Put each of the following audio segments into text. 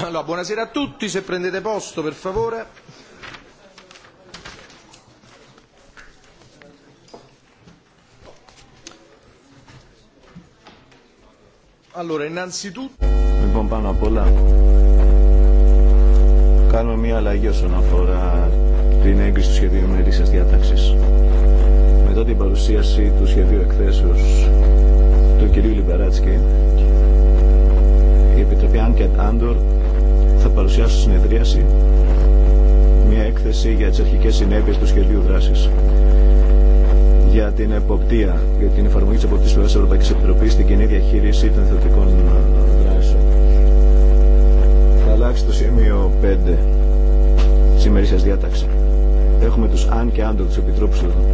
Allora, buonasera a tutti, se prendete posto per favore. Allora, innanzitutto... Λοιπόν, πάνω απ' όλα, Κάνω μια αλλαγή όσον αφορά την έγκριση του σχεδίου μερίσια διάταξη. Μετά την παρουσίαση του σχεδίου εκθέσεω του κυρίου Λιμπεράτσκι, η Επιτροπή Άνκετ Άντορ θα παρουσιάσω στη συνεδρίαση μια έκθεση για τις αρχικές συνέπειες του σχεδίου δράσης για την εποπτεία, για την εφαρμογή της εποπτής της Ευρωπαϊκής Επιτροπής στην κοινή διαχείριση των θετικών ε, δράσεων. Θα αλλάξει το σημείο 5 τη ημερήσιας διάταξη. Έχουμε τους αν και άντο του επιτρόπους εδώ.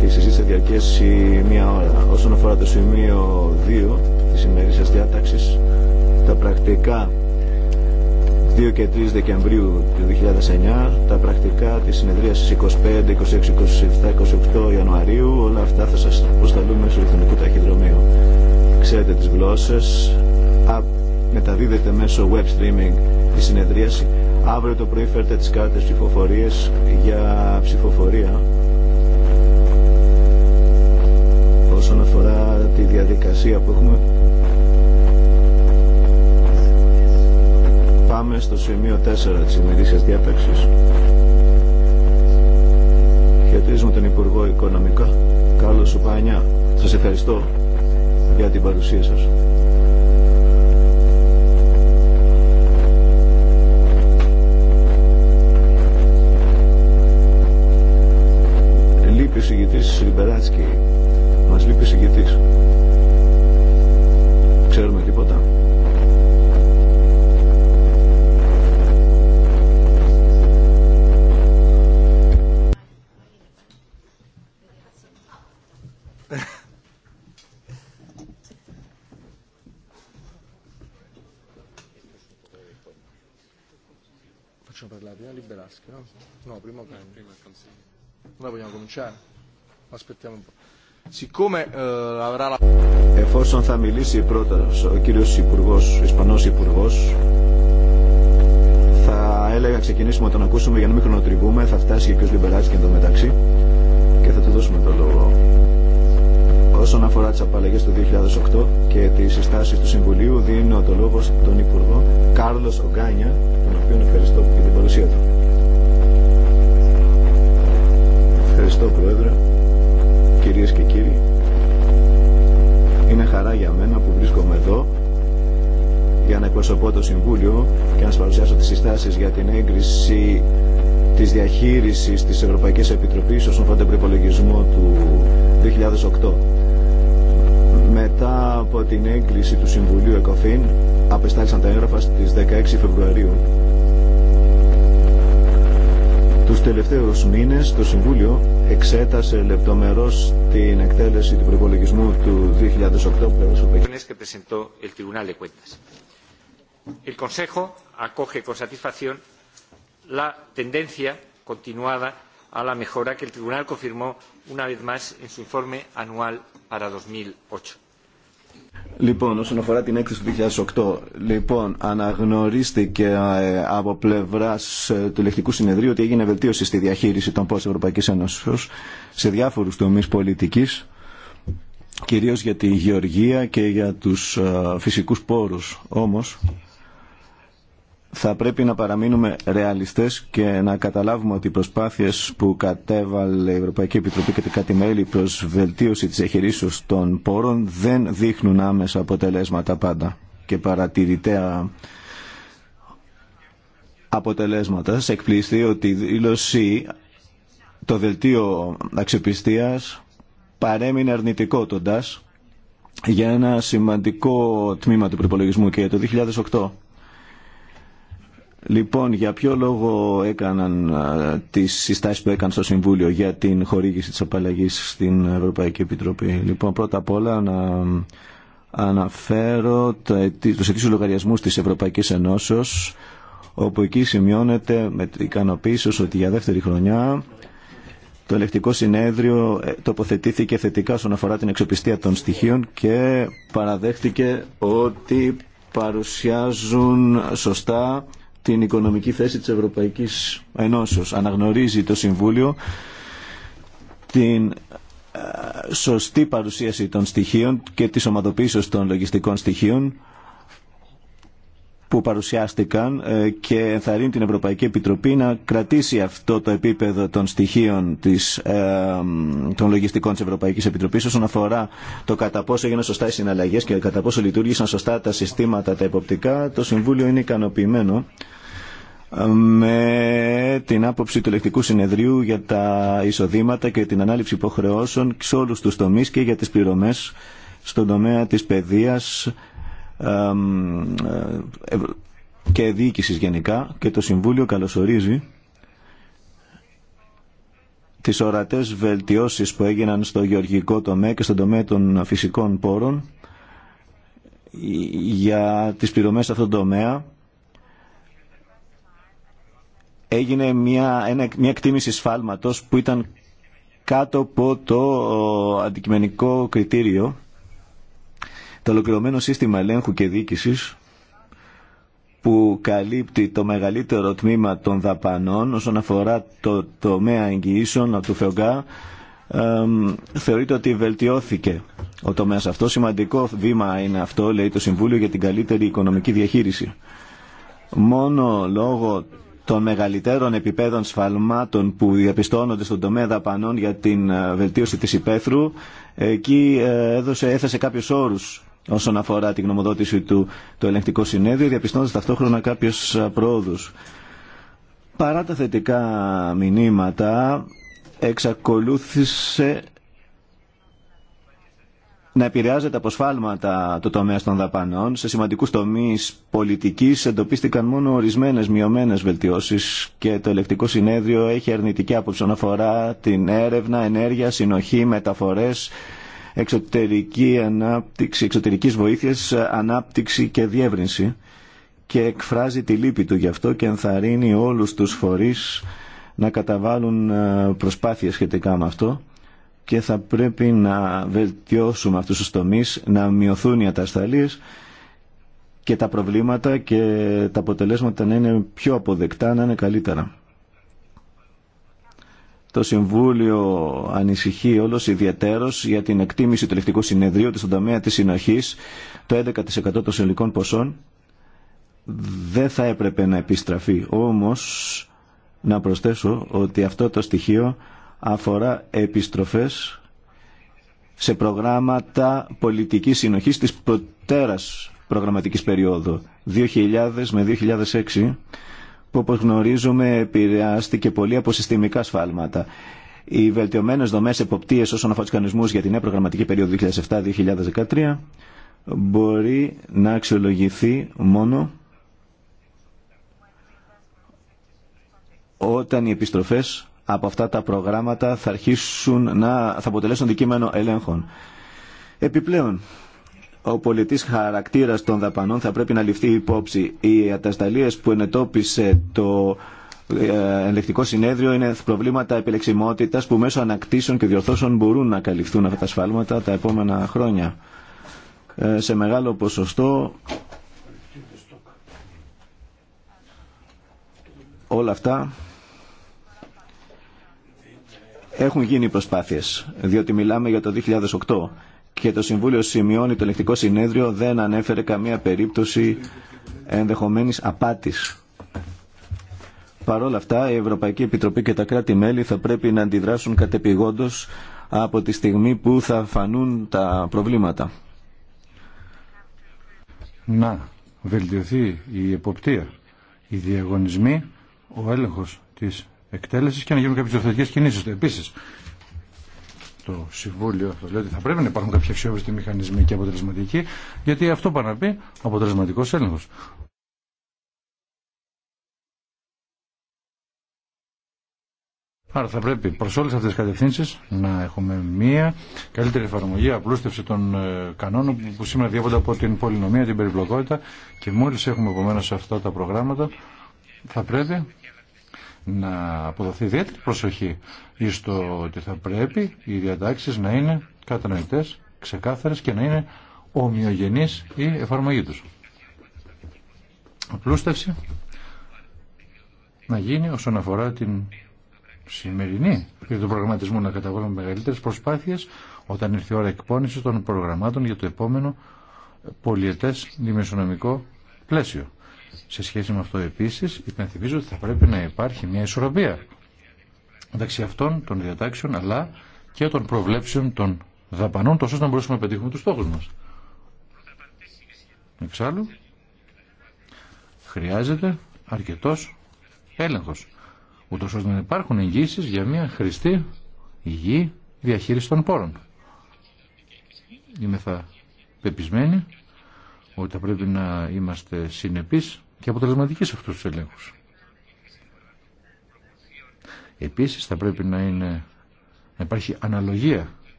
Και η συζήτηση θα διαρκέσει μία ώρα. Όσον αφορά το σημείο 2 της ημερήσιας διάταξης, τα πρακτικά 2 και 3 Δεκεμβρίου του 2009, τα πρακτικά τη συνεδρίασης 25, 26, 27, 28 Ιανουαρίου, όλα αυτά θα σας προσταλούμε στο ηλεκτρονικού ταχυδρομείο. Ξέρετε τις γλώσσε, μεταδίδεται μέσω web streaming τη συνεδρίαση. Αύριο το πρωί φέρτε τις κάρτες ψηφοφορίες για ψηφοφορία. Όσον αφορά τη διαδικασία που έχουμε στο σημείο 4 της ημερήσιας διάταξης. Χαιρετίζουμε τον Υπουργό Οικονομικά. Καλώς σου Πανιά. Σας ευχαριστώ για την παρουσία σας. Εφόσον θα μιλήσει πρώτα ο κύριος Υπουργός, Ισπανός Υπουργός, θα έλεγα ξεκινήσουμε τον ακούσουμε για να μην χρονοτριβούμε, θα φτάσει και ο κύριος Λιμπεράκης και εντωμεταξύ και θα του δώσουμε το λόγο όσον αφορά τι απαλλαγέ του 2008 και τι συστάσει του Συμβουλίου, δίνω το λόγο στον Υπουργό Κάρλο Ογκάνια, τον οποίο ευχαριστώ για την παρουσία του. Ευχαριστώ Πρόεδρε, κυρίες και κύριοι. Είναι χαρά για μένα που βρίσκομαι εδώ για να εκπροσωπώ το Συμβούλιο και να σας παρουσιάσω τις συστάσεις για την έγκριση της διαχείρισης της Ευρωπαϊκής Επιτροπής όσον αφορά τον προπολογισμό του 2008. Μετά από την έγκριση του Συμβουλίου ΕΚΟΦΗΝ απεστάλησαν τα έγγραφα στις 16 Φεβρουαρίου. Τους τελευταίους μήνες το Συμβούλιο εξέτασε λεπτομερώς την εκτέλεση του προπολογισμού του 2008 presentó el Tribunal de Cuentas. El Consejo acoge con satisfacción la tendencia continuada a la mejora que el Tribunal confirmó una vez más en su informe anual para 2008. Λοιπόν, όσον αφορά την έκθεση του 2008, λοιπόν, αναγνωρίστηκε ε, από πλευρά ε, του Λεκτικού Συνεδρίου ότι έγινε βελτίωση στη διαχείριση των πόρων Ευρωπαϊκή Ένωση σε διάφορου τομεί πολιτική, κυρίω για τη γεωργία και για του ε, φυσικού πόρου. Όμω, θα πρέπει να παραμείνουμε ρεαλιστές και να καταλάβουμε ότι οι προσπάθειες που κατέβαλε η Ευρωπαϊκή Επιτροπή και το κάτι μέλη προς βελτίωση της εχειρήσεως των πόρων δεν δείχνουν άμεσα αποτελέσματα πάντα και παρατηρητέα αποτελέσματα. Σε εκπληστεί ότι η δήλωση το δελτίο αξιοπιστίας παρέμεινε αρνητικό για ένα σημαντικό τμήμα του προπολογισμού και το 2008 Λοιπόν, για ποιο λόγο έκαναν τις συστάσεις που έκαναν στο Συμβούλιο για την χορήγηση τη απαλλαγή στην Ευρωπαϊκή Επιτροπή. Λοιπόν, πρώτα απ' όλα να αναφέρω του ετήσιου λογαριασμού της Ευρωπαϊκής Ενώσεω, όπου εκεί σημειώνεται με ικανοποίηση ότι για δεύτερη χρονιά το ελεκτικό συνέδριο ε, τοποθετήθηκε θετικά όσον αφορά την εξοπιστία των στοιχείων και παραδέχτηκε ότι παρουσιάζουν σωστά την οικονομική θέση της Ευρωπαϊκής Ενώσεως. Αναγνωρίζει το Συμβούλιο την ε, σωστή παρουσίαση των στοιχείων και τη ομαδοποίησης των λογιστικών στοιχείων που παρουσιάστηκαν ε, και ενθαρρύνει την Ευρωπαϊκή Επιτροπή να κρατήσει αυτό το επίπεδο των στοιχείων της, ε, των λογιστικών της Ευρωπαϊκής Επιτροπής όσον αφορά το κατά πόσο έγιναν σωστά οι συναλλαγές και κατά πόσο λειτουργήσαν σωστά τα συστήματα τα υποπτικά. Το Συμβούλιο είναι ικανοποιημένο ε, με την άποψη του ελεκτικού συνεδρίου για τα εισοδήματα και την ανάληψη υποχρεώσεων σε όλους τους τομείς και για τις πληρωμές στον τομέα της παιδείας, ε, ε, και διοίκηση γενικά και το Συμβούλιο καλωσορίζει τις ορατές βελτιώσεις που έγιναν στο γεωργικό τομέα και στον τομέα των φυσικών πόρων για τις πληρωμές σε αυτόν τον τομέα έγινε μια, μια εκτίμηση σφάλματος που ήταν κάτω από το αντικειμενικό κριτήριο το ολοκληρωμένο σύστημα ελέγχου και διοίκησης που καλύπτει το μεγαλύτερο τμήμα των δαπανών όσον αφορά το τομέα εγγυήσεων από του ΦΕΟΚΑ θεωρείται ότι βελτιώθηκε ο τομέας αυτό. Σημαντικό βήμα είναι αυτό, λέει το Συμβούλιο, για την καλύτερη οικονομική διαχείριση. Μόνο λόγω των μεγαλύτερων επιπέδων σφαλμάτων που διαπιστώνονται στον τομέα δαπανών για την ε, βελτίωση της υπαίθρου, εκεί ε, έδωσε, έθεσε κάποιους όρους όσον αφορά την γνωμοδότηση του το ελεγκτικό συνέδριο, διαπιστώντα ταυτόχρονα κάποιε προόδου. Παρά τα θετικά μηνύματα, εξακολούθησε να επηρεάζεται από σφάλματα το τομέα των δαπανών. Σε σημαντικούς τομείς πολιτικής εντοπίστηκαν μόνο ορισμένες μειωμένες βελτιώσεις και το ελεκτικό συνέδριο έχει αρνητική άποψη όσον αφορά την έρευνα, ενέργεια, συνοχή, μεταφορές, εξωτερική ανάπτυξη, εξωτερικής βοήθειας, ανάπτυξη και διεύρυνση και εκφράζει τη λύπη του γι' αυτό και ενθαρρύνει όλους τους φορείς να καταβάλουν ε, προσπάθειες σχετικά με αυτό και θα πρέπει να βελτιώσουμε αυτούς τους τομείς, να μειωθούν οι ατασταλίες και τα προβλήματα και τα αποτελέσματα να είναι πιο αποδεκτά, να είναι καλύτερα. Το Συμβούλιο ανησυχεί όλο ιδιαίτερο για την εκτίμηση του ελεκτικού συνεδρίου ότι στον τομέα τη συνοχή το 11% των συνολικών ποσών δεν θα έπρεπε να επιστραφεί. Όμως να προσθέσω ότι αυτό το στοιχείο αφορά επιστροφές σε προγράμματα πολιτικής συνοχής της προτέρα προγραμματικής περίοδου 2000 με 2006 που όπως γνωρίζουμε επηρεάστηκε πολύ από συστημικά σφάλματα. Οι βελτιωμένες δομές εποπτείες όσον αφορά τους κανονισμούς για την νέα προγραμματική περίοδο 2007-2013 μπορεί να αξιολογηθεί μόνο όταν οι επιστροφές από αυτά τα προγράμματα θα αρχίσουν να θα αποτελέσουν δικείμενο ελέγχων. Επιπλέον, ο πολιτής χαρακτήρας των δαπανών θα πρέπει να ληφθεί υπόψη. Οι ατασταλίες που ενετόπισε το ε, ελεκτικό συνέδριο είναι προβλήματα επιλεξιμότητας που μέσω ανακτήσεων και διορθώσεων μπορούν να καλυφθούν αυτά τα σφάλματα τα επόμενα χρόνια. Ε, σε μεγάλο ποσοστό όλα αυτά έχουν γίνει προσπάθειες, διότι μιλάμε για το 2008 και το Συμβούλιο σημειώνει το ελεκτικό συνέδριο δεν ανέφερε καμία περίπτωση ενδεχομένης απάτης. Παρ' όλα αυτά, η Ευρωπαϊκή Επιτροπή και τα κράτη-μέλη θα πρέπει να αντιδράσουν κατεπηγόντως από τη στιγμή που θα φανούν τα προβλήματα. Να βελτιωθεί η εποπτεία, οι διαγωνισμοί, ο έλεγχος της εκτέλεσης και να γίνουν κάποιες ορθωτικές κινήσεις. Επίσης, το Συμβούλιο αυτό. Λέει ότι θα πρέπει να υπάρχουν κάποια αξιόπιστη μηχανισμοί και αποτελεσματική, γιατί αυτό πάνε να πει αποτελεσματικό έλεγχο. Άρα θα πρέπει προ όλε αυτέ τι κατευθύνσει να έχουμε μία καλύτερη εφαρμογή, απλούστευση των ε, κανόνων που σήμερα διέπονται από την πολυνομία, την περιπλοκότητα και μόλι έχουμε επομένω αυτά τα προγράμματα θα πρέπει να αποδοθεί ιδιαίτερη προσοχή στο ότι θα πρέπει οι διατάξεις να είναι κατανοητές, ξεκάθαρες και να είναι ομοιογενείς η εφαρμογή τους. Απλούστευση να γίνει όσον αφορά την σημερινή για τον προγραμματισμό να καταβάλουμε μεγαλύτερες προσπάθειες όταν ήρθε η ώρα εκπόνησης των προγραμμάτων για το επόμενο πολιετές δημοσιονομικό πλαίσιο. Σε σχέση με αυτό επίσης υπενθυμίζω ότι θα πρέπει να υπάρχει μια ισορροπία μεταξύ αυτών των διατάξεων αλλά και των προβλέψεων των δαπανών τόσο ώστε να μπορέσουμε να πετύχουμε τους στόχους μας. Εξάλλου χρειάζεται αρκετός έλεγχος ούτως ώστε να υπάρχουν εγγύσεις για μια χρηστή υγιή διαχείριση των πόρων. Είμαι θα πεπισμένοι ότι θα πρέπει να είμαστε συνεπείς και αποτελεσματική σε αυτούς τους ελέγχους. Επίσης θα πρέπει να, είναι, να υπάρχει αναλογία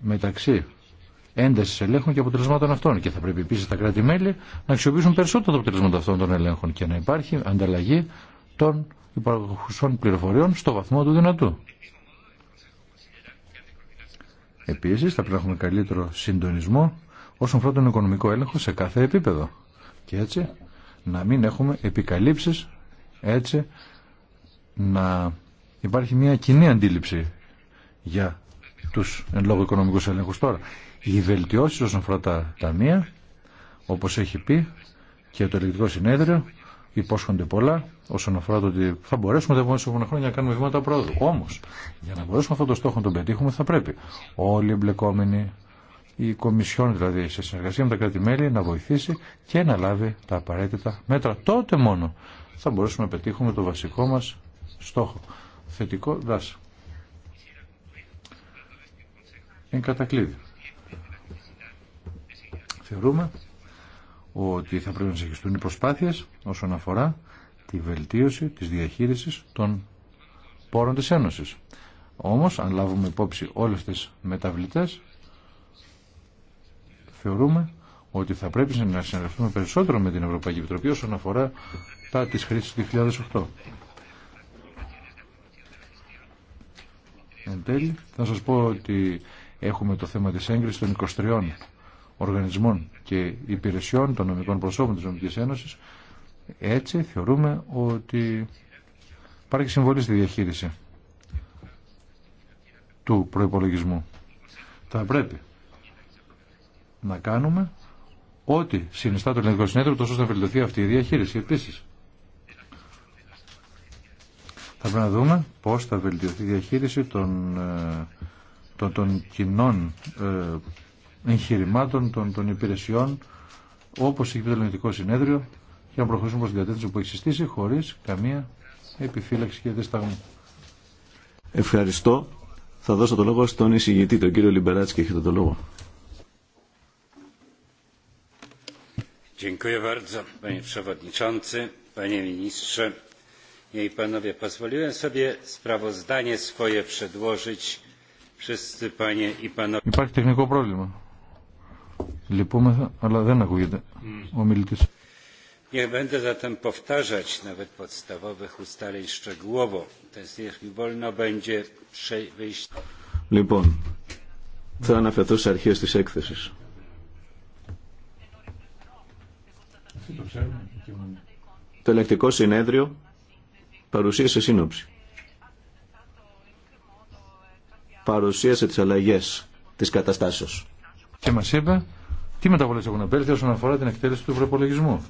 μεταξύ ένταση ελέγχων και αποτελεσμάτων αυτών. Και θα πρέπει επίση τα κράτη-μέλη να αξιοποιήσουν περισσότερο τα αποτελέσματα αυτών των ελέγχων και να υπάρχει ανταλλαγή των υπαρχουσών πληροφοριών στο βαθμό του δυνατού. Επίση, θα πρέπει να έχουμε καλύτερο συντονισμό όσον αφορά τον οικονομικό έλεγχο σε κάθε επίπεδο. Και έτσι να μην έχουμε επικαλύψεις έτσι να υπάρχει μια κοινή αντίληψη για τους εν λόγω οικονομικούς ελέγχους τώρα. Οι βελτιώσεις όσον αφορά τα ταμεία, όπως έχει πει και το ελεκτικό συνέδριο, υπόσχονται πολλά όσον αφορά το ότι θα μπορέσουμε τα επόμενα χρόνια να κάνουμε βήματα πρόοδου. Όμω, για να μπορέσουμε αυτό το στόχο να τον πετύχουμε, θα πρέπει όλοι οι εμπλεκόμενοι η Κομισιόν δηλαδή σε συνεργασία με τα κράτη-μέλη να βοηθήσει και να λάβει τα απαραίτητα μέτρα. Τότε μόνο θα μπορέσουμε να πετύχουμε το βασικό μας στόχο. Θετικό δάση. Είναι κατακλείδη. Θεωρούμε ότι θα πρέπει να συνεχιστούν οι προσπάθειες όσον αφορά τη βελτίωση της διαχείρισης των πόρων της Ένωσης. Όμως, αν λάβουμε υπόψη όλες τις μεταβλητές θεωρούμε ότι θα πρέπει να συνεργαστούμε περισσότερο με την Ευρωπαϊκή Επιτροπή όσον αφορά τα της χρήσης του 2008. Εν τέλει, θα σας πω ότι έχουμε το θέμα της έγκρισης των 23 οργανισμών και υπηρεσιών των νομικών προσώπων της Νομικής Ένωσης. Έτσι θεωρούμε ότι υπάρχει συμβολή στη διαχείριση του προϋπολογισμού. Θα πρέπει να κάνουμε ό,τι συνιστά το Ελληνικό Συνέδριο τόσο ώστε να βελτιωθεί αυτή η διαχείριση. Επίσης, θα πρέπει να δούμε πώς θα βελτιωθεί η διαχείριση των, ε, των, των κοινών ε, εγχειρημάτων, των, των υπηρεσιών, όπως πει το Ελληνικό Συνέδριο, για να προχωρήσουμε προς την κατεύθυνση που έχει συστήσει, χωρίς καμία επιφύλαξη και δισταγμό. Ευχαριστώ. Θα δώσω το λόγο στον εισηγητή, τον κύριο Λιμπεράτσκι, έχετε το λόγο. panie przewodniczący, panie ministrze. Ja i panowie, pozwoliłem sobie sprawozdanie swoje przedłożyć. Wszyscy panie i panowie. Nie będę zatem powtarzać nawet podstawowych ustaleń szczegółowo. To jest, jeśli wolno będzie wyjść. το ελεκτικό συνέδριο παρουσίασε σύνοψη. Παρουσίασε τις αλλαγές της καταστάσεως. Και μας είπε τι μεταβολές έχουν επέλθει όσον αφορά την εκτέλεση του προπολογισμού.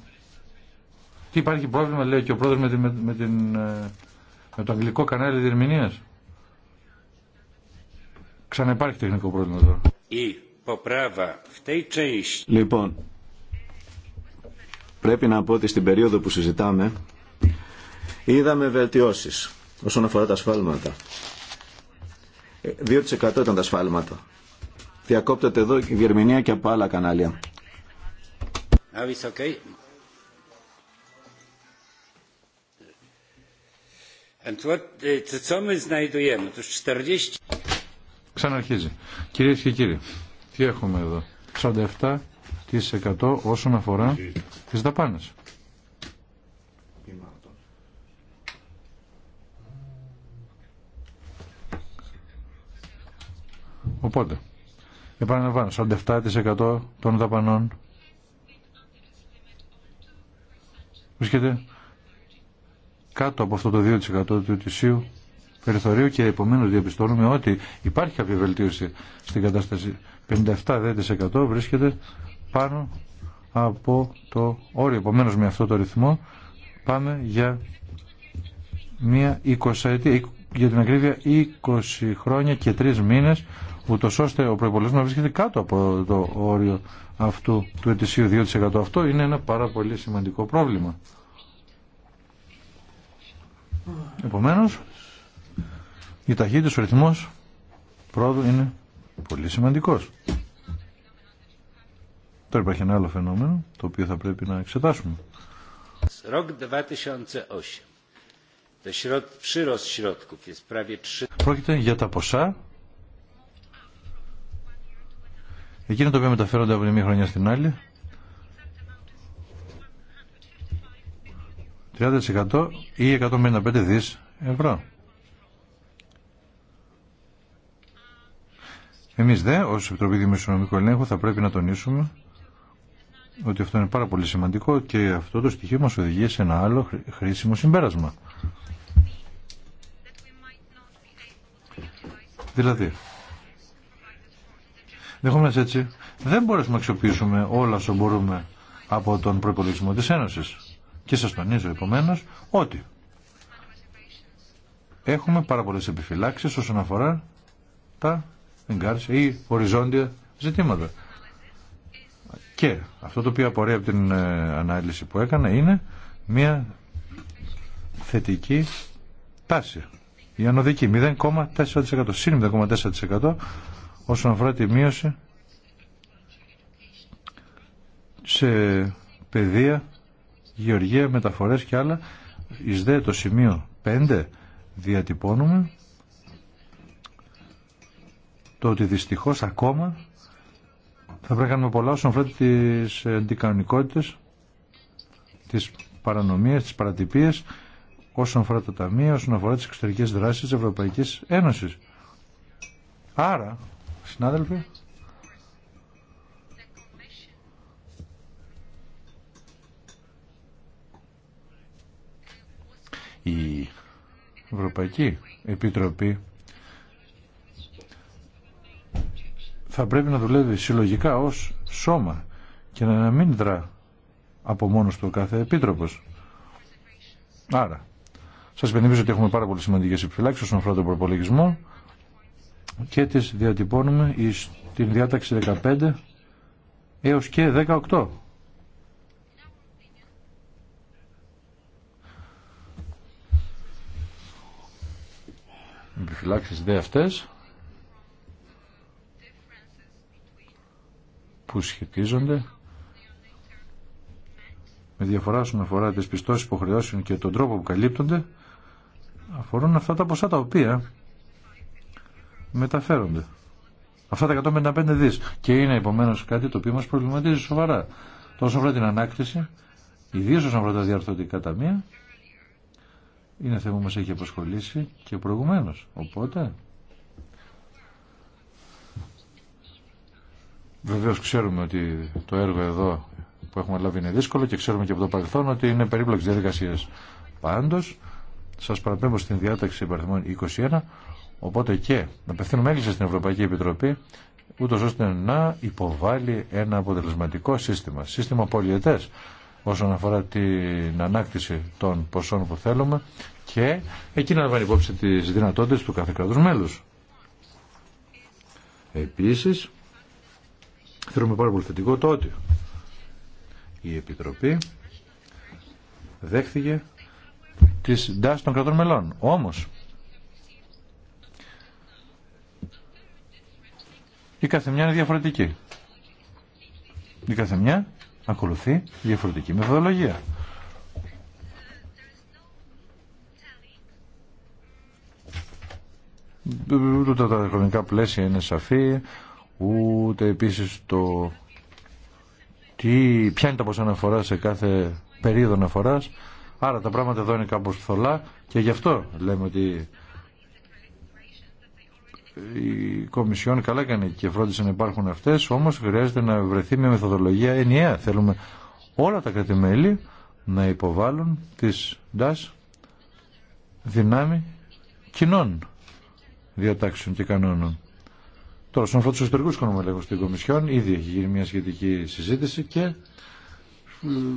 Τι υπάρχει πρόβλημα, λέει και ο πρόεδρος, με, την, με, την, ε, με το αγγλικό κανάλι διερμηνίας. υπάρχει τεχνικό πρόβλημα εδώ. Λοιπόν, Πρέπει να πω ότι στην περίοδο που συζητάμε είδαμε βελτιώσεις όσον αφορά τα σφάλματα. 2% ε, ήταν τα σφάλματα. Διακόπτεται εδώ η Γερμανία και από άλλα κανάλια. Ah uh, Ξαναρχίζει. Κυρίες και κύριοι, τι έχουμε εδώ. 47 όσον αφορά τις δαπάνε. Οπότε, επαναλαμβάνω, 47% των δαπανών βρίσκεται κάτω από αυτό το 2% του ετησίου περιθωρίου και επομένως διαπιστώνουμε ότι υπάρχει κάποια βελτίωση στην κατάσταση. 57% βρίσκεται πάνω από το όριο. Επομένως με αυτό το ρυθμό πάμε για μια 20 για την ακρίβεια 20 χρόνια και 3 μήνες ούτω ώστε ο προϋπολογισμός να βρίσκεται κάτω από το όριο αυτού του ετησίου 2%. Αυτό είναι ένα πάρα πολύ σημαντικό πρόβλημα. Επομένως, η ταχύτητα, ο ρυθμός πρόοδου είναι πολύ σημαντικός. Τώρα υπάρχει ένα άλλο φαινόμενο το οποίο θα πρέπει να εξετάσουμε. Πρόκειται για τα ποσά εκείνα τα οποία μεταφέρονται από τη μία χρονιά στην άλλη 30% ή 155 δις ευρώ. Εμείς δε, ως Επιτροπή Δημοσιονομικού Ελέγχου, θα πρέπει να τονίσουμε ότι αυτό είναι πάρα πολύ σημαντικό και αυτό το στοιχείο μας οδηγεί σε ένα άλλο χρήσιμο συμπέρασμα. Δηλαδή, δεχόμενα έτσι, δεν μπορέσουμε να αξιοποιήσουμε όλα όσο μπορούμε από τον προπολογισμό της Ένωσης. Και σας τονίζω επομένω ότι έχουμε πάρα πολλές επιφυλάξεις όσον αφορά τα εγκάρσια ή οριζόντια ζητήματα. Και αυτό το οποίο απορρέει από την ε, ανάλυση που έκανα είναι μια θετική τάση. Η ανωδική 0,4%. Συν 0,4% όσον αφορά τη μείωση σε παιδεία, γεωργία, μεταφορές και άλλα. Εις δε το σημείο 5 διατυπώνουμε το ότι δυστυχώς ακόμα θα πρέπει να κάνουμε πολλά όσον αφορά τις ε, αντικανονικότητες, τις παρανομίες, τις παρατυπίες, όσον αφορά τα ταμεία, όσον αφορά τις εξωτερικέ δράσεις τη Ευρωπαϊκής Ένωσης. Άρα, συνάδελφοι, η Ευρωπαϊκή Επιτροπή θα πρέπει να δουλεύει συλλογικά ως σώμα και να μην δρά από μόνος του κάθε επίτροπος. Άρα, σας υπενθυμίζω ότι έχουμε πάρα πολύ σημαντικές επιφυλάξεις όσον αφορά τον προπολογισμό και τις διατυπώνουμε στην διάταξη 15 έως και 18. Επιφυλάξεις δε αυτές που σχετίζονται με διαφορά όσον αφορά τις πιστώσεις υποχρεώσεων και τον τρόπο που καλύπτονται αφορούν αυτά τα ποσά τα οποία μεταφέρονται. Αυτά τα 155 δις και είναι επομένω κάτι το οποίο μας προβληματίζει σοβαρά. Τόσο αφορά την ανάκτηση, ιδίω όσον αφορά τα διαρθωτικά ταμεία, είναι θέμα που μας έχει απασχολήσει και προηγουμένως. Οπότε Βεβαίως ξέρουμε ότι το έργο εδώ που έχουμε λάβει είναι δύσκολο και ξέρουμε και από το παρελθόν ότι είναι περίπλοκες διαδικασίες. Πάντως, σας παραπέμπω στην διάταξη υπαριθμών 21, οπότε και να απευθύνουμε έγκληση στην Ευρωπαϊκή Επιτροπή, ούτω ώστε να υποβάλει ένα αποτελεσματικό σύστημα, σύστημα πολιετές, όσον αφορά την ανάκτηση των ποσών που θέλουμε και εκεί να λαμβάνει υπόψη τις δυνατότητες του κάθε κράτου Επίσης, Θέλουμε πάρα πολύ θετικό το ότι η Επιτροπή δέχθηκε τις ντάσεις των κρατών μελών. Όμως, η καθεμιά είναι διαφορετική. Η καθεμιά ακολουθεί διαφορετική μεθοδολογία. Τα χρονικά πλαίσια είναι σαφή, ούτε επίσης το τι, ποια είναι τα ποσά αναφορά σε κάθε περίοδο αναφοράς. Άρα τα πράγματα εδώ είναι κάπως θολά και γι' αυτό λέμε ότι η Κομισιόν καλά έκανε και φρόντισε να υπάρχουν αυτές, όμως χρειάζεται να βρεθεί μια μεθοδολογία ενιαία. Θέλουμε όλα τα κρατημέλη να υποβάλουν τις ντάς δυνάμει κοινών διατάξεων και κανόνων. Τώρα, στον αφορά του εσωτερικού οικονομολόγου στην Κομισιόν, ήδη έχει γίνει μια σχετική συζήτηση και ε,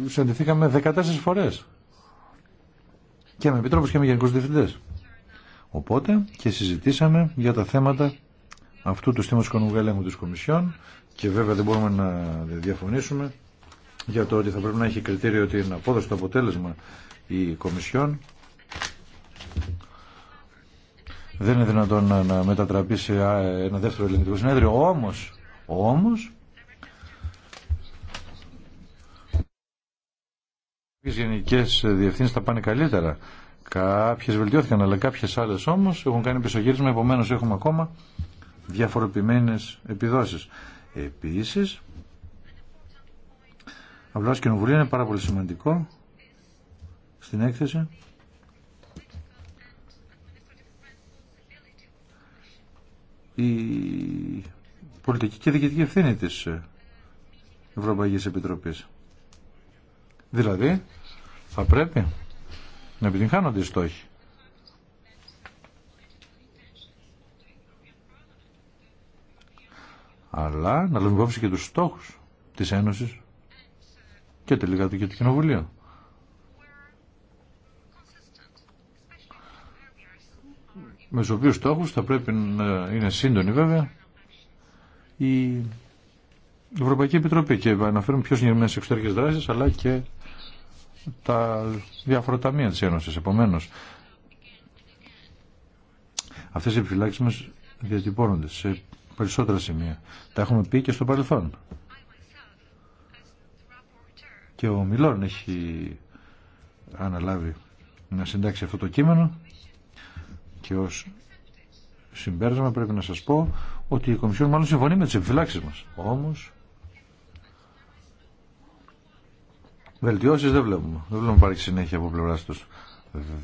συναντηθήκαμε 14 φορέ. Και με επιτρόπου και με γενικού διευθυντέ. Οπότε και συζητήσαμε για τα θέματα αυτού του στήματο οικονομικού ελέγχου τη Κομισιόν και βέβαια δεν μπορούμε να διαφωνήσουμε για το ότι θα πρέπει να έχει κριτήριο την απόδοση το αποτέλεσμα η Κομισιόν δεν είναι δυνατόν να, μετατραπεί σε ένα δεύτερο ελληνικό συνέδριο. Όμως, όμως, Κάποιες γενικές διευθύνσεις θα πάνε καλύτερα. Κάποιες βελτιώθηκαν, αλλά κάποιες άλλες όμως έχουν κάνει πισωγύρισμα, επομένως έχουμε ακόμα διαφοροποιημένες επιδόσεις. Επίσης, απλώς κοινοβουλία είναι πάρα πολύ σημαντικό στην έκθεση η πολιτική και διοικητική ευθύνη της Ευρωπαϊκής Επιτροπής. Δηλαδή, θα πρέπει να επιτυγχάνονται οι στόχοι. Αλλά να λάβουμε και τους στόχους της Ένωσης και τελικά του και του Κοινοβουλίου. με τους οποίους στόχους θα πρέπει να είναι σύντονοι βέβαια η Ευρωπαϊκή Επιτροπή και αναφέρουμε πιο συγκεκριμένε εξωτερικέ δράσει αλλά και τα διάφορα ταμεία τη Ένωση. Επομένω, αυτέ οι επιφυλάξει μα διατυπώνονται σε περισσότερα σημεία. Τα έχουμε πει και στο παρελθόν. Και ο Μιλών έχει αναλάβει να συντάξει αυτό το κείμενο και ως συμπέρασμα πρέπει να σας πω ότι η Κομισιόν μάλλον συμφωνεί με τις επιφυλάξεις μας. Όμως, βελτιώσεις δεν βλέπουμε. Δεν βλέπουμε υπάρχει συνέχεια από πλευράς τους.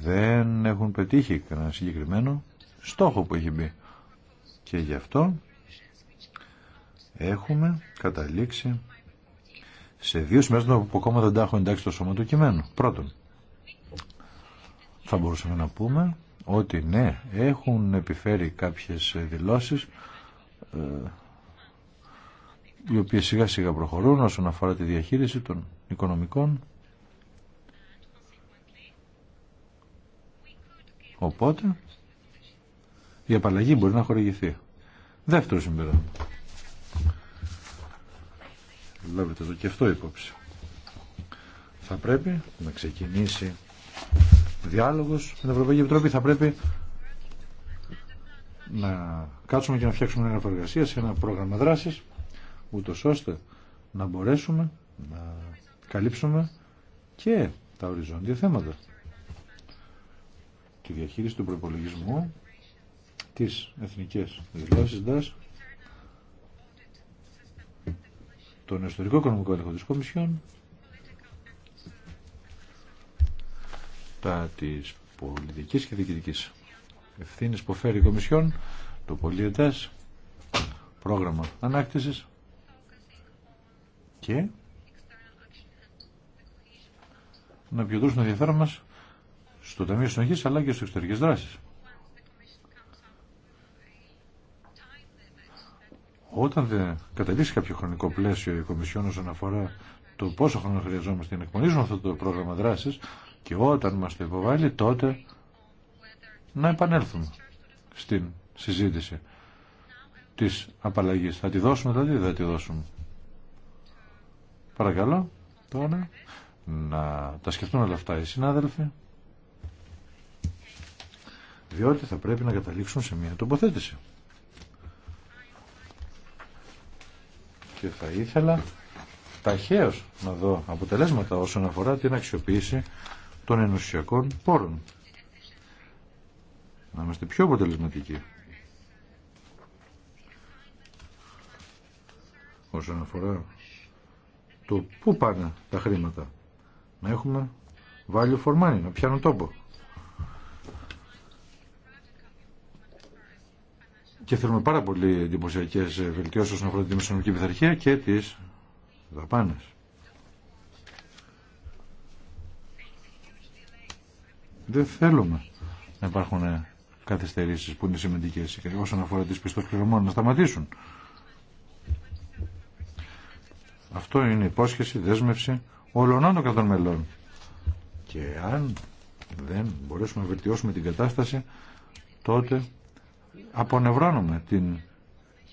Δεν έχουν πετύχει κανένα συγκεκριμένο στόχο που έχει μπει. Και γι' αυτό έχουμε καταλήξει σε δύο σημεία που ακόμα δεν τα έχω εντάξει στο σώμα του κειμένου. Πρώτον, θα μπορούσαμε να πούμε ότι ναι, έχουν επιφέρει κάποιες δηλώσεις ε, οι οποίες σιγά σιγά προχωρούν όσον αφορά τη διαχείριση των οικονομικών. Οπότε η απαλλαγή μπορεί να χορηγηθεί. Δεύτερο συμπέρασμα. Λάβετε το και αυτό υπόψη. Θα πρέπει να ξεκινήσει διάλογος με την Ευρωπαϊκή Επιτροπή θα πρέπει να κάτσουμε και να φτιάξουμε ένα εργασία σε ένα πρόγραμμα δράσης, ούτω ώστε να μπορέσουμε να καλύψουμε και τα οριζόντια θέματα. Τη διαχείριση του προπολογισμού, τις εθνικές δηλώσεις τον εσωτερικό οικονομικό έλεγχο της Κομισιόν, τα της πολιτικής και διοικητικής ευθύνης που φέρει η Κομισιόν, το πολιετές πρόγραμμα ανάκτησης και να επικεντρώσουν το ενδιαφέρον μας στο Ταμείο Συνοχής αλλά και στις εξωτερικές δράσεις. Όταν δεν καταλήξει κάποιο χρονικό πλαίσιο η Κομισιόν όσον αφορά το πόσο χρόνο χρειαζόμαστε για να εκπονήσουμε αυτό το πρόγραμμα δράσης, και όταν μας το υποβάλλει τότε να επανέλθουμε στην συζήτηση της απαλλαγής. Θα τη δώσουμε δηλαδή ή δεν τη δώσουμε. Παρακαλώ τώρα να τα σκεφτούν όλα αυτά οι συνάδελφοι διότι θα πρέπει να καταλήξουν σε μια τοποθέτηση. Και θα ήθελα ταχαίως να δω αποτελέσματα όσον αφορά την αξιοποίηση των ενωσιακών πόρων. Να είμαστε πιο αποτελεσματικοί. Όσον αφορά το πού πάνε τα χρήματα. Να έχουμε value for money, να πιάνουν τόπο. Και θέλουμε πάρα πολύ εντυπωσιακέ βελτιώσει όσον αφορά τη μεσονομική πειθαρχία και τι δαπάνε. Δεν θέλουμε να υπάρχουν καθυστερήσεις που είναι σημαντικές όσον αφορά τις πιστός πληρωμών να σταματήσουν. Αυτό είναι υπόσχεση, δέσμευση όλων των κρατών μελών. Και αν δεν μπορέσουμε να βελτιώσουμε την κατάσταση, τότε απονευρώνουμε την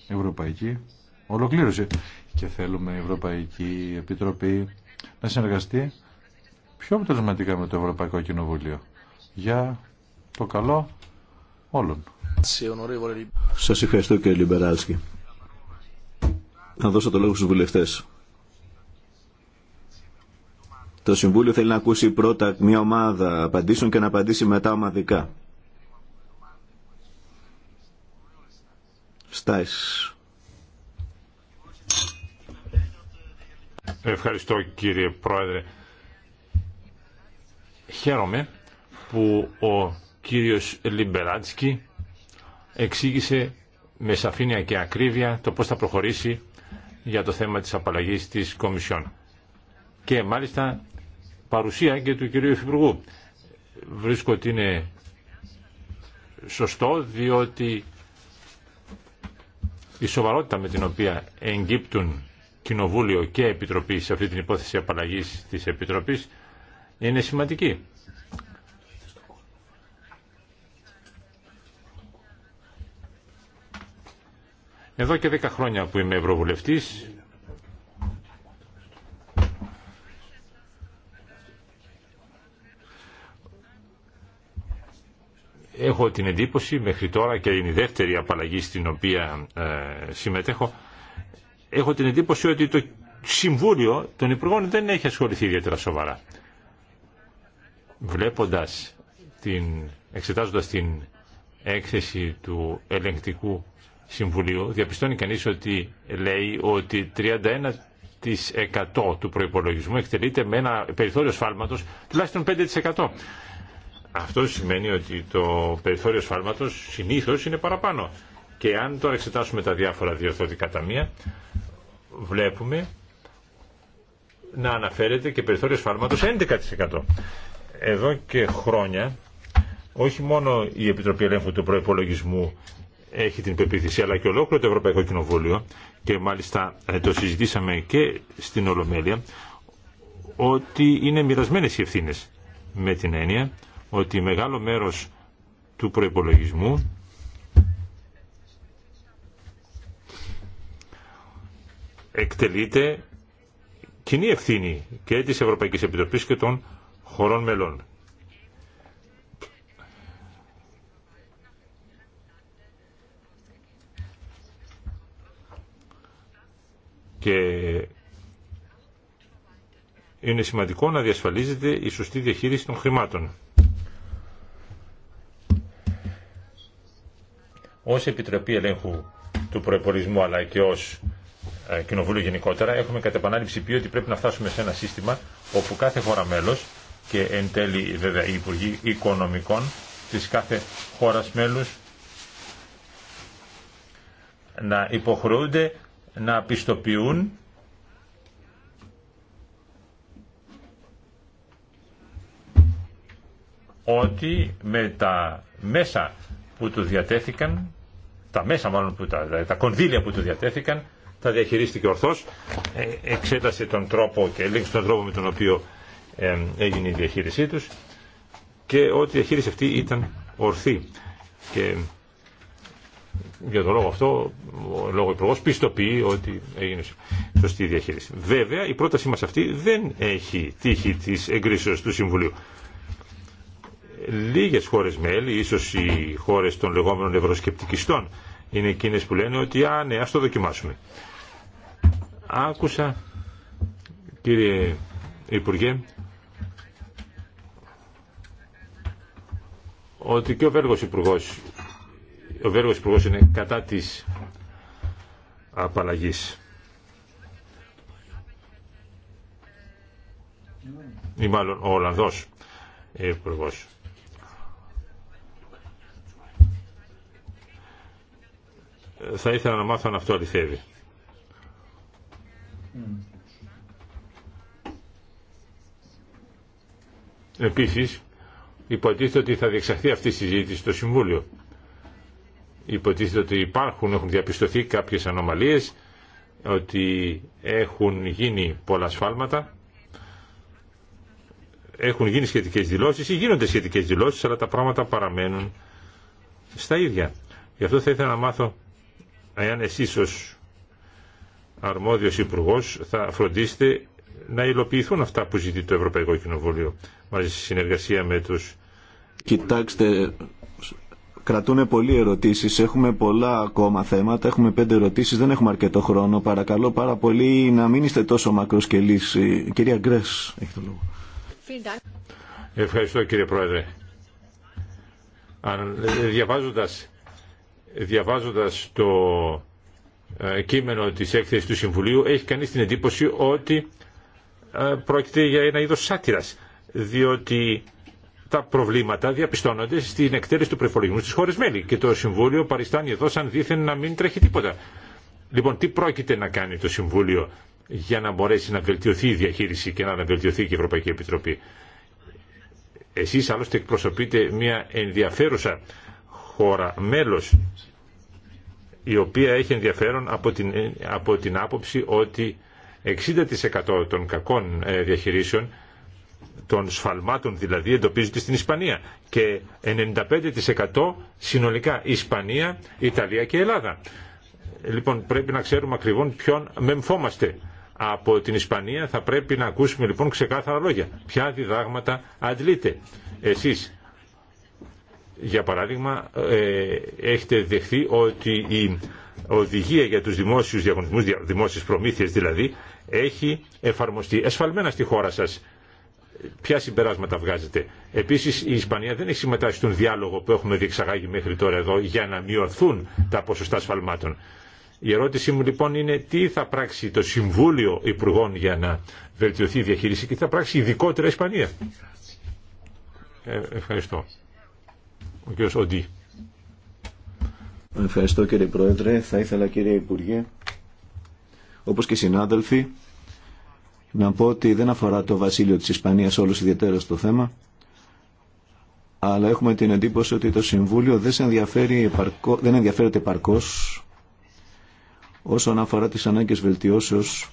ευρωπαϊκή ολοκλήρωση. Και θέλουμε η Ευρωπαϊκή Επιτροπή να συνεργαστεί πιο αποτελεσματικά με το Ευρωπαϊκό Κοινοβούλιο για το καλό όλων. Σας ευχαριστώ κύριε Λιμπεράλσκι. Να δώσω το λόγο στους βουλευτές. Το Συμβούλιο θέλει να ακούσει πρώτα μια ομάδα απαντήσεων και να απαντήσει μετά ομαδικά. Στάις. Ευχαριστώ κύριε Πρόεδρε. Χαίρομαι που ο κύριος Λιμπεράτσκι εξήγησε με σαφήνεια και ακρίβεια το πώς θα προχωρήσει για το θέμα της απαλλαγής της Κομισιόν. Και μάλιστα παρουσία και του κυρίου Υφυπουργού. Βρίσκω ότι είναι σωστό διότι η σοβαρότητα με την οποία εγκύπτουν Κοινοβούλιο και Επιτροπή σε αυτή την υπόθεση απαλλαγής της Επιτροπής είναι σημαντική. Εδώ και δέκα χρόνια που είμαι Ευρωβουλευτής έχω την εντύπωση μέχρι τώρα και είναι η δεύτερη απαλλαγή στην οποία ε, συμμετέχω έχω την εντύπωση ότι το Συμβούλιο των Υπουργών δεν έχει ασχοληθεί ιδιαίτερα σοβαρά. Βλέποντας την, εξετάζοντας την έκθεση του ελεγκτικού Συμβουλίου διαπιστώνει κανείς ότι λέει ότι 31% του προϋπολογισμού εκτελείται με ένα περιθώριο σφάλματος τουλάχιστον 5%. Αυτό σημαίνει ότι το περιθώριο σφάλματος συνήθως είναι παραπάνω. Και αν τώρα εξετάσουμε τα διάφορα διορθωτικά ταμεία, βλέπουμε να αναφέρεται και περιθώριο σφάλματος 11%. Εδώ και χρόνια, όχι μόνο η Επιτροπή Ελέγχου του Προϋπολογισμού έχει την πεποίθηση αλλά και ολόκληρο το Ευρωπαϊκό Κοινοβούλιο και μάλιστα ε, το συζητήσαμε και στην Ολομέλεια ότι είναι μοιρασμένε οι ευθύνε με την έννοια ότι μεγάλο μέρος του προπολογισμού εκτελείται κοινή ευθύνη και της Ευρωπαϊκής Επιτροπής και των χωρών μελών. και είναι σημαντικό να διασφαλίζεται η σωστή διαχείριση των χρημάτων. Ως Επιτροπή Ελέγχου του Προεπορισμού αλλά και ως ε, Κοινοβούλιο γενικότερα έχουμε κατά επανάληψη πει ότι πρέπει να φτάσουμε σε ένα σύστημα όπου κάθε χώρα μέλος και εν τέλει βέβαια οι Υπουργοί Οικονομικών της κάθε χώρας μέλους να υποχρεούνται να πιστοποιούν ότι με τα μέσα που του διατέθηκαν, τα μέσα μάλλον που τα, δηλαδή τα κονδύλια που του διατέθηκαν, τα διαχειρίστηκε ορθώς, ε, εξέτασε τον τρόπο και ελέγξε τον τρόπο με τον οποίο έγινε η διαχείρισή τους και ότι η διαχείριση αυτή ήταν ορθή για τον λόγο αυτό, ο λόγο υπουργό πιστοποιεί ότι έγινε σωστή διαχείριση. Βέβαια, η πρότασή μα αυτή δεν έχει τύχη τη εγκρίσεω του Συμβουλίου. Λίγε χώρε μέλη, ίσω οι χώρε των λεγόμενων ευρωσκεπτικιστών, είναι εκείνε που λένε ότι α, ναι, το δοκιμάσουμε. Άκουσα, κύριε Υπουργέ, ότι και ο Βέλγος Υπουργός ο Βέργος Υπουργός είναι κατά της απαλλαγής. Ή μάλλον ο Ολλανδός Υπουργός. Θα ήθελα να μάθω αν αυτό αληθεύει. Επίσης, υποτίθεται ότι θα διεξαχθεί αυτή η συζήτηση στο Συμβούλιο υποτίθεται ότι υπάρχουν, έχουν διαπιστωθεί κάποιες ανομαλίες, ότι έχουν γίνει πολλά σφάλματα, έχουν γίνει σχετικές δηλώσεις ή γίνονται σχετικές δηλώσεις, αλλά τα πράγματα παραμένουν στα ίδια. Γι' αυτό θα ήθελα να μάθω εάν εσείς ως αρμόδιος υπουργό θα φροντίσετε να υλοποιηθούν αυτά που ζητεί το Ευρωπαϊκό Κοινοβούλιο μαζί στη συνεργασία με τους... Κοιτάξτε, Κρατούν πολλοί ερωτήσεις, έχουμε πολλά ακόμα θέματα, έχουμε πέντε ερωτήσεις, δεν έχουμε αρκετό χρόνο. Παρακαλώ πάρα πολύ να μην είστε τόσο λύση. Κυρία Γκρέσ, έχει το λόγο. Ευχαριστώ κύριε Πρόεδρε. Ε, διαβάζοντας, διαβάζοντας το ε, κείμενο της έκθεσης του Συμβουλίου έχει κανείς την εντύπωση ότι ε, πρόκειται για ένα είδος σάτυρας διότι τα προβλήματα διαπιστώνονται στην εκτέλεση του προπολογισμού στι χώρε μέλη και το Συμβούλιο παριστάνει εδώ σαν δήθεν να μην τρέχει τίποτα. Λοιπόν, τι πρόκειται να κάνει το Συμβούλιο για να μπορέσει να βελτιωθεί η διαχείριση και να βελτιωθεί και η Ευρωπαϊκή Επιτροπή. Εσείς άλλωστε εκπροσωπείτε μια ενδιαφέρουσα χώρα μέλος η οποία έχει ενδιαφέρον από την, από την άποψη ότι 60% των κακών ε, διαχειρήσεων των σφαλμάτων δηλαδή εντοπίζονται στην Ισπανία και 95% συνολικά Ισπανία, Ιταλία και Ελλάδα. Λοιπόν πρέπει να ξέρουμε ακριβώς ποιον μεμφόμαστε. Από την Ισπανία θα πρέπει να ακούσουμε λοιπόν ξεκάθαρα λόγια. Ποια διδάγματα αντλείτε εσείς. Για παράδειγμα, ε, έχετε δεχθεί ότι η οδηγία για τους δημόσιους διαγωνισμούς, δημόσιες προμήθειες δηλαδή, έχει εφαρμοστεί εσφαλμένα στη χώρα σας ποια συμπεράσματα βγάζετε. Επίσης η Ισπανία δεν έχει συμμετάσχει στον διάλογο που έχουμε διεξαγάγει μέχρι τώρα εδώ για να μειωθούν τα ποσοστά σφαλμάτων. Η ερώτησή μου λοιπόν είναι τι θα πράξει το Συμβούλιο Υπουργών για να βελτιωθεί η διαχείριση και τι θα πράξει ειδικότερα η Ισπανία. Ε, ευχαριστώ. Ο κ. Οντί. Ευχαριστώ κύριε Πρόεδρε. Θα ήθελα κύριε Υπουργέ, όπως και συνάδελφοι, να πω ότι δεν αφορά το βασίλειο της Ισπανίας όλους ιδιαίτερα στο θέμα, αλλά έχουμε την εντύπωση ότι το Συμβούλιο δεν, ενδιαφέρει, δεν ενδιαφέρεται επαρκώς όσον αφορά τις ανάγκες βελτιώσεως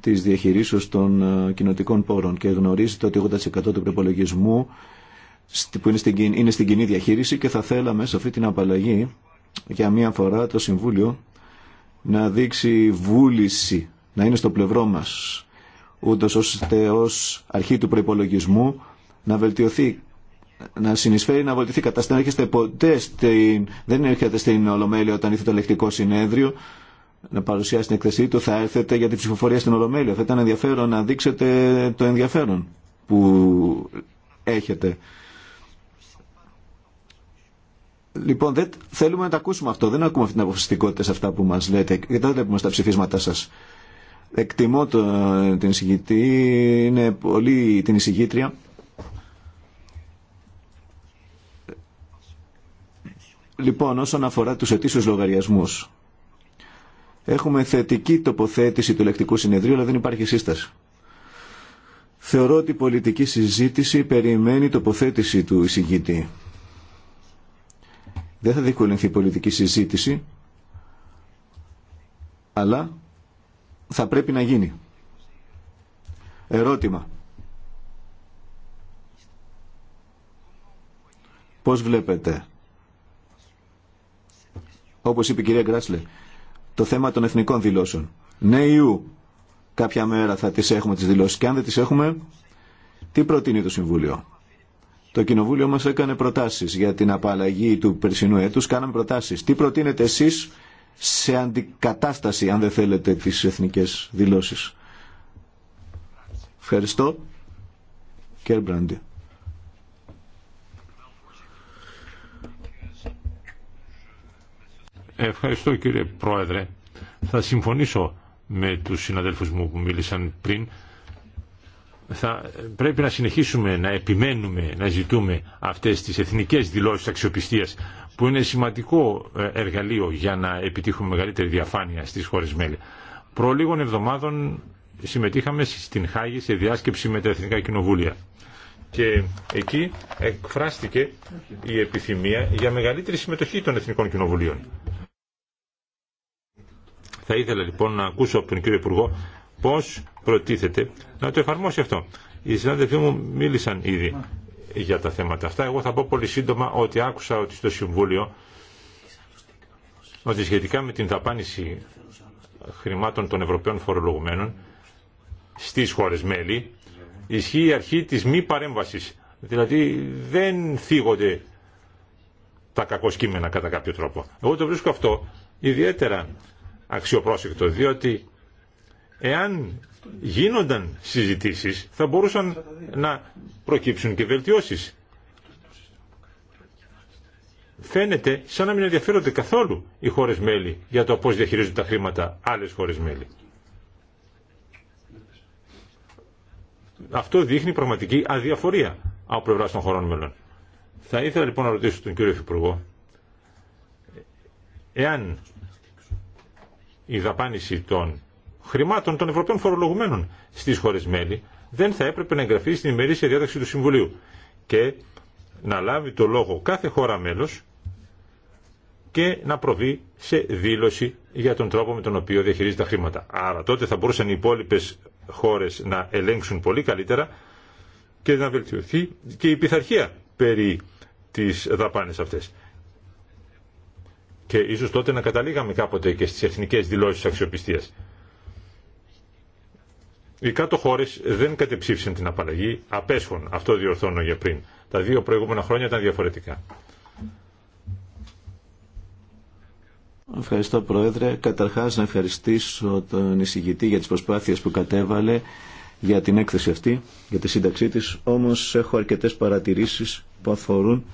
της διαχειρίσεως των ε, κοινοτικών πόρων και γνωρίζετε ότι 80% του προπολογισμού που είναι στην, είναι στην κοινή διαχείριση και θα θέλαμε σε αυτή την απαλλαγή για μία φορά το Συμβούλιο να δείξει βούληση, να είναι στο πλευρό μας ούτως ώστε ως αρχή του προϋπολογισμού να βελτιωθεί να συνεισφέρει να βοηθηθεί κατάσταση. Δεν έρχεστε ποτέ στην, δεν έρχεται στην Ολομέλεια όταν ήρθε το ελεκτικό συνέδριο να παρουσιάσει την εκθεσή του, θα έρθετε για την ψηφοφορία στην Ολομέλεια. Θα ήταν ενδιαφέρον να δείξετε το ενδιαφέρον που έχετε. Λοιπόν, θέλουμε να τα ακούσουμε αυτό. Δεν ακούμε αυτή την αποφασιστικότητα σε αυτά που μα λέτε. Γιατί δεν βλέπουμε στα ψηφίσματά σα. Εκτιμώ το την εισηγητή, είναι πολύ την εισηγήτρια. Λοιπόν, όσον αφορά τους ετήσιους λογαριασμούς, έχουμε θετική τοποθέτηση του λεκτικού συνεδρίου, αλλά δεν υπάρχει σύσταση. Θεωρώ ότι η πολιτική συζήτηση περιμένει τοποθέτηση του εισηγητή. Δεν θα διευκολυνθεί η πολιτική συζήτηση, αλλά θα πρέπει να γίνει. Ερώτημα. Πώς βλέπετε, όπως είπε η κυρία Γκράσλε, το θέμα των εθνικών δηλώσεων. Ναι, ιού, κάποια μέρα θα τις έχουμε τις δηλώσεις και αν δεν τις έχουμε, τι προτείνει το Συμβούλιο. Το Κοινοβούλιο μας έκανε προτάσεις για την απαλλαγή του περσινού έτους, κάναμε προτάσεις. Τι προτείνετε εσείς σε αντικατάσταση, αν δεν θέλετε, τις εθνικές δηλώσεις. Ευχαριστώ. Κύριε Μπράντι. Ευχαριστώ κύριε Πρόεδρε. Θα συμφωνήσω με τους συναδέλφους μου που μίλησαν πριν. Θα πρέπει να συνεχίσουμε να επιμένουμε, να ζητούμε αυτές τις εθνικές δηλώσεις αξιοπιστίας που είναι σημαντικό ε, εργαλείο για να επιτύχουμε μεγαλύτερη διαφάνεια στις χώρες μέλη. Προ λίγων εβδομάδων συμμετείχαμε στην Χάγη σε διάσκεψη με τα Εθνικά Κοινοβούλια και εκεί εκφράστηκε η επιθυμία για μεγαλύτερη συμμετοχή των Εθνικών Κοινοβουλίων. Θα ήθελα λοιπόν να ακούσω από τον κύριο Υπουργό πώς προτίθεται να το εφαρμόσει αυτό. Οι συνάδελφοί μου μίλησαν ήδη για τα θέματα αυτά. Εγώ θα πω πολύ σύντομα ότι άκουσα ότι στο Συμβούλιο ότι σχετικά με την δαπάνηση χρημάτων των Ευρωπαίων φορολογουμένων στις χώρες μέλη ισχύει η αρχή της μη παρέμβασης. Δηλαδή δεν θίγονται τα κακοσκήμενα κατά κάποιο τρόπο. Εγώ το βρίσκω αυτό ιδιαίτερα αξιοπρόσεκτο διότι εάν γίνονταν συζητήσεις θα μπορούσαν να προκύψουν και βελτιώσεις. Φαίνεται σαν να μην ενδιαφέρονται καθόλου οι χώρες μέλη για το πώς διαχειρίζονται τα χρήματα άλλες χώρες μέλη. Αυτό δείχνει πραγματική αδιαφορία από πλευρά των χωρών μελών. Θα ήθελα λοιπόν να ρωτήσω τον κύριο Υφυπουργό εάν η δαπάνηση των χρημάτων των Ευρωπαίων φορολογουμένων στις χώρες μέλη δεν θα έπρεπε να εγγραφεί στην ημερήσια διάταξη του Συμβουλίου και να λάβει το λόγο κάθε χώρα μέλο και να προβεί σε δήλωση για τον τρόπο με τον οποίο διαχειρίζεται τα χρήματα. Άρα τότε θα μπορούσαν οι υπόλοιπε χώρες να ελέγξουν πολύ καλύτερα και να βελτιωθεί και η πειθαρχία περί τις δαπάνες αυτέ. Και ίσως τότε να καταλήγαμε κάποτε και στις εθνικές δηλώσεις αξιοπιστίας. Οι κάτω χώρε δεν κατεψήφισαν την απαλλαγή, απέσχουν Αυτό διορθώνω για πριν. Τα δύο προηγούμενα χρόνια ήταν διαφορετικά. Ευχαριστώ Πρόεδρε. Καταρχάς να ευχαριστήσω τον εισηγητή για τις προσπάθειες που κατέβαλε για την έκθεση αυτή, για τη σύνταξή της. Όμως έχω αρκετές παρατηρήσεις που αφορούν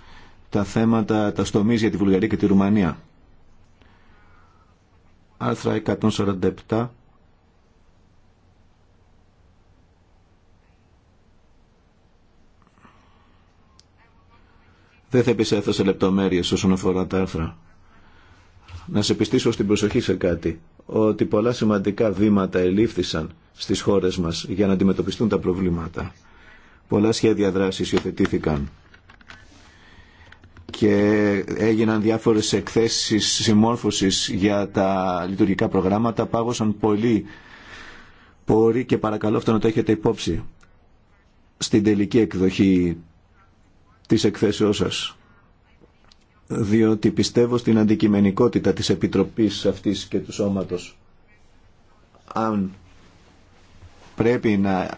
τα θέματα, τα στομή για τη Βουλγαρία και τη Ρουμανία. Άρθρα 147 Δεν θα επισέλθω σε λεπτομέρειε όσον αφορά τα άρθρα. Να σε πιστήσω στην προσοχή σε κάτι, ότι πολλά σημαντικά βήματα ελήφθησαν στις χώρες μας για να αντιμετωπιστούν τα προβλήματα. Πολλά σχέδια δράσης υιοθετήθηκαν και έγιναν διάφορες εκθέσεις συμμόρφωσης για τα λειτουργικά προγράμματα, πάγωσαν πολύ πόροι και παρακαλώ αυτό να το έχετε υπόψη στην τελική εκδοχή της εκθέσεώς σας διότι πιστεύω στην αντικειμενικότητα της Επιτροπής αυτής και του σώματος. Αν πρέπει να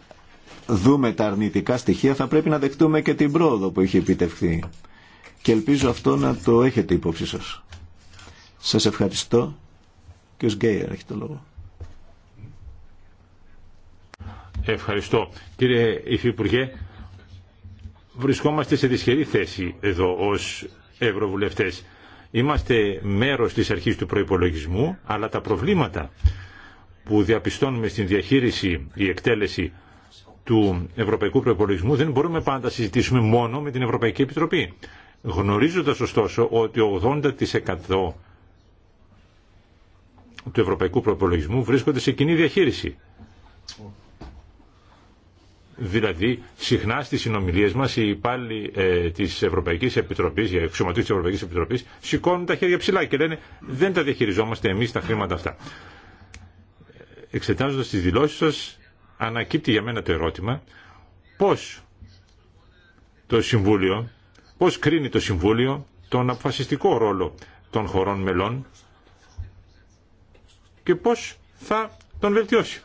δούμε τα αρνητικά στοιχεία θα πρέπει να δεχτούμε και την πρόοδο που έχει επιτευχθεί. Και ελπίζω αυτό να το έχετε υπόψη σας. Σας ευχαριστώ. Και ο Σγκέιερ έχει το λόγο. Ευχαριστώ. Κύριε Υφυπουργέ, βρισκόμαστε σε δυσχερή θέση εδώ ως ευρωβουλευτές. Είμαστε μέρος της αρχής του προϋπολογισμού, αλλά τα προβλήματα που διαπιστώνουμε στην διαχείριση, η εκτέλεση του ευρωπαϊκού προϋπολογισμού δεν μπορούμε πάντα να συζητήσουμε μόνο με την Ευρωπαϊκή Επιτροπή. Γνωρίζοντας ωστόσο ότι 80% του ευρωπαϊκού προϋπολογισμού βρίσκονται σε κοινή διαχείριση. Δηλαδή, συχνά στι συνομιλίε μας οι υπάλληλοι ε, της Ευρωπαϊκής Επιτροπής, οι αξιωματούχοι τη Ευρωπαϊκής Επιτροπής, σηκώνουν τα χέρια ψηλά και λένε δεν τα διαχειριζόμαστε εμείς τα χρήματα αυτά. Εξετάζοντα τις δηλώσει σα ανακύπτει για μένα το ερώτημα πώ το Συμβούλιο, πώς κρίνει το Συμβούλιο τον αποφασιστικό ρόλο των χωρών μελών και πώς θα τον βελτιώσει.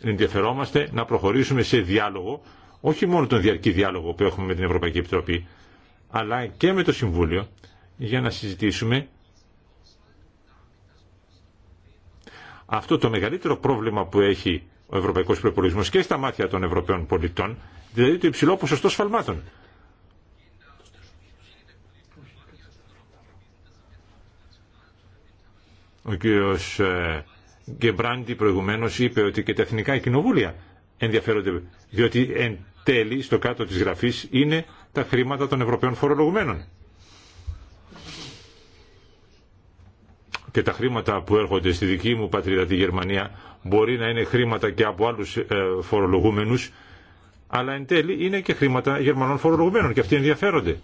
ενδιαφερόμαστε να προχωρήσουμε σε διάλογο, όχι μόνο τον διαρκή διάλογο που έχουμε με την Ευρωπαϊκή Επιτροπή, αλλά και με το Συμβούλιο, για να συζητήσουμε αυτό το μεγαλύτερο πρόβλημα που έχει ο Ευρωπαϊκός προπολογισμό και στα μάτια των Ευρωπαίων πολιτών, δηλαδή το υψηλό ποσοστό σφαλμάτων. Ο κύριος ε, Γκεμπράντι προηγουμένω είπε ότι και τα εθνικά κοινοβούλια ενδιαφέρονται, διότι εν τέλει στο κάτω της γραφής είναι τα χρήματα των Ευρωπαίων φορολογουμένων. Και τα χρήματα που έρχονται στη δική μου πατρίδα, τη Γερμανία, μπορεί να είναι χρήματα και από άλλους ε, φορολογούμενους, αλλά εν τέλει είναι και χρήματα Γερμανών φορολογουμένων και αυτοί ενδιαφέρονται.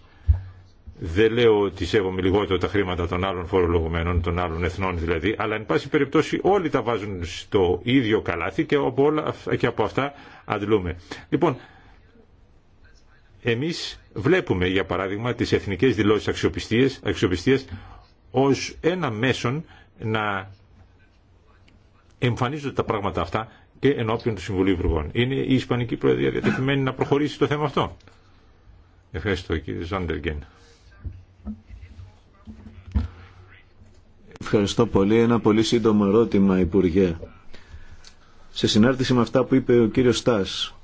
Δεν λέω ότι σέβομαι λιγότερο τα χρήματα των άλλων φορολογουμένων, των άλλων εθνών δηλαδή, αλλά εν πάση περιπτώσει όλοι τα βάζουν στο ίδιο καλάθι και από, όλα, και από αυτά αντλούμε. Λοιπόν, εμείς βλέπουμε για παράδειγμα τις εθνικές δηλώσεις αξιοπιστίας, αξιοπιστίας ως ένα μέσον να εμφανίζονται τα πράγματα αυτά και ενώπιον του Συμβουλίου Υπουργών. Είναι η Ισπανική Προεδρία διατεθειμένη να προχωρήσει το θέμα αυτό. Ευχαριστώ κύριε Ζάντεργκεν. Ευχαριστώ πολύ. Ένα πολύ σύντομο ερώτημα, Υπουργέ. Σε συνάρτηση με αυτά που είπε ο κύριος Στάς,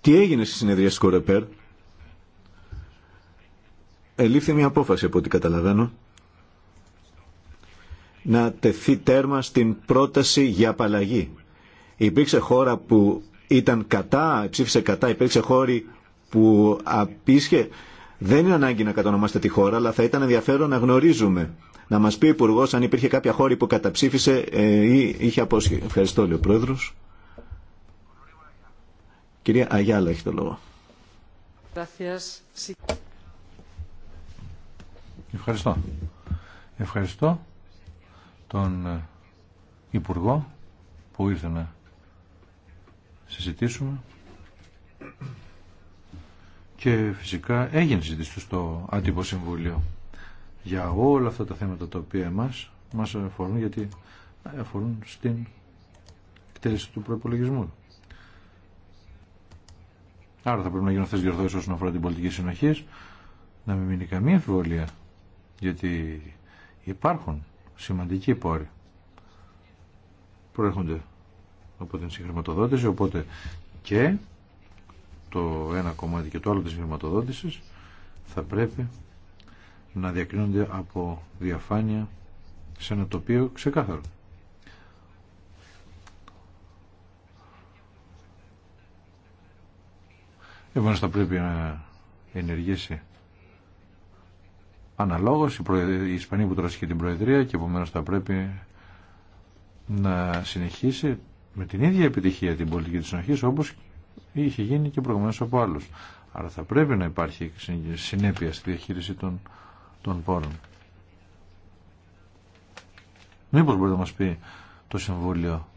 τι έγινε στη συνεδρία της Κορεπέρ, ελήφθη μια απόφαση από ό,τι καταλαβαίνω, να τεθεί τέρμα στην πρόταση για απαλλαγή. Υπήρξε χώρα που ήταν κατά, ψήφισε κατά, υπήρξε χώρη που απίσχε. Δεν είναι ανάγκη να κατονομάστε τη χώρα, αλλά θα ήταν ενδιαφέρον να γνωρίζουμε να μας πει ο υπουργό αν υπήρχε κάποια χώρη που καταψήφισε ε, ή είχε απόσχει. Ευχαριστώ, λέει ο Πρόεδρος. Κυρία Αγιάλα έχει το λόγο. Ευχαριστώ. Ευχαριστώ τον ε, Υπουργό που ήρθε να συζητήσουμε και φυσικά έγινε συζήτηση στο Αντιποσυμβούλιο. Συμβούλιο για όλα αυτά τα θέματα τα οποία μας, μας αφορούν γιατί αφορούν στην εκτέλεση του προπολογισμού. Άρα θα πρέπει να γίνουν αυτές τις διορθώσεις όσον αφορά την πολιτική συνοχή, να μην μείνει καμία αμφιβολία, γιατί υπάρχουν σημαντικοί πόροι. Προέρχονται από την συγχρηματοδότηση, οπότε και το ένα κομμάτι και το άλλο της συγχρηματοδότησης θα πρέπει να διακρίνονται από διαφάνεια σε ένα τοπίο ξεκάθαρο. Λοιπόν, θα πρέπει να ενεργήσει αναλόγως η, Ισπανία που τώρα την Προεδρία και επομένω θα πρέπει να συνεχίσει με την ίδια επιτυχία την πολιτική της συνοχής όπως είχε γίνει και προηγουμένως από άλλους. Άρα θα πρέπει να υπάρχει συνέπεια στη διαχείριση των των πόρων. Μήπως μπορεί να μας πει το Συμβούλιο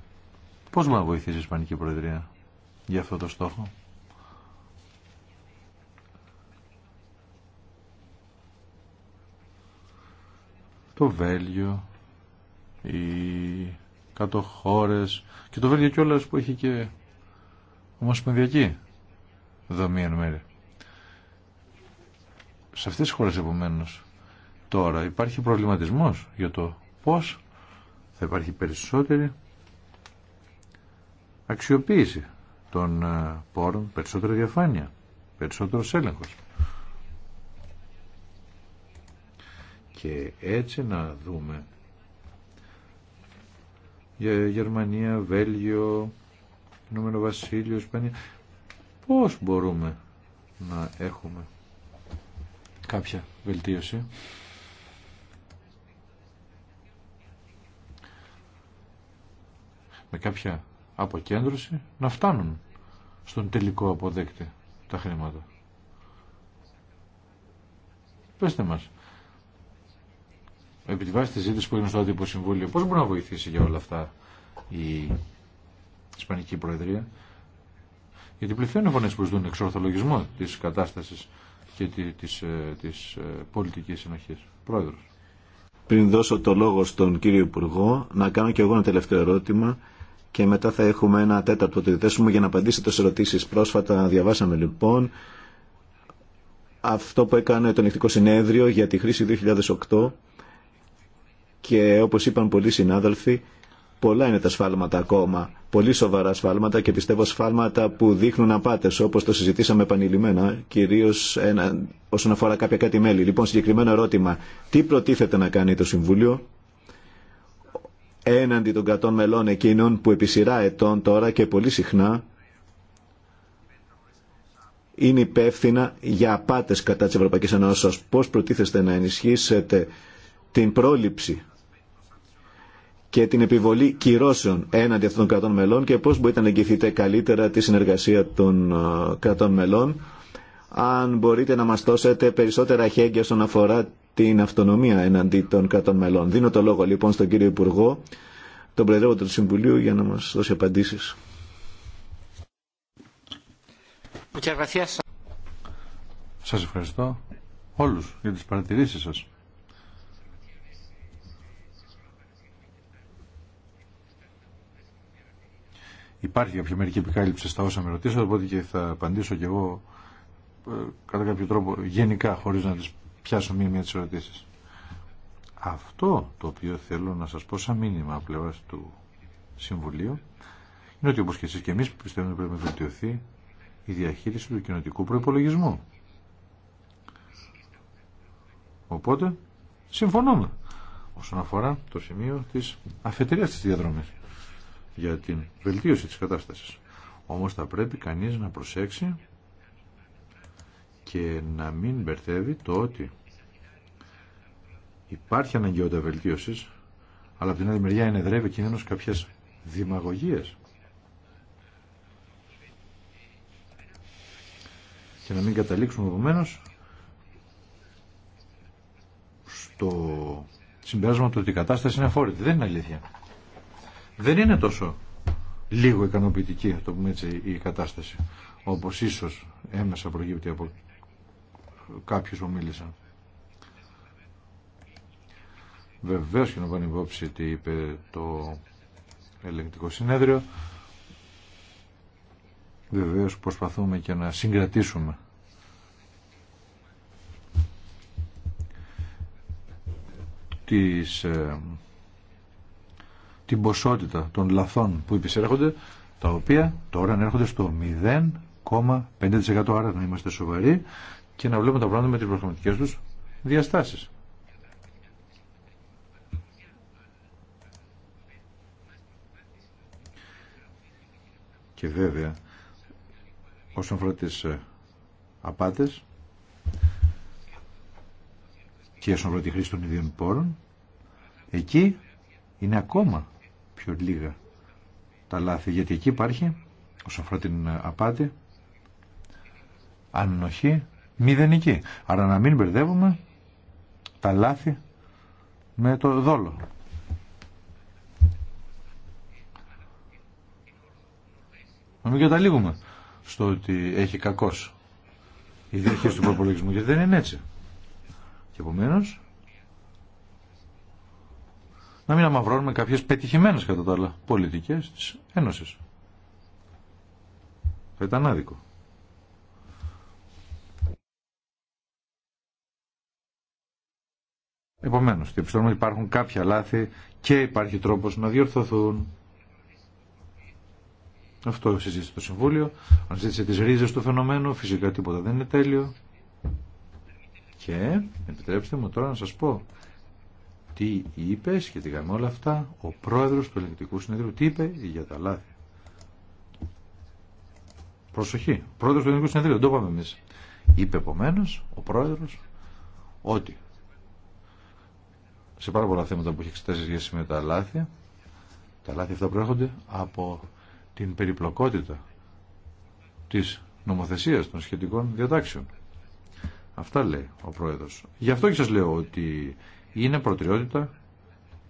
πώς μπορεί να βοηθήσει η Ισπανική Προεδρία για αυτό το στόχο. Το Βέλγιο, οι κάτω και το Βέλγιο κιόλας που έχει και ομοσπονδιακή δομή εν μέρη. Σε αυτές τις χώρες επομένως Τώρα υπάρχει προβληματισμός για το πώς θα υπάρχει περισσότερη αξιοποίηση των ε, πόρων, περισσότερη διαφάνεια, περισσότερος έλεγχος. Και έτσι να δούμε για Γερμανία, Βέλγιο, Ηνωμένο Βασίλειο, Ισπανία, πώς μπορούμε να έχουμε κάποια βελτίωση. με κάποια αποκέντρωση να φτάνουν στον τελικό αποδέκτη τα χρήματα. Πεςτε μας, επί τη βάση της ζήτησης που έγινε στο άτυπο συμβούλιο, πώς μπορεί να βοηθήσει για όλα αυτά η Ισπανική Προεδρία. Γιατί πληθαίνουν οι φωνές που ζητούν εξορθολογισμό της κατάστασης και της, ε, της ε, πολιτικής συνοχής. Πρόεδρος. Πριν δώσω το λόγο στον κύριο Υπουργό, να κάνω και εγώ ένα τελευταίο ερώτημα και μετά θα έχουμε ένα τέταρτο που για να απαντήσετε σε ερωτήσει. Πρόσφατα διαβάσαμε λοιπόν αυτό που έκανε το Νυχτικό Συνέδριο για τη χρήση 2008 και όπως είπαν πολλοί συνάδελφοι πολλά είναι τα σφάλματα ακόμα, πολύ σοβαρά σφάλματα και πιστεύω σφάλματα που δείχνουν απάτες όπως το συζητήσαμε επανειλημμένα κυρίως όσον αφορά κάποια κάτι μέλη. Λοιπόν συγκεκριμένο ερώτημα, τι προτίθεται να κάνει το Συμβούλιο έναντι των κρατών μελών εκείνων που επί σειρά ετών τώρα και πολύ συχνά είναι υπεύθυνα για απάτες κατά της Ευρωπαϊκής σας Πώς προτίθεστε να ενισχύσετε την πρόληψη και την επιβολή κυρώσεων έναντι αυτών των κρατών μελών και πώς μπορείτε να εγγυηθείτε καλύτερα τη συνεργασία των ε, κρατών μελών αν μπορείτε να μας δώσετε περισσότερα χέγγια στον αφορά την αυτονομία εναντί των κρατών μελών. Δίνω το λόγο λοιπόν στον κύριο Υπουργό, τον Προεδρεύοντα του Συμβουλίου, για να μας δώσει απαντήσεις. Σας ευχαριστώ όλους για τις παρατηρήσεις σας. Υπάρχει κάποια μερική επικάλυψη στα όσα με ρωτήσατε, οπότε και θα απαντήσω κι εγώ ε, κατά κάποιο τρόπο γενικά χωρίς να τις πιάσω μία μία τις ερωτήσεις. Αυτό το οποίο θέλω να σας πω σαν μήνυμα από του Συμβουλίου είναι ότι όπως και εσείς και εμείς πιστεύουμε πρέπει να βελτιωθεί η διαχείριση του κοινοτικού προϋπολογισμού. Οπότε συμφωνούμε όσον αφορά το σημείο της αφετηρίας της διαδρομής για την βελτίωση της κατάστασης. Όμως θα πρέπει κανείς να προσέξει και να μην μπερδεύει το ότι υπάρχει αναγκαιότητα βελτίωση, αλλά από την άλλη μεριά ενεδρεύει κίνδυνο κάποιες δημαγωγίες και να μην καταλήξουμε επομένω στο συμπέρασμα του ότι η κατάσταση είναι αφόρητη. Δεν είναι αλήθεια. Δεν είναι τόσο λίγο ικανοποιητική, το πούμε έτσι, η κατάσταση, όπως ίσως έμεσα προκύπτει από κάποιους ομιλησαν. Βεβαίω Βεβαίως και να πάνε υπόψη τι είπε το ελεγκτικό συνέδριο. Βεβαίως προσπαθούμε και να συγκρατήσουμε τις, ε, την ποσότητα των λαθών που υπησέρχονται, τα οποία τώρα έρχονται στο 0,5%. Άρα να είμαστε σοβαροί και να βλέπουμε τα πράγματα με τις προβληματικές τους διαστάσεις. Και βέβαια, όσον αφορά τις ε, απάτες και όσον αφορά τη χρήση των ιδίων πόρων, εκεί είναι ακόμα πιο λίγα τα λάθη, γιατί εκεί υπάρχει, όσον αφορά την ε, απάτη, ανοχή μηδενική. Άρα να μην μπερδεύουμε τα λάθη με το δόλο. Να μην καταλήγουμε στο ότι έχει κακός η διαχείριση του προπολογισμού, γιατί δεν είναι έτσι. Και επομένω, να μην αμαυρώνουμε κάποιε πετυχημένε κατά τα άλλα πολιτικέ τη Ένωση. Θα ήταν άδικο. Επομένως, διαπιστώνουμε ότι υπάρχουν κάποια λάθη και υπάρχει τρόπος να διορθωθούν. Αυτό συζήτησε το Συμβούλιο, αναζήτησε τις ρίζες του φαινομένου, φυσικά τίποτα δεν είναι τέλειο. Και επιτρέψτε μου τώρα να σας πω τι είπε σχετικά με όλα αυτά ο πρόεδρος του Ελληνικού Συνεδρίου. Τι είπε για τα λάθη. Προσοχή. Πρόεδρος του Ελληνικού Συνεδρίου, δεν το είπαμε εμείς. Είπε επομένω ο πρόεδρος ότι σε πάρα πολλά θέματα που έχει εξετάσει σχέση με τα λάθη. Τα λάθη αυτά προέρχονται από την περιπλοκότητα της νομοθεσίας των σχετικών διατάξεων. Αυτά λέει ο Πρόεδρος. Γι' αυτό και σας λέω ότι είναι προτεραιότητα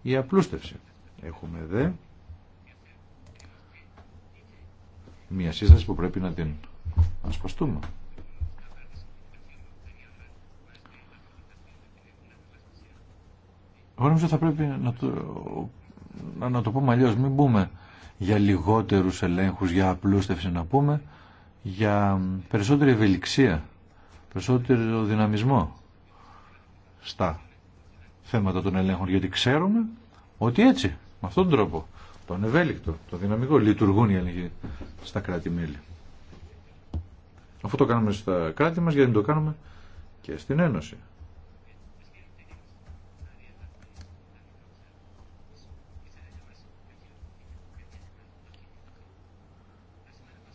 η απλούστευση. Έχουμε δε μια σύσταση που πρέπει να την ασπαστούμε. Εγώ νομίζω θα πρέπει να το, να το πούμε αλλιώ. Μην πούμε για λιγότερους ελέγχους, για απλούστευση να πούμε, για περισσότερη ευελιξία, περισσότερο δυναμισμό στα θέματα των ελέγχων. Γιατί ξέρουμε ότι έτσι, με αυτόν τον τρόπο, τον ευέλικτο, το δυναμικό, λειτουργούν οι έλεγχοι στα κράτη-μέλη. Αυτό το κάνουμε στα κράτη μας γιατί το κάνουμε και στην Ένωση.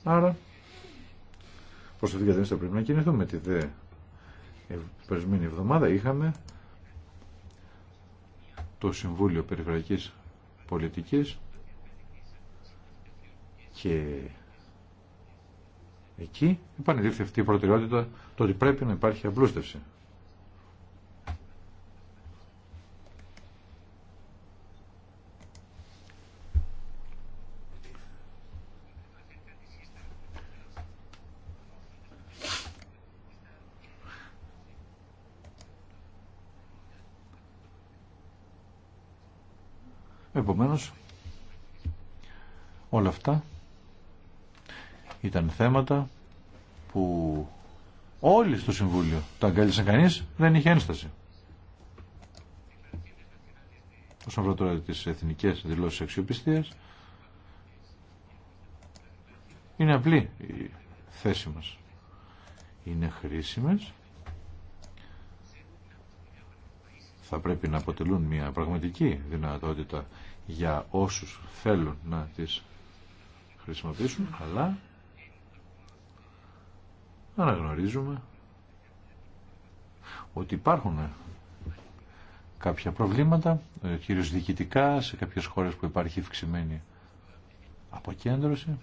Άρα, Προ αυτήν την κατεύθυνση θα πρέπει να κινηθούμε. Τη δε ε, εβδομάδα είχαμε το Συμβούλιο Περιφερειακής Πολιτικής και εκεί επανελήφθη αυτή η προτεραιότητα το ότι πρέπει να υπάρχει απλούστευση. θέματα που όλοι στο Συμβούλιο τα αγκάλισαν κανείς, δεν είχε ένσταση. Όσον αφορά τώρα τις εθνικές δηλώσεις αξιοπιστίας, είναι απλή η θέση μας. Είναι χρήσιμες. Θα πρέπει να αποτελούν μια πραγματική δυνατότητα για όσους θέλουν να τις χρησιμοποιήσουν, αλλά αναγνωρίζουμε ότι υπάρχουν κάποια προβλήματα, ε, κυρίως διοικητικά, σε κάποιες χώρες που υπάρχει ευξημένη αποκέντρωση.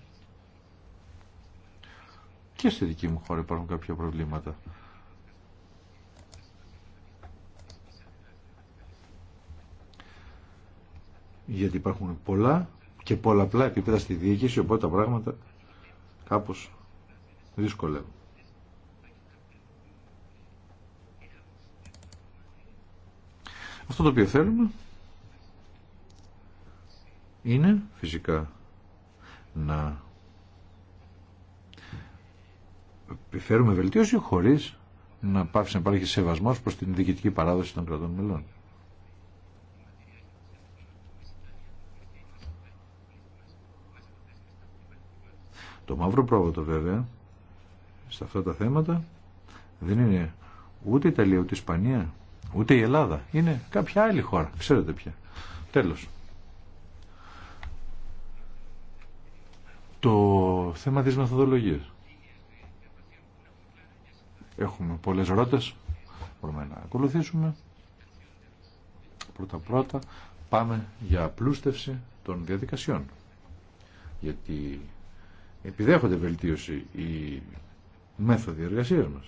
Και στη δική μου χώρα υπάρχουν κάποια προβλήματα. Γιατί υπάρχουν πολλά και πολλαπλά επίπεδα στη διοίκηση, οπότε τα πράγματα κάπως δυσκολεύουν. Αυτό το οποίο θέλουμε είναι φυσικά να επιφέρουμε βελτίωση χωρίς να πάψει να υπάρχει σεβασμός προς την διοικητική παράδοση των κρατών μελών. Το μαύρο πρόβατο βέβαια σε αυτά τα θέματα δεν είναι ούτε η Ιταλία ούτε η Ισπανία Ούτε η Ελλάδα. Είναι κάποια άλλη χώρα. Ξέρετε ποια. Τέλος. Το θέμα της μεθοδολογίας. Έχουμε πολλές ρότες. Μπορούμε να ακολουθήσουμε. Πρώτα-πρώτα πάμε για απλούστευση των διαδικασιών. Γιατί επιδέχονται βελτίωση οι μέθοδοι εργασίας μας.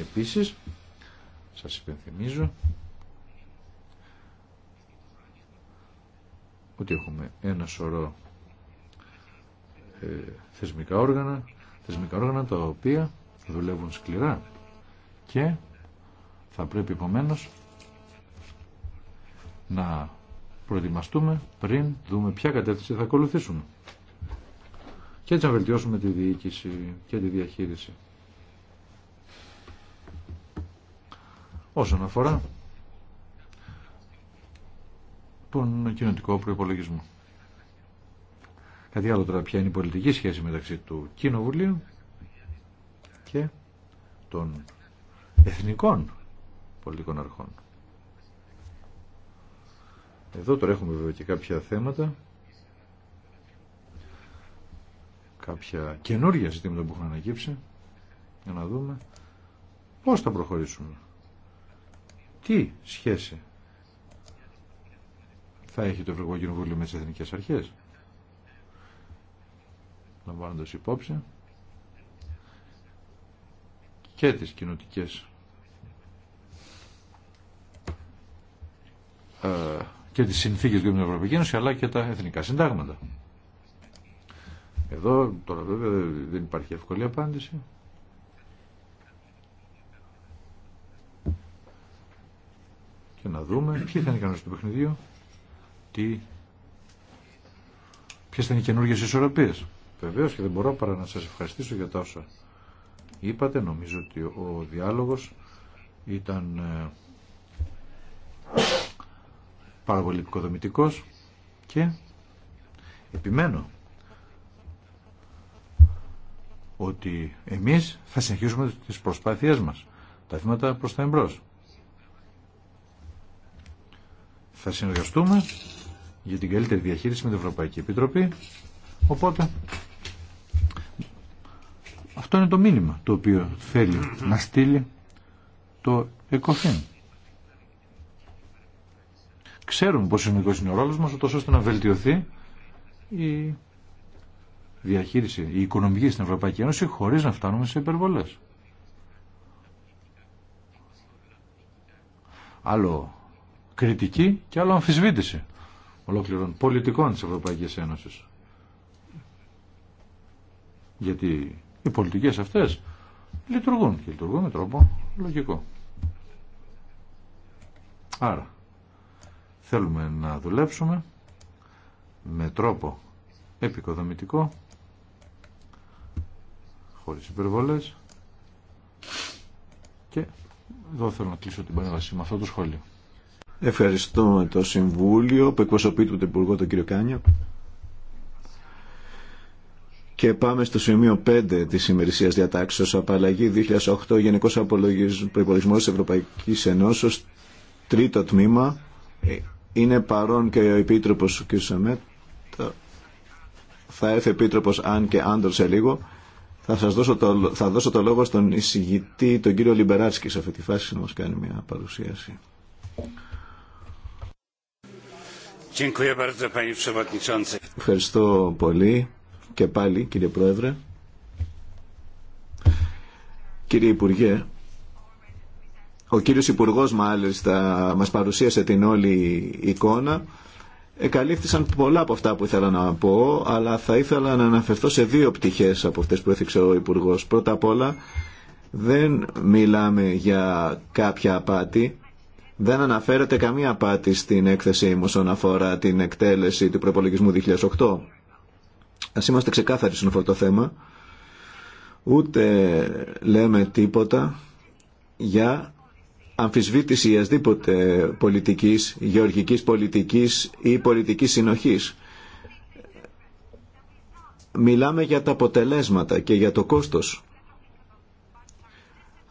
Επίσης, σας υπενθυμίζω ότι έχουμε ένα σωρό ε, θεσμικά όργανα, θεσμικά όργανα τα οποία δουλεύουν σκληρά και θα πρέπει επομένω να προετοιμαστούμε πριν δούμε ποια κατεύθυνση θα ακολουθήσουμε. Και έτσι να βελτιώσουμε τη διοίκηση και τη διαχείριση. όσον αφορά τον κοινωνικό προπολογισμό, Κάτι άλλο τώρα, ποια είναι η πολιτική σχέση μεταξύ του Κοινοβουλίου και των εθνικών πολιτικών αρχών. Εδώ τώρα έχουμε βέβαια και κάποια θέματα, κάποια καινούργια ζητήματα που έχουν ανακύψει, για να δούμε πώς θα προχωρήσουμε τι σχέση θα έχει το Ευρωπαϊκό Κοινοβούλιο με τις Εθνικές Αρχές λαμβάνοντα υπόψη και τι κοινοτικέ ε, και τις συνθήκες του Ευρωπαϊκού Ένωση αλλά και τα εθνικά συντάγματα. Εδώ τώρα βέβαια δεν υπάρχει εύκολη απάντηση. και να δούμε ποιοι θα είναι οι κανόνες του παιχνιδιού, τι... θα είναι οι καινούργιες ισορροπίες. βεβαίω και δεν μπορώ παρά να σα ευχαριστήσω για τα όσα είπατε. Νομίζω ότι ο διάλογος ήταν ε, πάρα πολύ και επιμένω ότι εμείς θα συνεχίσουμε τις προσπάθειές μας, τα θύματα προς τα εμπρός. θα συνεργαστούμε για την καλύτερη διαχείριση με την Ευρωπαϊκή Επιτροπή. Οπότε, αυτό είναι το μήνυμα το οποίο θέλει να στείλει το ΕΚΟΦΕΝ. Ξέρουμε πόσο σημαντικό είναι ο ρόλος μας, ώστε να βελτιωθεί η διαχείριση, η οικονομική στην Ευρωπαϊκή Ένωση, χωρίς να φτάνουμε σε υπερβολές. Άλλο κριτική και άλλο αμφισβήτηση ολόκληρων πολιτικών της Ευρωπαϊκής Ένωσης. Γιατί οι πολιτικές αυτές λειτουργούν και λειτουργούν με τρόπο λογικό. Άρα, θέλουμε να δουλέψουμε με τρόπο επικοδομητικό, χωρίς υπερβολές και εδώ θέλω να κλείσω την παρέμβαση με αυτό το σχόλιο. Ευχαριστώ το Συμβούλιο που εκπροσωπεί του Υπουργό τον κύριο Κάνιο. Και πάμε στο σημείο 5 της ημερησίας διατάξεως απαλλαγή 2008 Γενικός Προϋπολογισμός της Ευρωπαϊκής Ενώσεως τρίτο τμήμα είναι παρόν και ο Επίτροπος κ. Σαμέτ θα έρθει Επίτροπος Αν και Άντορ σε λίγο θα, σας δώσω το, θα δώσω το λόγο στον εισηγητή τον κύριο Λιμπεράτσκι σε αυτή τη φάση να μας κάνει μια παρουσίαση. Ευχαριστώ πολύ και πάλι κύριε Πρόεδρε. Κύριε Υπουργέ, ο κύριος Υπουργός μάλιστα μας παρουσίασε την όλη εικόνα. Εκαλύφθησαν πολλά από αυτά που ήθελα να πω, αλλά θα ήθελα να αναφερθώ σε δύο πτυχές από αυτές που έθιξε ο Υπουργός. Πρώτα απ' όλα, δεν μιλάμε για κάποια απάτη, δεν αναφέρεται καμία απάτη στην έκθεσή μου όσον αφορά την εκτέλεση του προπολογισμού 2008. Ας είμαστε ξεκάθαροι στον αυτό το θέμα. Ούτε λέμε τίποτα για αμφισβήτηση ασδήποτε πολιτικής, γεωργικής πολιτικής ή πολιτικής συνοχής. Μιλάμε για τα αποτελέσματα και για το κόστος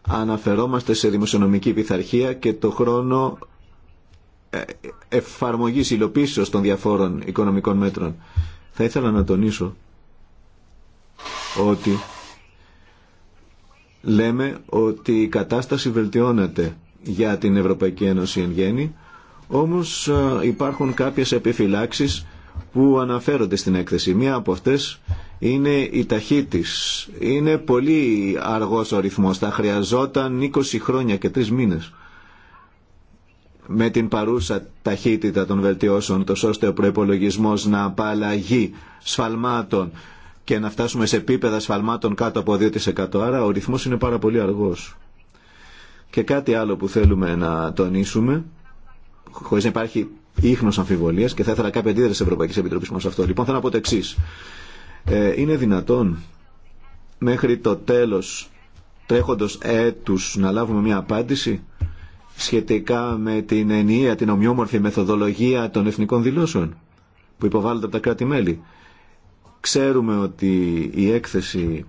αναφερόμαστε σε δημοσιονομική πειθαρχία και το χρόνο ε, εφαρμογής υλοποίησης των διαφόρων οικονομικών μέτρων. Θα ήθελα να τονίσω ότι λέμε ότι η κατάσταση βελτιώνεται για την Ευρωπαϊκή Ένωση εν γέννη, όμως ε, υπάρχουν κάποιες επιφυλάξεις που αναφέρονται στην έκθεση. Μία από αυτές είναι η ταχύτης. Είναι πολύ αργός ο ρυθμός. Θα χρειαζόταν 20 χρόνια και 3 μήνες με την παρούσα ταχύτητα των βελτιώσεων, τόσο ώστε ο προπολογισμό να απαλλαγεί σφαλμάτων και να φτάσουμε σε επίπεδα σφαλμάτων κάτω από 2%. Άρα ο ρυθμός είναι πάρα πολύ αργός. Και κάτι άλλο που θέλουμε να τονίσουμε, χωρίς να υπάρχει ίχνος αμφιβολίας και θα ήθελα κάποια αντίδραση της Ευρωπαϊκής Επιτροπής μας αυτό. Λοιπόν, θα να πω το ε, είναι δυνατόν μέχρι το τέλος τρέχοντος έτους να λάβουμε μια απάντηση σχετικά με την ενιαία, την ομοιόμορφη μεθοδολογία των εθνικών δηλώσεων που υποβάλλονται από τα κράτη-μέλη. Ξέρουμε ότι η έκθεση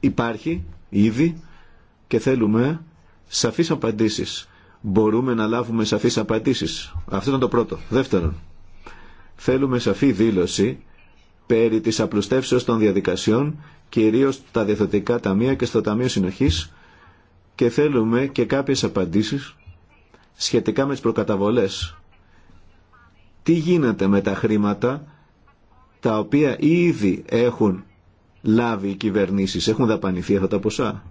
υπάρχει ήδη και θέλουμε σαφείς απαντήσεις. Μπορούμε να λάβουμε σαφείς απαντήσεις. Αυτό ήταν το πρώτο. Δεύτερον, θέλουμε σαφή δήλωση περί της απλουστεύσεως των διαδικασιών, κυρίως στα διαθετικά ταμεία και στο Ταμείο Συνοχής και θέλουμε και κάποιες απαντήσεις σχετικά με τις προκαταβολές. Τι γίνεται με τα χρήματα τα οποία ήδη έχουν λάβει οι κυβερνήσεις, έχουν δαπανηθεί αυτά τα ποσά.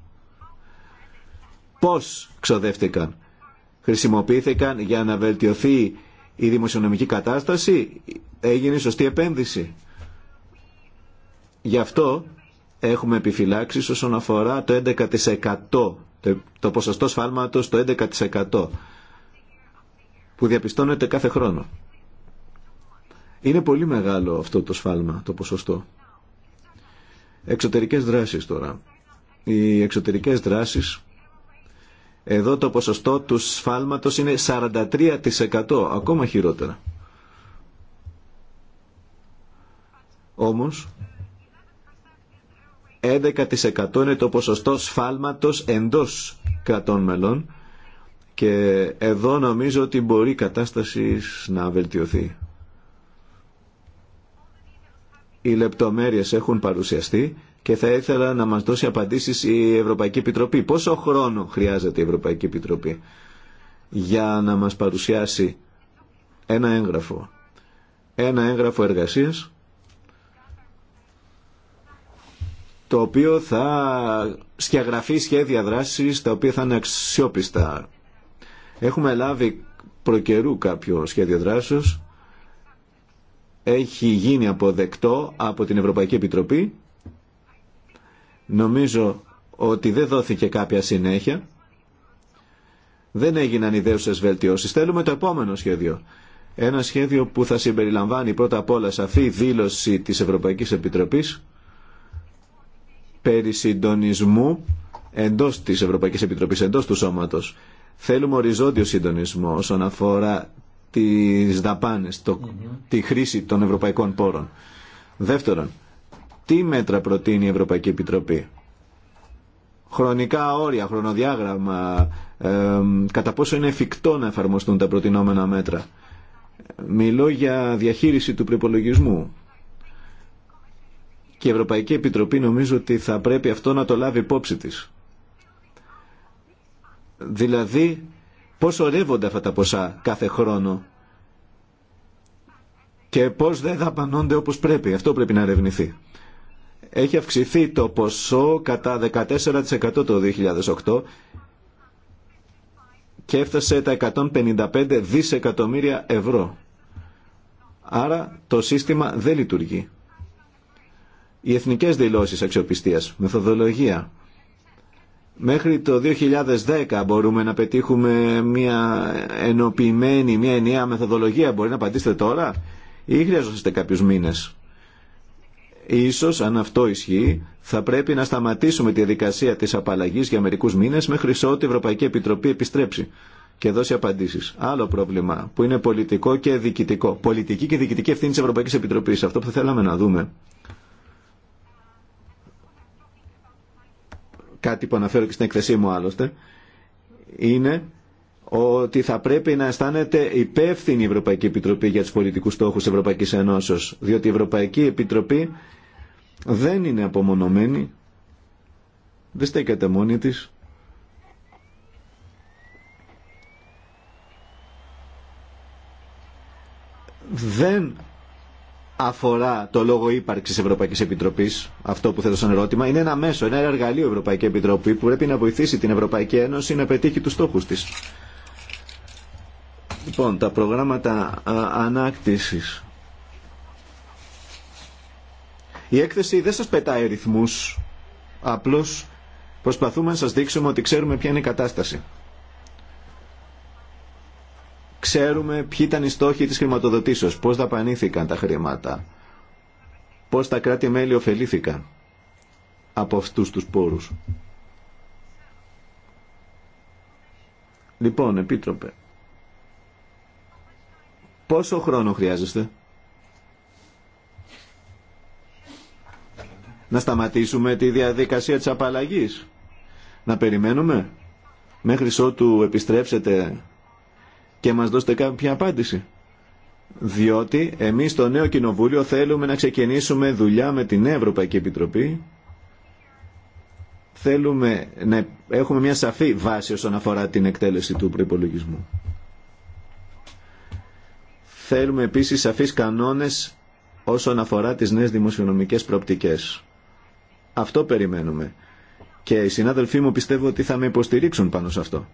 Πώς ξοδεύτηκαν. Χρησιμοποιήθηκαν για να βελτιωθεί η δημοσιονομική κατάσταση, έγινε σωστή επένδυση. Γι' αυτό έχουμε επιφυλάξει όσον αφορά το 11% το ποσοστό σφάλματος το 11% που διαπιστώνεται κάθε χρόνο. Είναι πολύ μεγάλο αυτό το σφάλμα, το ποσοστό. Εξωτερικές δράσεις τώρα. Οι εξωτερικές δράσεις, εδώ το ποσοστό του σφάλματος είναι 43%, ακόμα χειρότερα. Όμως, 11% είναι το ποσοστό σφάλματος εντός κρατών μελών και εδώ νομίζω ότι μπορεί η κατάσταση να βελτιωθεί. Οι λεπτομέρειες έχουν παρουσιαστεί και θα ήθελα να μας δώσει απαντήσεις η Ευρωπαϊκή Επιτροπή. Πόσο χρόνο χρειάζεται η Ευρωπαϊκή Επιτροπή για να μας παρουσιάσει ένα έγγραφο. Ένα έγγραφο εργασίας το οποίο θα σκιαγραφεί σχέδια δράσης τα οποία θα είναι αξιόπιστα. Έχουμε λάβει προκαιρού κάποιο σχέδιο δράσεως. Έχει γίνει αποδεκτό από την Ευρωπαϊκή Επιτροπή. Νομίζω ότι δεν δόθηκε κάποια συνέχεια. Δεν έγιναν ιδέουσες βελτιώσεις. Θέλουμε το επόμενο σχέδιο. Ένα σχέδιο που θα συμπεριλαμβάνει πρώτα απ' όλα σαφή δήλωση της Ευρωπαϊκής Επιτροπής περί συντονισμού εντός της Ευρωπαϊκής Επιτροπής, εντός του σώματος. Θέλουμε οριζόντιο συντονισμό όσον αφορά τις δαπάνες, το, τη χρήση των ευρωπαϊκών πόρων. Δεύτερον, τι μέτρα προτείνει η Ευρωπαϊκή Επιτροπή. Χρονικά όρια, χρονοδιάγραμμα, κατά πόσο είναι εφικτό να εφαρμοστούν τα προτινόμενα μέτρα. Μιλώ για διαχείριση του προπολογισμού και η Ευρωπαϊκή Επιτροπή νομίζω ότι θα πρέπει αυτό να το λάβει υπόψη της. Δηλαδή, πόσο ορεύονται αυτά τα ποσά κάθε χρόνο και πώς δεν δαπανώνται όπως πρέπει. Αυτό πρέπει να ερευνηθεί. Έχει αυξηθεί το ποσό κατά 14% το 2008 και έφτασε τα 155 δισεκατομμύρια ευρώ. Άρα το σύστημα δεν λειτουργεί οι εθνικές δηλώσεις αξιοπιστίας, μεθοδολογία. Μέχρι το 2010 μπορούμε να πετύχουμε μια ενοποιημένη, μια ενιαία μεθοδολογία. Μπορεί να απαντήσετε τώρα ή χρειαζόσαστε κάποιους μήνες. Ίσως, αν αυτό ισχύει, θα πρέπει να σταματήσουμε τη διαδικασία της απαλλαγής για μερικούς μήνες μέχρι ότου η Ευρωπαϊκή Επιτροπή επιστρέψει και δώσει απαντήσεις. Άλλο πρόβλημα που είναι πολιτικό και διοικητικό. Πολιτική και διοικητική ευθύνη της απαλλαγης για μερικους μηνες μεχρι οτι η ευρωπαικη επιτροπη επιστρεψει και δωσει απαντήσει. αλλο προβλημα που ειναι πολιτικο και διοικητικο πολιτικη και διοικητικη ευθυνη τη Ευρωπαϊκή Επιτροπή. αυτο που να δούμε κάτι που αναφέρω και στην εκθεσή μου άλλωστε, είναι ότι θα πρέπει να αισθάνεται υπεύθυνη η Ευρωπαϊκή Επιτροπή για τους πολιτικούς στόχους της Ευρωπαϊκής Ενώσεως, διότι η Ευρωπαϊκή Επιτροπή δεν είναι απομονωμένη, δεν στέκεται μόνη της. Δεν αφορά το λόγο ύπαρξη Ευρωπαϊκή Επιτροπή, αυτό που θέτω σαν ερώτημα, είναι ένα μέσο, ένα εργαλείο η Ευρωπαϊκή Επιτροπή που πρέπει να βοηθήσει την Ευρωπαϊκή Ένωση να πετύχει του στόχου τη. Λοιπόν, τα προγράμματα ανάκτηση. Η έκθεση δεν σας πετάει ρυθμούς, απλώς προσπαθούμε να σας δείξουμε ότι ξέρουμε ποια είναι η κατάσταση. Ξέρουμε ποιοι ήταν οι στόχοι της χρηματοδοτήσεως, πώς δαπανήθηκαν τα χρήματα, πώς τα κράτη-μέλη ωφελήθηκαν από αυτούς τους πόρους. Λοιπόν, Επίτροπε, πόσο χρόνο χρειάζεστε να σταματήσουμε τη διαδικασία της απαλλαγής, να περιμένουμε μέχρι ότου επιστρέψετε και μας δώσετε κάποια απάντηση. Διότι εμείς στο νέο κοινοβούλιο θέλουμε να ξεκινήσουμε δουλειά με την Ευρωπαϊκή Επιτροπή. Θέλουμε να έχουμε μια σαφή βάση όσον αφορά την εκτέλεση του προϋπολογισμού. Θέλουμε επίσης σαφείς κανόνες όσον αφορά τις νέες δημοσιονομικές προοπτικές. Αυτό περιμένουμε. Και οι συνάδελφοί μου πιστεύω ότι θα με υποστηρίξουν πάνω σε αυτό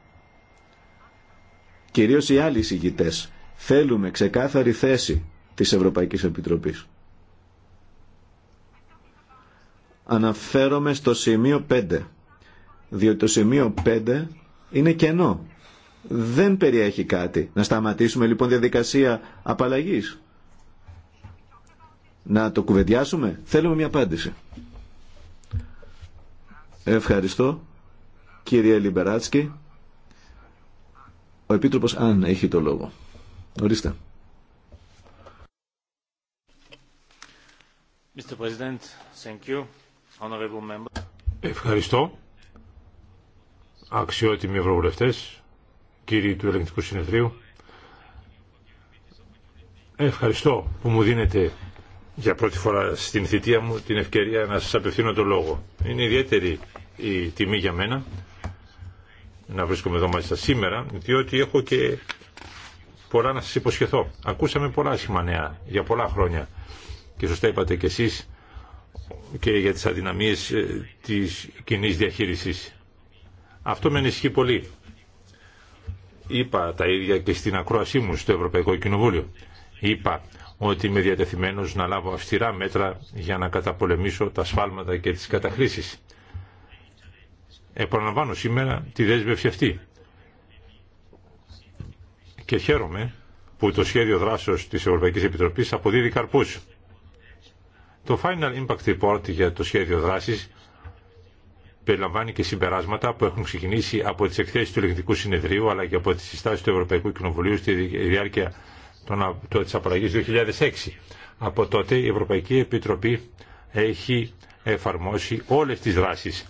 κυρίως οι άλλοι συγγητές. Θέλουμε ξεκάθαρη θέση της Ευρωπαϊκής Επιτροπής. Αναφέρομαι στο σημείο 5, διότι το σημείο 5 είναι κενό. Δεν περιέχει κάτι. Να σταματήσουμε λοιπόν διαδικασία απαλλαγής. Να το κουβεντιάσουμε. Θέλουμε μια απάντηση. Ευχαριστώ. Κύριε Λιμπεράτσκι. Ο Επίτροπος Αν έχει το λόγο. Ορίστε. Mr. President, thank you. Ευχαριστώ. Αξιότιμοι ευρωβουλευτέ, κύριοι του Ελεγκτικού Συνεδρίου, ευχαριστώ που μου δίνετε για πρώτη φορά στην θητεία μου την ευκαιρία να σας απευθύνω το λόγο. Είναι ιδιαίτερη η τιμή για μένα να βρίσκομαι εδώ μαζί σας σήμερα, διότι έχω και πολλά να σας υποσχεθώ. Ακούσαμε πολλά νέα για πολλά χρόνια και σωστά είπατε και εσείς και για τις αδυναμίες ε, της κοινή διαχείρισης. Αυτό με ενισχύει πολύ. Είπα τα ίδια και στην ακρόασή μου στο Ευρωπαϊκό Κοινοβούλιο. Είπα ότι είμαι διατεθειμένος να λάβω αυστηρά μέτρα για να καταπολεμήσω τα σφάλματα και τις καταχρήσεις επαναλαμβάνω σήμερα τη δέσμευση αυτή. Και χαίρομαι που το σχέδιο δράσεως της Ευρωπαϊκής Επιτροπής αποδίδει καρπούς. Το Final Impact Report για το σχέδιο δράσης περιλαμβάνει και συμπεράσματα που έχουν ξεκινήσει από τις εκθέσεις του Ελεγκτικού Συνεδρίου αλλά και από τις συστάσεις του Ευρωπαϊκού Κοινοβουλίου στη διάρκεια της απαλλαγής 2006. Από τότε η Ευρωπαϊκή Επιτροπή έχει εφαρμόσει όλες τις δράσεις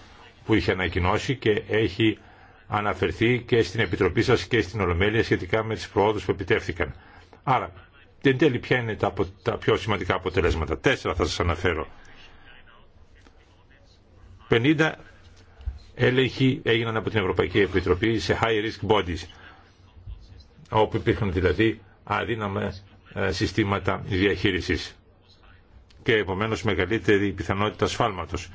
που είχε ανακοινώσει και έχει αναφερθεί και στην Επιτροπή σας και στην Ολομέλεια σχετικά με τις προόδους που επιτεύθηκαν. Άρα, εν τέλει ποια είναι τα, τα πιο σημαντικά αποτελέσματα. Τέσσερα θα σας αναφέρω. 50 έλεγχοι έγιναν από την Ευρωπαϊκή Επιτροπή σε high-risk bodies, όπου υπήρχαν δηλαδή αδύναμα ε, συστήματα διαχείρισης και επομένως μεγαλύτερη πιθανότητα σφάλματος.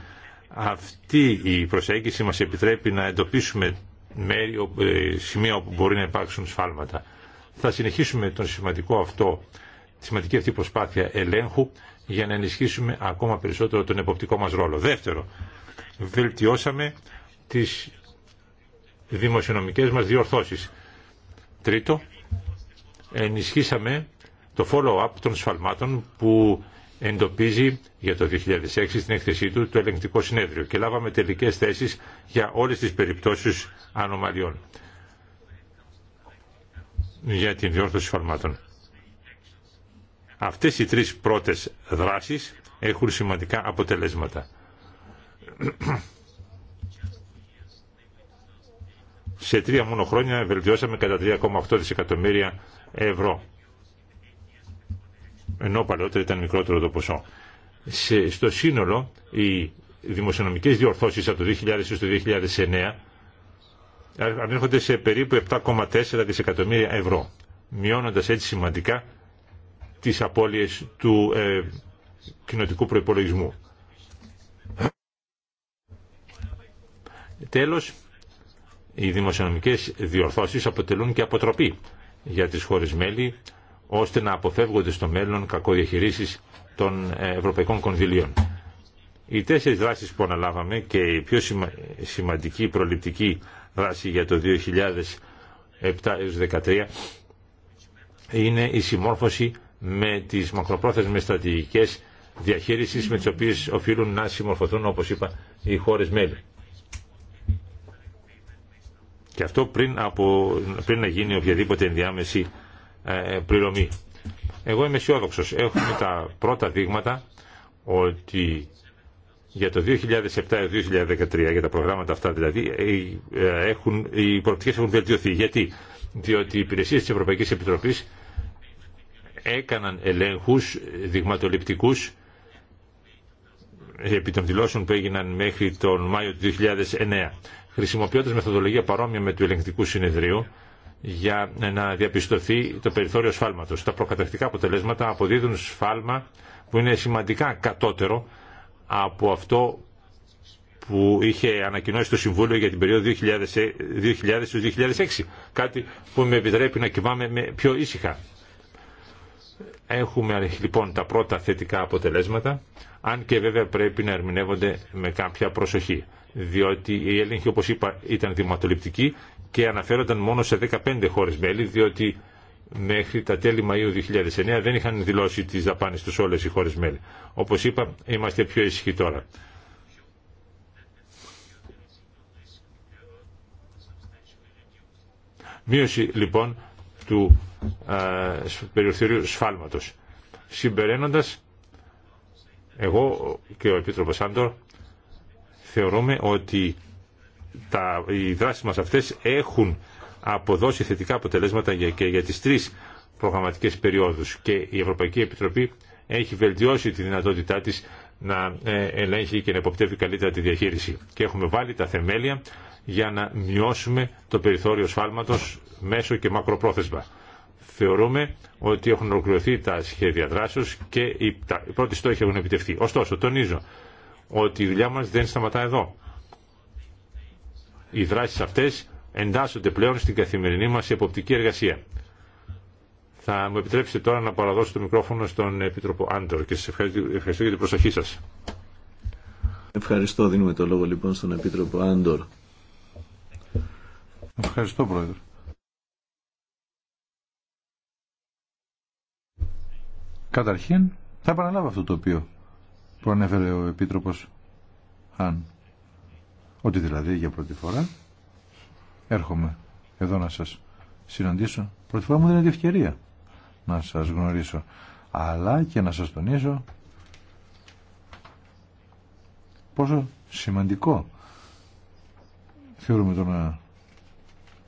Αυτή η προσέγγιση μας επιτρέπει να εντοπίσουμε μέρη, ε, σημεία όπου μπορεί να υπάρξουν σφάλματα. Θα συνεχίσουμε τον σημαντικό αυτό, τη σημαντική αυτή προσπάθεια ελέγχου για να ενισχύσουμε ακόμα περισσότερο τον εποπτικό μας ρόλο. Δεύτερο, βελτιώσαμε τις δημοσιονομικές μας διορθώσεις. Τρίτο, ενισχύσαμε το follow-up των σφαλμάτων που εντοπίζει για το 2006 στην έκθεσή του το ελεγκτικό συνέδριο και λάβαμε τελικές θέσεις για όλες τις περιπτώσεις ανομαλιών για την διόρθωση φαρμάτων. Αυτές οι τρεις πρώτες δράσεις έχουν σημαντικά αποτελέσματα. Σε τρία μόνο χρόνια βελτιώσαμε κατά 3,8 δισεκατομμύρια ευρώ ενώ παλαιότερα ήταν μικρότερο το ποσό. Σε, στο σύνολο, οι δημοσιονομικές διορθώσεις από το 2000 έως το 2009 ανέρχονται σε περίπου 7,4 δισεκατομμύρια ευρώ, μειώνοντας έτσι σημαντικά τις απώλειες του ε, κοινοτικού προϋπολογισμού. Τέλος, οι δημοσιονομικές διορθώσεις αποτελούν και αποτροπή για τις χώρες μέλη ώστε να αποφεύγονται στο μέλλον κακοδιαχειρήσει των ε, ευρωπαϊκών κονδυλίων. Οι τέσσερις δράσει που αναλάβαμε και η πιο σημαντική προληπτική δράση για το 2007 2013 είναι η συμμόρφωση με τις μακροπρόθεσμες στρατηγικές διαχείριση με τις οποίες οφείλουν να συμμορφωθούν, όπως είπα, οι χώρες μέλη. Και αυτό πριν, από, πριν να γίνει οποιαδήποτε ενδιάμεση ε, πληρωμή. Εγώ είμαι αισιόδοξο. Έχουμε τα πρώτα δείγματα ότι για το 2007-2013, για τα προγράμματα αυτά δηλαδή, ε, έχουν, οι προοπτικές έχουν βελτιωθεί. Γιατί? Διότι οι υπηρεσίες της Ευρωπαϊκής Επιτροπής έκαναν ελέγχους δειγματοληπτικούς επί των δηλώσεων που έγιναν μέχρι τον Μάιο του 2009. Χρησιμοποιώντας μεθοδολογία παρόμοια με του ελεγκτικού συνεδρίου, για να διαπιστωθεί το περιθώριο σφάλματος. Τα προκαταρκτικά αποτελέσματα αποδίδουν σφάλμα που είναι σημαντικά κατώτερο από αυτό που είχε ανακοινώσει το Συμβούλιο για την περίοδο 2000-2006. Ε, Κάτι που με επιτρέπει να κοιμάμαι πιο ήσυχα. Έχουμε λοιπόν τα πρώτα θετικά αποτελέσματα, αν και βέβαια πρέπει να ερμηνεύονται με κάποια προσοχή. Διότι η έλεγχη, όπως είπα, ήταν δημοτοληπτική και αναφέρονταν μόνο σε 15 χώρες μέλη, διότι μέχρι τα τέλη Μαΐου 2009 δεν είχαν δηλώσει τις δαπάνες τους όλες οι χώρες μέλη. Όπως είπα, είμαστε πιο ήσυχοι τώρα. Μείωση λοιπόν του ε, περιορθωρίου σφάλματος. Συμπεραίνοντας, εγώ και ο Επίτροπος Άντορ θεωρούμε ότι τα, οι δράσεις μας αυτές έχουν αποδώσει θετικά αποτελέσματα για, και για τις τρεις προγραμματικές περιόδους και η Ευρωπαϊκή Επιτροπή έχει βελτιώσει τη δυνατότητά της να ε, ελέγχει και να υποπτεύει καλύτερα τη διαχείριση. Και έχουμε βάλει τα θεμέλια για να μειώσουμε το περιθώριο σφάλματος μέσω και μακροπρόθεσμα. Θεωρούμε ότι έχουν ολοκληρωθεί τα σχέδια δράσεως και οι, τα, οι πρώτοι στόχοι έχουν επιτευχθεί. Ωστόσο, τονίζω ότι η δουλειά μας δεν σταματά εδώ οι δράσεις αυτές εντάσσονται πλέον στην καθημερινή μας εποπτική εργασία. Θα μου επιτρέψετε τώρα να παραδώσω το μικρόφωνο στον Επίτροπο Άντορ και σας ευχαριστώ για την προσοχή σας. Ευχαριστώ. Δίνουμε το λόγο λοιπόν στον Επίτροπο Άντορ. Ευχαριστώ Πρόεδρε. Καταρχήν θα επαναλάβω αυτό το οποίο προανέφερε ο Επίτροπος Άντορ. Ότι δηλαδή για πρώτη φορά έρχομαι εδώ να σας συναντήσω. Πρώτη φορά μου δεν είναι ευκαιρία να σας γνωρίσω. Αλλά και να σας τονίσω πόσο σημαντικό θεωρούμε το να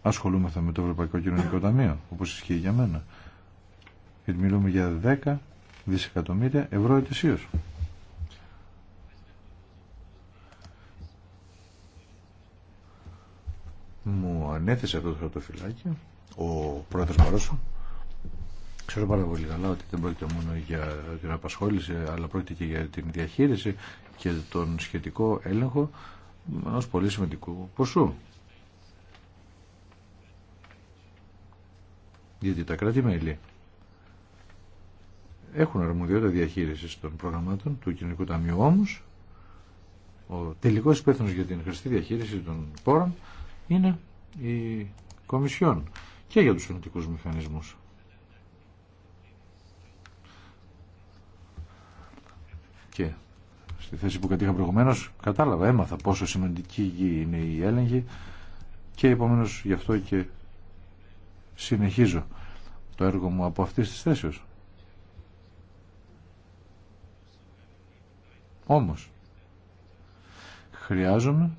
ασχολούμαστε με το Ευρωπαϊκό Κοινωνικό Ταμείο, όπως ισχύει για μένα. Γιατί μιλούμε για 10 δισεκατομμύρια ευρώ ετησίως. μου ανέθεσε αυτό το χαρτοφυλάκι ο πρόεδρος Μαρόσο ξέρω πάρα πολύ καλά ότι δεν πρόκειται μόνο για την απασχόληση αλλά πρόκειται και για την διαχείριση και τον σχετικό έλεγχο ενός πολύ σημαντικού ποσού γιατί τα κράτη-μέλη έχουν αρμοδιότητα διαχείριση των προγραμμάτων του Κοινωνικού Ταμείου όμως Ο τελικό υπεύθυνος για την χρηστή διαχείριση των πόρων είναι η Κομισιόν και για τους συνοτικούς μηχανισμούς. Και στη θέση που κατήχα προηγουμένως κατάλαβα, έμαθα πόσο σημαντική είναι η έλεγχη και επομένως γι' αυτό και συνεχίζω το έργο μου από αυτής της θέσεως. Όμως, χρειάζομαι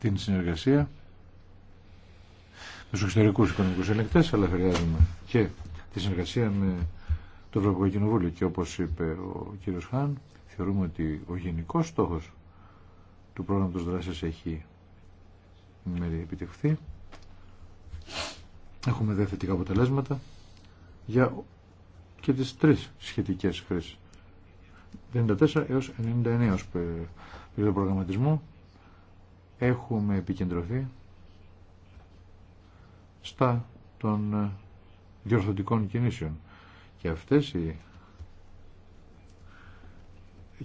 την συνεργασία με του εξωτερικού οικονομικού ελεγκτέ, αλλά χρειάζομαι και τη συνεργασία με το Ευρωπαϊκό Κοινοβούλιο. Και όπω είπε ο κύριο Χάν, θεωρούμε ότι ο γενικό στόχο του πρόγραμματος δράση έχει μέρη επιτευχθεί. Έχουμε δε θετικά αποτελέσματα για και τις τρεις σχετικές χρήσεις. 94 έως 99 ως περίοδο προγραμματισμού έχουμε επικεντρωθεί στα των ε, διορθωτικών κινήσεων. Και αυτές οι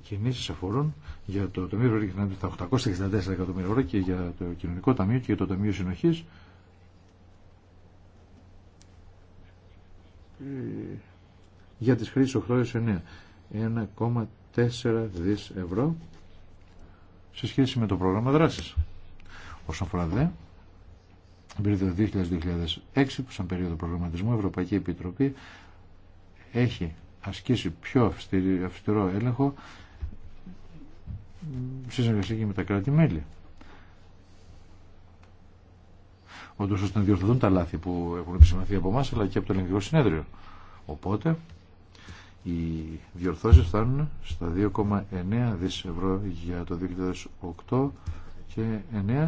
κινήσεις αφορούν για το Ταμείο Ρωρίκη τα 864 εκατομμύρια ευρώ και για το Κοινωνικό Ταμείο και για το Ταμείο Συνοχής ε, για τις χρήσεις 8 9 1,4 δις ευρώ σε σχέση με το πρόγραμμα δράσης. Όσον αφορά δε, την περίοδο 2000-2006, που σαν περίοδο προγραμματισμού, η Ευρωπαϊκή Επιτροπή έχει ασκήσει πιο αυστηρό έλεγχο σε συνεργασία και με τα κράτη-μέλη. Όντως ώστε να διορθωθούν τα λάθη που έχουν επισημανθεί από εμά αλλά και από το ελληνικό συνέδριο. Οπότε οι διορθώσεις φτάνουν στα 2,9 δις ευρώ για το 2008 και 9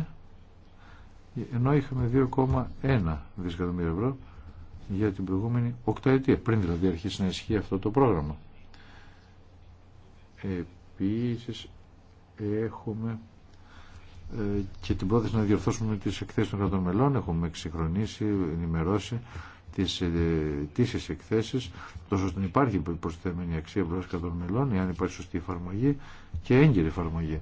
ενώ είχαμε 2,1 δισεκατομμύρια ευρώ για την προηγούμενη οκταετία πριν δηλαδή αρχίσει να ισχύει αυτό το πρόγραμμα επίσης έχουμε ε, και την πρόθεση να διορθώσουμε τις εκθέσεις των κρατών μελών έχουμε εξυγχρονίσει, ενημερώσει τις αιτήσεις ε, εκθέσεις τόσο στην να υπάρχει προσθέμενη αξία ευρώσκα των μελών εάν υπάρχει σωστή εφαρμογή και έγκυρη εφαρμογή.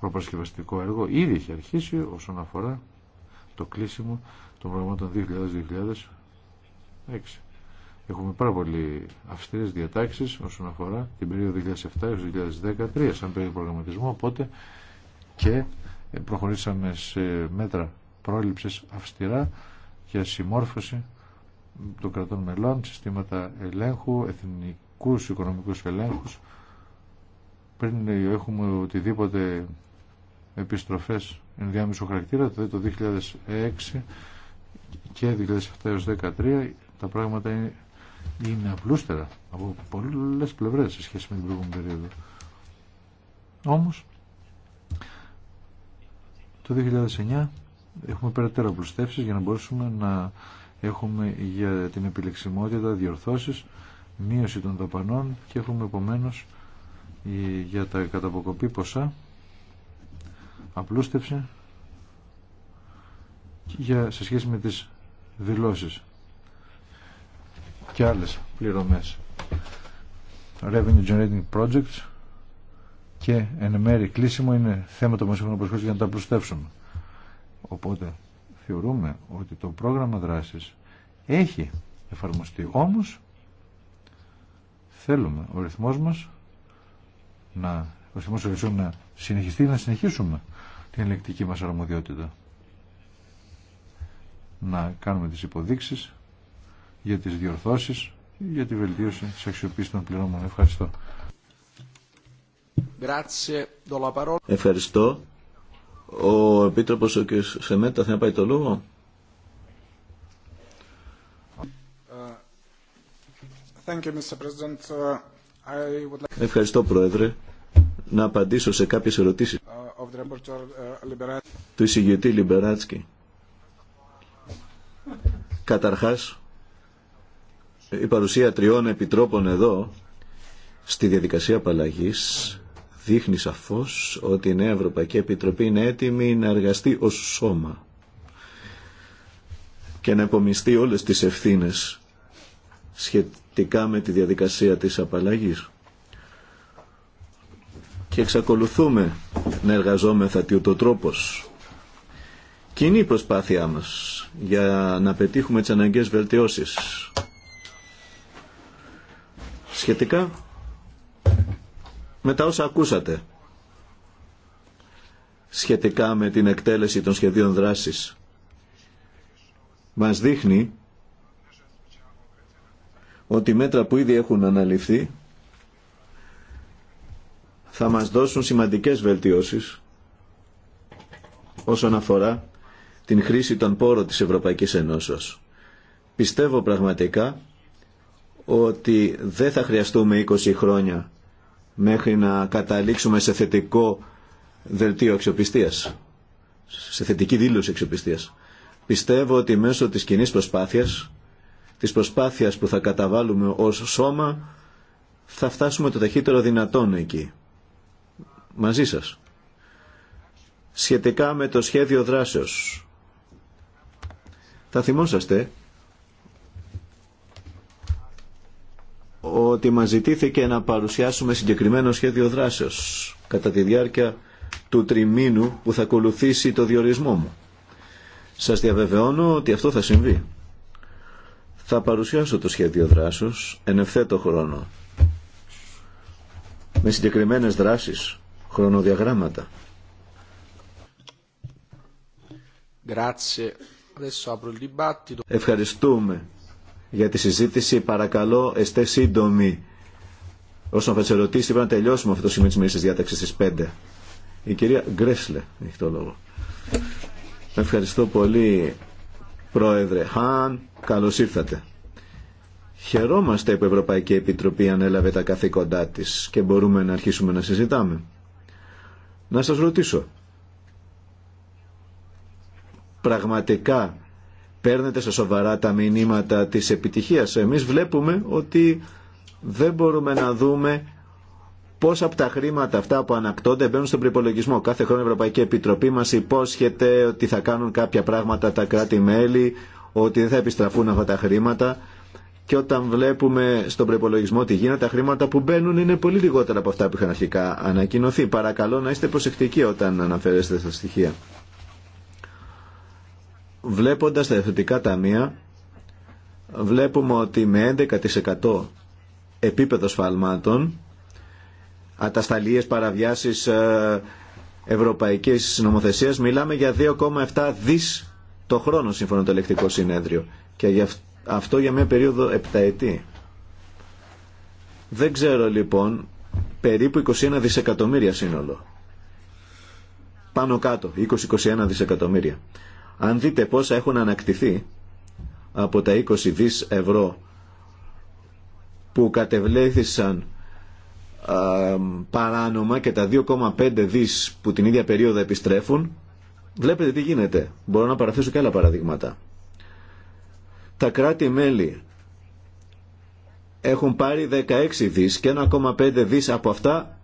Προπαρασκευαστικό έργο ήδη έχει αρχίσει όσον αφορά το κλείσιμο των προγραμμάτων 2000-2006. Έχουμε πάρα πολύ αυστηρέ διατάξει όσον αφορά την περίοδο 2007-2013 σαν περίοδο προγραμματισμού. Οπότε και ε, προχωρήσαμε σε μέτρα πρόληψη αυστηρά για συμμόρφωση των κρατών μελών, συστήματα ελέγχου, εθνικούς οικονομικούς ελέγχους, πριν έχουμε οτιδήποτε επιστροφές ενδιάμεσο χαρακτήρα, το 2006 και 2007-2013 τα πράγματα είναι, είναι απλούστερα από πολλές πλευρές σε σχέση με την προηγούμενη περίοδο. Όμως, το 2009 έχουμε περαιτέρω απλουστεύσεις για να μπορέσουμε να έχουμε για την επιλεξιμότητα διορθώσεις, μείωση των δαπανών και έχουμε επομένως για τα καταποκοπή ποσά απλούστευση για, σε σχέση με τις δηλώσεις και άλλες πληρωμές Revenue Generating Projects και εν μέρη κλείσιμο είναι θέμα το μας έχουν για να τα απλουστεύσουμε οπότε θεωρούμε ότι το πρόγραμμα δράσης έχει εφαρμοστεί. Όμως θέλουμε ο ρυθμός μας να, ο να συνεχιστεί να συνεχίσουμε την ελεκτική μας αρμοδιότητα. Να κάνουμε τις υποδείξεις για τις διορθώσεις για τη βελτίωση της αξιοποίησης των πληρώμων. Ευχαριστώ. Ευχαριστώ. Ο Επίτροπος ο κ. Σεμέτα θα πάει το λόγο. Uh, uh, Ευχαριστώ Πρόεδρε. Να απαντήσω σε κάποιες ερωτήσεις uh, του εισηγητή Λιμπεράτσκι. Καταρχάς, η παρουσία τριών επιτρόπων εδώ στη διαδικασία απαλλαγής δείχνει σαφώς ότι η Νέα Ευρωπαϊκή Επιτροπή είναι έτοιμη να εργαστεί ως σώμα και να επομιστεί όλες τις ευθύνες σχετικά με τη διαδικασία της απαλλαγής. Και εξακολουθούμε να εργαζόμεθα τι ούτω τρόπος. Κοινή η προσπάθειά μας για να πετύχουμε τις αναγκαίες βελτιώσεις. Σχετικά με τα όσα ακούσατε σχετικά με την εκτέλεση των σχεδίων δράσης. Μας δείχνει ότι μέτρα που ήδη έχουν αναλυφθεί θα μας δώσουν σημαντικές βελτιώσεις όσον αφορά την χρήση των πόρων της Ευρωπαϊκής Ενώσεως. Πιστεύω πραγματικά ότι δεν θα χρειαστούμε 20 χρόνια μέχρι να καταλήξουμε σε θετικό δελτίο αξιοπιστίας, σε θετική δήλωση αξιοπιστίας. Πιστεύω ότι μέσω της κοινή προσπάθειας, της προσπάθειας που θα καταβάλουμε ως σώμα, θα φτάσουμε το ταχύτερο δυνατόν εκεί. Μαζί σας. Σχετικά με το σχέδιο δράσεως. Θα θυμόσαστε ότι μας ζητήθηκε να παρουσιάσουμε συγκεκριμένο σχέδιο δράσεως κατά τη διάρκεια του τριμήνου που θα ακολουθήσει το διορισμό μου. Σας διαβεβαιώνω ότι αυτό θα συμβεί. Θα παρουσιάσω το σχέδιο δράσεως εν ευθέτω χρόνο με συγκεκριμένες δράσεις, χρονοδιαγράμματα. Ευχαριστούμε για τη συζήτηση. Παρακαλώ, εστέ σύντομοι. Όσον θα τι ερωτήσει, πρέπει να τελειώσουμε αυτό το σημείο τη μέση διάταξη στι 5. Η κυρία Γκρέσλε έχει το λόγο. Ευχαριστώ πολύ, Πρόεδρε Χάν. Καλώ ήρθατε. Χαιρόμαστε που η Ευρωπαϊκή Επιτροπή ανέλαβε τα καθήκοντά τη και μπορούμε να αρχίσουμε να συζητάμε. Να σας ρωτήσω, πραγματικά παίρνετε σε σοβαρά τα μηνύματα της επιτυχίας. Εμείς βλέπουμε ότι δεν μπορούμε να δούμε Πώς από τα χρήματα αυτά που ανακτώνται μπαίνουν στον προπολογισμό. Κάθε χρόνο η Ευρωπαϊκή Επιτροπή μα υπόσχεται ότι θα κάνουν κάποια πράγματα τα κράτη-μέλη, ότι δεν θα επιστραφούν αυτά τα χρήματα. Και όταν βλέπουμε στον προπολογισμό τι γίνεται, τα χρήματα που μπαίνουν είναι πολύ λιγότερα από αυτά που είχαν αρχικά ανακοινωθεί. Παρακαλώ να είστε προσεκτικοί όταν αναφέρεστε στα στοιχεία. Βλέποντας τα εθνικά ταμεία, βλέπουμε ότι με 11% επίπεδο σφαλμάτων, ατασταλίες, παραβιάσεις ε, ευρωπαϊκής νομοθεσίας, μιλάμε για 2,7 δις το χρόνο σύμφωνα το ελεκτικό συνέδριο. Και αυτό για μια περίοδο επταετή. Δεν ξέρω λοιπόν, περίπου 21 δισεκατομμύρια σύνολο. Πάνω κάτω, 20-21 δισεκατομμύρια. Αν δείτε πόσα έχουν ανακτηθεί από τα 20 δις ευρώ που κατεβλέθησαν παράνομα και τα 2,5 δις που την ίδια περίοδο επιστρέφουν, βλέπετε τι γίνεται. Μπορώ να παραθέσω και άλλα παραδείγματα. Τα κράτη-μέλη έχουν πάρει 16 δις και 1,5 δις από αυτά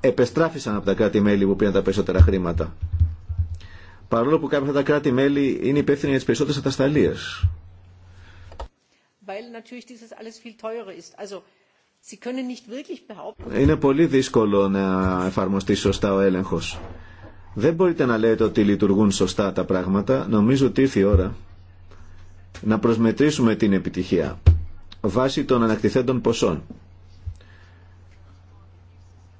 επεστράφησαν από τα κράτη-μέλη που πήραν τα περισσότερα χρήματα παρόλο που κάποια τα κράτη-μέλη είναι υπεύθυνοι για τις περισσότερες ατασταλίες. Είναι πολύ δύσκολο να εφαρμοστεί σωστά ο έλεγχος. Δεν μπορείτε να λέτε ότι λειτουργούν σωστά τα πράγματα. Νομίζω ότι ήρθε η ώρα να προσμετρήσουμε την επιτυχία βάσει των ανακτηθέντων ποσών.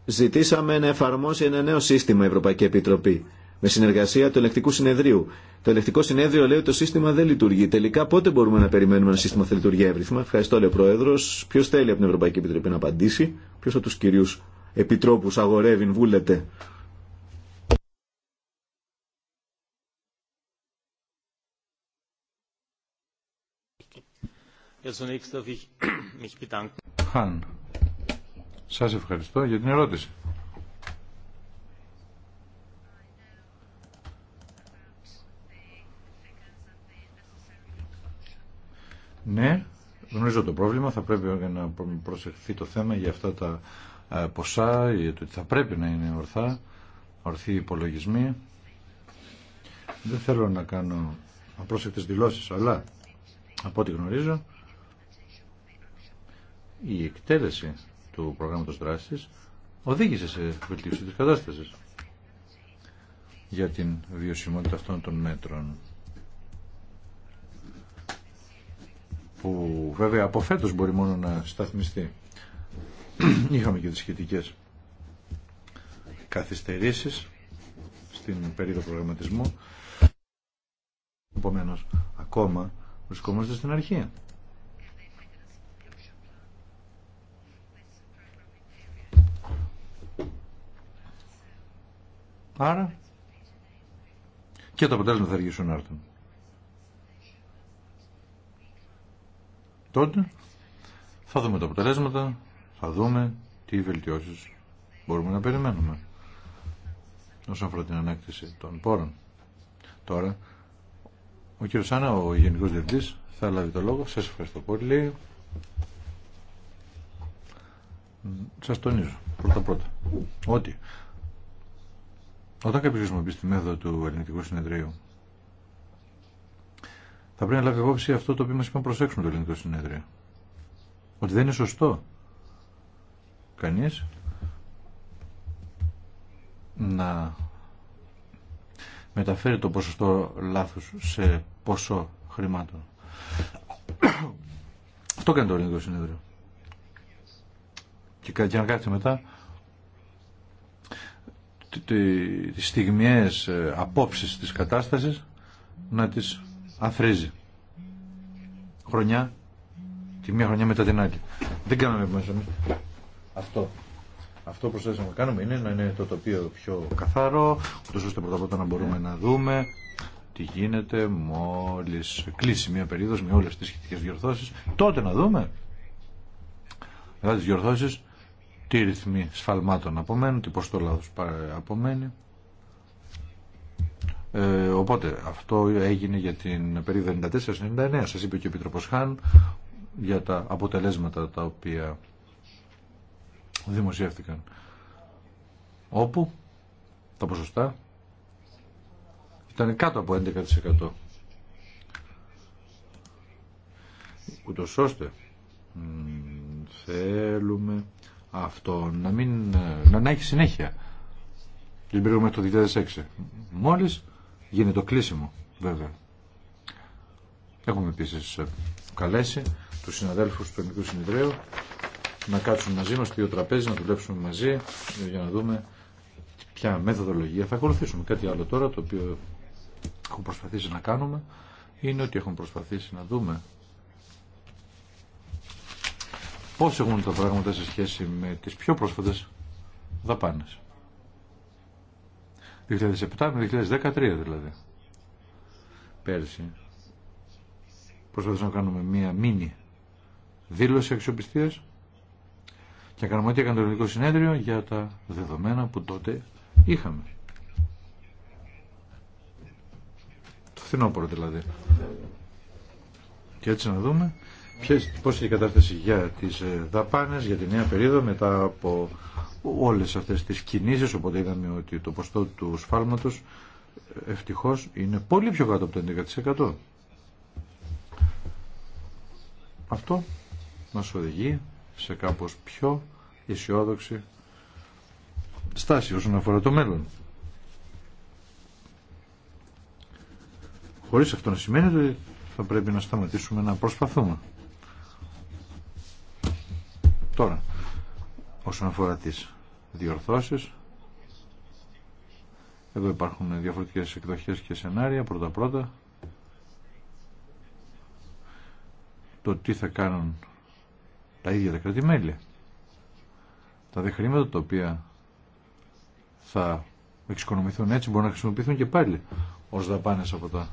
Ζητήσαμε να εφαρμόσει ένα νέο σύστημα Ευρωπαϊκή Επιτροπή με συνεργασία του ελεκτικού συνεδρίου. Το ελεκτικό συνέδριο λέει ότι το σύστημα δεν λειτουργεί. Τελικά πότε μπορούμε να περιμένουμε ένα σύστημα θα λειτουργεί εύρυθμα. Ευχαριστώ, λέει ο Πρόεδρο. Ποιο θέλει από την Ευρωπαϊκή Επιτροπή να απαντήσει, ποιο από του κυρίου επιτρόπου αγορεύει, βούλεται. σα ευχαριστώ για την ερώτηση. Ναι, γνωρίζω το πρόβλημα, θα πρέπει να προσεχθεί το θέμα για αυτά τα ε, ποσά, για το θα πρέπει να είναι ορθά, ορθοί υπολογισμοί. Δεν θέλω να κάνω απρόσεκτες δηλώσεις, αλλά από ό,τι γνωρίζω, η εκτέλεση του προγράμματος δράσης οδήγησε σε βελτίωση της κατάστασης για την βιωσιμότητα αυτών των μέτρων. που βέβαια από φέτος μπορεί μόνο να σταθμιστεί. Είχαμε και τις σχετικές καθυστερήσεις στην περίοδο προγραμματισμού. Επομένω, ακόμα βρισκόμαστε στην αρχή. Άρα και το αποτέλεσμα θα αργήσουν να έρθουν. τότε θα δούμε τα αποτελέσματα, θα δούμε τι βελτιώσεις μπορούμε να περιμένουμε όσον αφορά την ανάκτηση των πόρων. Τώρα, ο κύριος Άννα, ο Γενικός Διευθυντής, θα λάβει το λόγο. Σας ευχαριστώ πολύ. Σας τονίζω, πρώτα-πρώτα, ότι όταν κάποιος χρησιμοποιεί τη μέθοδο του ελληνικού συνεδρίου θα πρέπει να λάβει υπόψη αυτό το οποίο μας είπαν προσέξουμε το ελληνικό συνέδριο. Ότι δεν είναι σωστό κανείς να μεταφέρει το ποσοστό λάθους σε ποσό χρημάτων. Αυτό κάνει το ελληνικό συνέδριο. Και, να κάθεται μετά τις στιγμιές ε, απόψεις της κατάστασης να τις αφρίζει. Χρονιά, τη μία χρονιά μετά την άλλη. Δεν κάνουμε μέσα εμείς. Αυτό. Αυτό προσπαθήσαμε να κάνουμε είναι να είναι το τοπίο πιο καθαρό, ούτως ώστε πρώτα πρώτα να μπορούμε ναι. να δούμε τι γίνεται μόλις κλείσει μια περίοδος με όλες τις σχετικές διορθώσεις. προσθέσαμε να δούμε μετά τις διορθώσεις τι ρυθμοί σφαλμάτων απομένουν, τι ποστολάδος τι λάθος απομενει ε, οπότε αυτό έγινε για την περίοδο 94-99. Σας είπε και ο Επιτροπός Χάν για τα αποτελέσματα τα οποία δημοσιεύτηκαν. Όπου τα ποσοστά ήταν κάτω από 11%. Ούτως ώστε θέλουμε αυτό να, μην, να, να έχει συνέχεια. Και πήγαμε το 2006. Μόλις γίνει το κλείσιμο βέβαια. Έχουμε επίσης ε, καλέσει τους συναδέλφους του Ελληνικού Συνεδρίου να κάτσουν μαζί μας στο ίδιο τραπέζι, να δουλέψουμε μαζί ε, για να δούμε ποια μεθοδολογία θα ακολουθήσουμε. Κάτι άλλο τώρα το οποίο έχουμε προσπαθήσει να κάνουμε είναι ότι έχουμε προσπαθήσει να δούμε πώς έχουν τα πράγματα σε σχέση με τις πιο πρόσφατες δαπάνες. 2007 με 2013 δηλαδή. Πέρσι προσπαθήσαμε να κάνουμε μία μήνυ δήλωση αξιοπιστία και κάνουμε ό,τι έκανε το ελληνικό συνέδριο για τα δεδομένα που τότε είχαμε. Το φθινόπωρο δηλαδή. Και έτσι να δούμε πώς είναι η κατάσταση για τις ε, δαπάνες, για τη νέα περίοδο μετά από όλες αυτές τις κινήσεις, οπότε είδαμε ότι το ποστό του σφάλματος ε, ευτυχώς είναι πολύ πιο κάτω από το 11%. Αυτό μας οδηγεί σε κάπως πιο αισιόδοξη στάση όσον αφορά το μέλλον. Χωρίς αυτό να σημαίνει ότι θα πρέπει να σταματήσουμε να προσπαθούμε. Τώρα, όσον αφορά τις διορθώσεις, εδώ υπάρχουν διαφορετικές εκδοχές και σενάρια. Πρώτα-πρώτα, το τι θα κάνουν τα ίδια τα κρατημέλη. Τα δε χρήματα τα οποία θα εξοικονομηθούν έτσι μπορούν να χρησιμοποιηθούν και πάλι ως δαπάνες από τα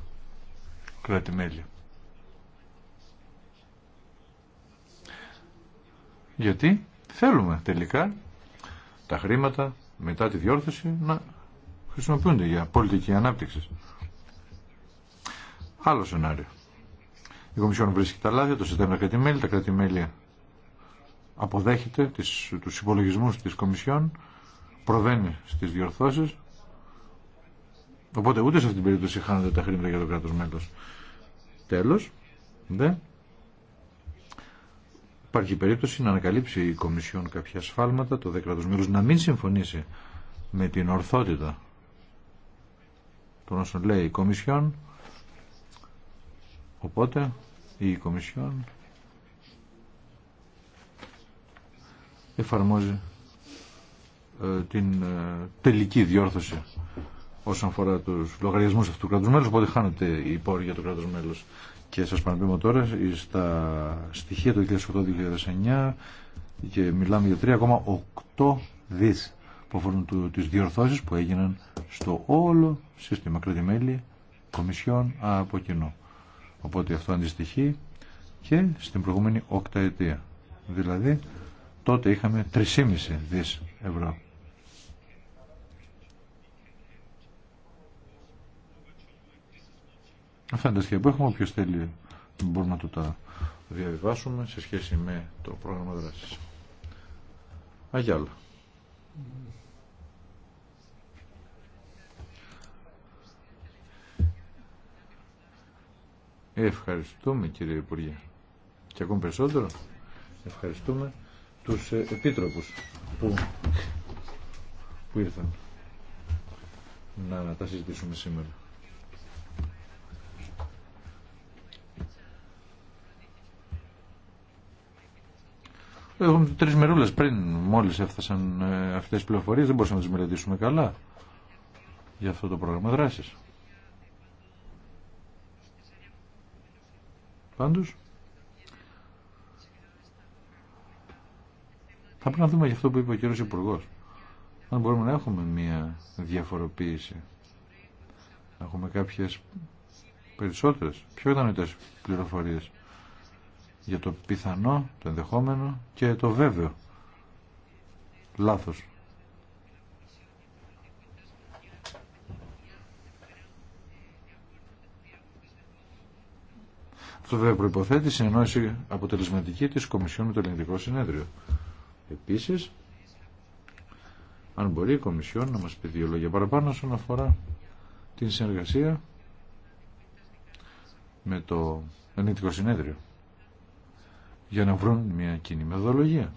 κρατημέλη. Γιατί θέλουμε τελικά τα χρήματα μετά τη διόρθωση να χρησιμοποιούνται για πολιτική ανάπτυξη. Άλλο σενάριο. Η Κομισιόν βρίσκει τα λάδια, το συζητάμε τα κρατημέλη, τα κρατημέλη αποδέχεται τις, τους υπολογισμούς της Κομισιόν, προβαίνει στις διορθώσεις, οπότε ούτε σε αυτήν την περίπτωση χάνονται τα χρήματα για το κράτος μέλος. Τέλος, υπάρχει περίπτωση να ανακαλύψει η Κομισιόν κάποια σφάλματα, το δέκρατος μέλος να μην συμφωνήσει με την ορθότητα των όσων λέει η Κομισιόν. Οπότε η Κομισιόν εφαρμόζει ε, την ε, τελική διόρθωση όσον αφορά τους λογαριασμούς αυτού του κράτους μέλους, οπότε χάνεται η πόρη για το κράτος και σας παραπέμπω τώρα στα στοιχεία του 2008-2009 και μιλάμε για 3,8 δις που αφορούν τις διορθώσεις που έγιναν στο όλο σύστημα κρατημέλη κομισιών από κοινό. Οπότε αυτό αντιστοιχεί και στην προηγούμενη οκταετία. Δηλαδή τότε είχαμε 3,5 δις ευρώ. Αυτά είναι τα σχέδια που έχουμε. Όποιο θέλει μπορούμε να το τα διαβιβάσουμε σε σχέση με το πρόγραμμα δράσης. Αγιάλα. Ευχαριστούμε κύριε Υπουργέ. Και ακόμη περισσότερο ευχαριστούμε τους ε, επίτροπους που, που ήρθαν να τα συζητήσουμε σήμερα. Έχουν τρει μερούλε πριν, μόλι έφτασαν ε, αυτέ τι πληροφορίε, δεν μπορούσαμε να τι μελετήσουμε καλά για αυτό το πρόγραμμα δράση. Πάντω, θα πρέπει να δούμε για αυτό που είπε ο κύριο Υπουργό. Αν μπορούμε να έχουμε μία διαφοροποίηση, να έχουμε κάποιε περισσότερε, πιο ικανότητε πληροφορίε για το πιθανό, το ενδεχόμενο και το βέβαιο. Λάθος. Αυτό βέβαια προϋποθέτει συνεννόηση αποτελεσματική της Κομισιόν με το Ελληνικό Συνέδριο. Επίσης, αν μπορεί η Κομισιόν να μας πει δύο λόγια παραπάνω όσον αφορά την συνεργασία με το Ελληνικό Συνέδριο για να βρουν μια κοινή μεθοδολογία.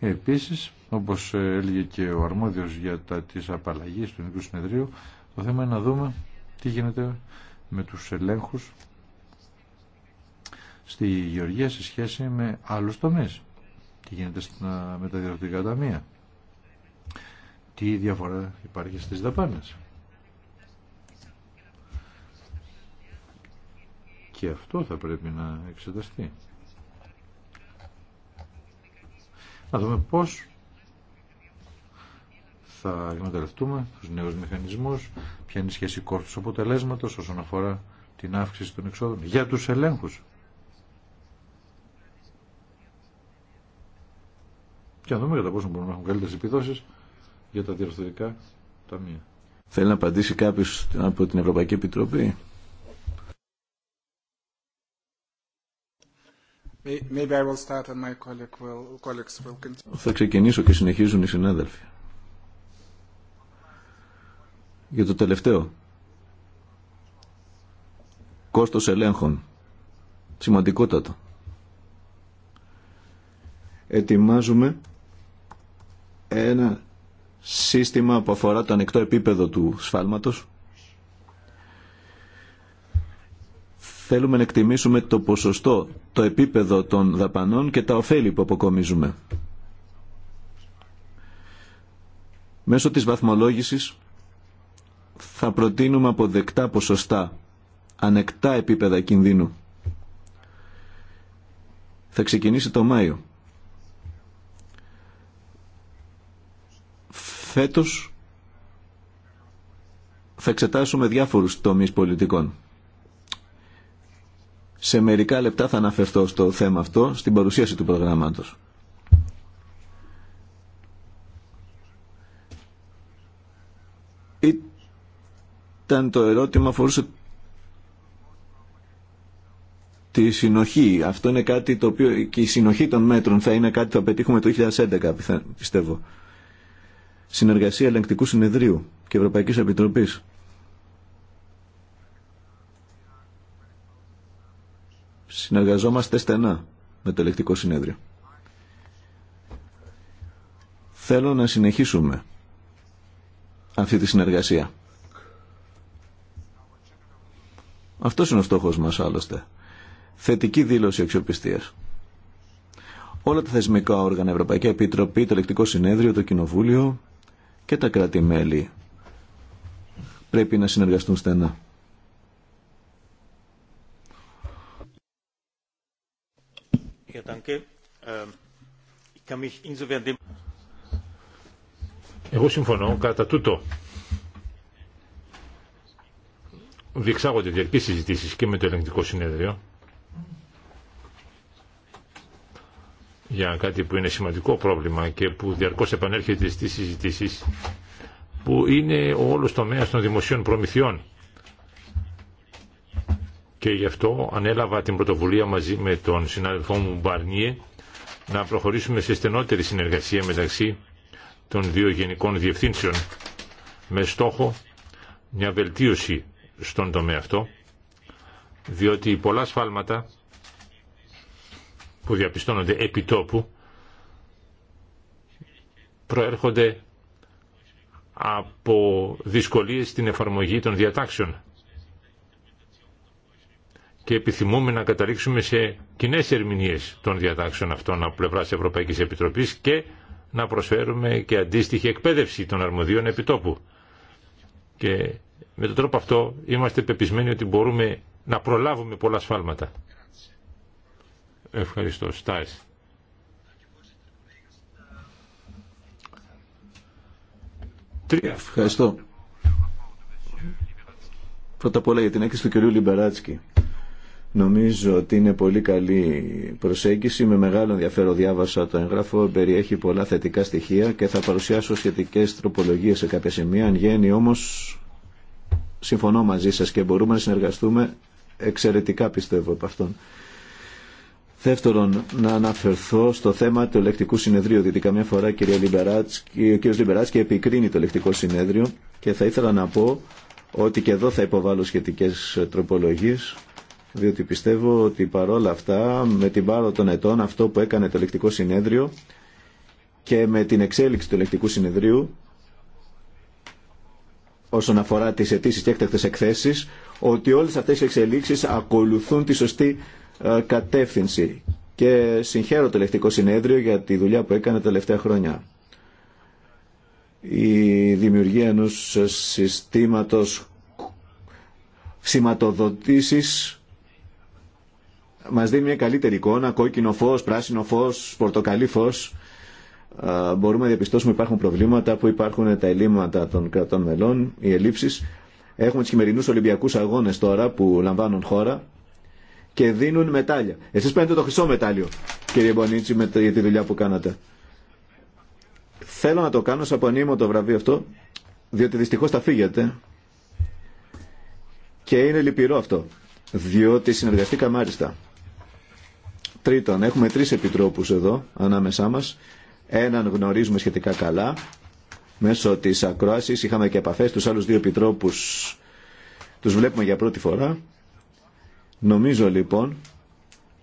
Επίσης, όπως έλεγε και ο αρμόδιος για τα, τις απαλλαγής του Ινικού Συνεδρίου, το θέμα είναι να δούμε τι γίνεται με τους ελέγχους στη Γεωργία σε σχέση με άλλους τομείς. Τι γίνεται με τα ταμεία τι διαφορά υπάρχει στις δαπάνες. Και αυτό θα πρέπει να εξεταστεί. Να δούμε πώς θα εκμεταλλευτούμε τους νέους μηχανισμούς, ποια είναι η σχέση κόστος αποτελέσματος όσον αφορά την αύξηση των εξόδων για τους ελέγχους. Και να δούμε κατά πόσο μπορούμε να έχουμε καλύτερες επιδόσεις για τα διορθωτικά ταμεία. Θέλει να απαντήσει κάποιος από την Ευρωπαϊκή Επιτροπή. Maybe I will start and my colleagues will continue. Θα ξεκινήσω και συνεχίζουν οι συνάδελφοι. Για το τελευταίο. Κόστος ελέγχων. Σημαντικότατο. Ετοιμάζουμε ένα σύστημα που αφορά το ανοιχτό επίπεδο του σφάλματος. Θέλουμε να εκτιμήσουμε το ποσοστό, το επίπεδο των δαπανών και τα ωφέλη που αποκομίζουμε. Μέσω της βαθμολόγησης θα προτείνουμε αποδεκτά ποσοστά, ανεκτά επίπεδα κινδύνου. Θα ξεκινήσει το Μάιο. Φέτος θα εξετάσουμε διάφορους τομείς πολιτικών. Σε μερικά λεπτά θα αναφερθώ στο θέμα αυτό στην παρουσίαση του προγράμματος. Ήταν το ερώτημα αφορούσε τη συνοχή. Αυτό είναι κάτι το οποίο και η συνοχή των μέτρων θα είναι κάτι που θα πετύχουμε το 2011 πιστεύω συνεργασία ελεγκτικού συνεδρίου και Ευρωπαϊκής Επιτροπής. Συνεργαζόμαστε στενά με το ελεγκτικό συνέδριο. Θέλω να συνεχίσουμε αυτή τη συνεργασία. Αυτός είναι ο στόχος μας άλλωστε. Θετική δήλωση αξιοπιστία. Όλα τα θεσμικά όργανα, Ευρωπαϊκή Επιτροπή, το Ελεκτικό Συνέδριο, το Κοινοβούλιο, και τα κράτη-μέλη πρέπει να συνεργαστούν στενά. Ähm, Εγώ συμφωνώ κατά τούτο. Διεξάγονται διαρκείς συζητήσεις και με το ελεγκτικό συνέδριο για κάτι που είναι σημαντικό πρόβλημα και που διαρκώς επανέρχεται στις συζητήσεις που είναι ο όλος τομέας των δημοσίων προμηθειών. Και γι' αυτό ανέλαβα την πρωτοβουλία μαζί με τον συνάδελφό μου Μπαρνιέ να προχωρήσουμε σε στενότερη συνεργασία μεταξύ των δύο γενικών διευθύνσεων με στόχο μια βελτίωση στον τομέα αυτό διότι πολλά σφάλματα που διαπιστώνονται επί τόπου προέρχονται από δυσκολίες στην εφαρμογή των διατάξεων και επιθυμούμε να καταλήξουμε σε κοινέ ερμηνείε των διατάξεων αυτών από πλευρά Ευρωπαϊκή Επιτροπή και να προσφέρουμε και αντίστοιχη εκπαίδευση των αρμοδίων επιτόπου. Και με τον τρόπο αυτό είμαστε πεπισμένοι ότι μπορούμε να προλάβουμε πολλά σφάλματα. Ευχαριστώ. Στάις. Τρία. Ευχαριστώ. Πρώτα απ' όλα για την έκθεση του κυρίου Λιμπεράτσκι. Νομίζω ότι είναι πολύ καλή προσέγγιση. Με μεγάλο ενδιαφέρον διάβασα το έγγραφο. Περιέχει πολλά θετικά στοιχεία και θα παρουσιάσω σχετικέ τροπολογίε σε κάποια σημεία. Αν γέννη όμω, συμφωνώ μαζί σα και μπορούμε να συνεργαστούμε εξαιρετικά πιστεύω από αυτόν. Δεύτερον, να αναφερθώ στο θέμα του ελεκτικού συνεδρίου, διότι καμιά φορά κυρία ο κ. και επικρίνει το ελεκτικό συνέδριο και θα ήθελα να πω ότι και εδώ θα υποβάλω σχετικές τροπολογίες, διότι πιστεύω ότι παρόλα αυτά, με την πάρο των ετών, αυτό που έκανε το ελεκτικό συνέδριο και με την εξέλιξη του ελεκτικού συνεδρίου, όσον αφορά τις αιτήσει και έκτακτες εκθέσεις, ότι όλες αυτές οι εξελίξεις ακολουθούν τη σωστή ε, κατεύθυνση και συγχαίρω το ελεκτικό συνέδριο για τη δουλειά που έκανε τα τελευταία χρόνια. Η δημιουργία ενός συστήματος σηματοδοτήσεις μας δίνει μια καλύτερη εικόνα, κόκκινο φως, πράσινο φως, πορτοκαλί φως. Ε, μπορούμε να διαπιστώσουμε υπάρχουν προβλήματα που υπάρχουν τα ελλείμματα των κρατών μελών, οι ελλείψεις. Έχουμε τις χειμερινούς Ολυμπιακούς αγώνες τώρα που λαμβάνουν χώρα και δίνουν μετάλλια. Εσείς παίρνετε το χρυσό μετάλλιο, κύριε Μπονίτσι, με, για τη δουλειά που κάνατε. Θέλω να το κάνω, σαν απονείμω το βραβείο αυτό, διότι δυστυχώς τα φύγετε. Και είναι λυπηρό αυτό, διότι συνεργαστήκαμε άριστα. Τρίτον, έχουμε τρεις επιτρόπους εδώ, ανάμεσά μας. Έναν γνωρίζουμε σχετικά καλά. Μέσω της ακρόασης είχαμε και επαφές τους άλλους δύο επιτρόπους. Τους βλέπουμε για πρώτη φορά Νομίζω λοιπόν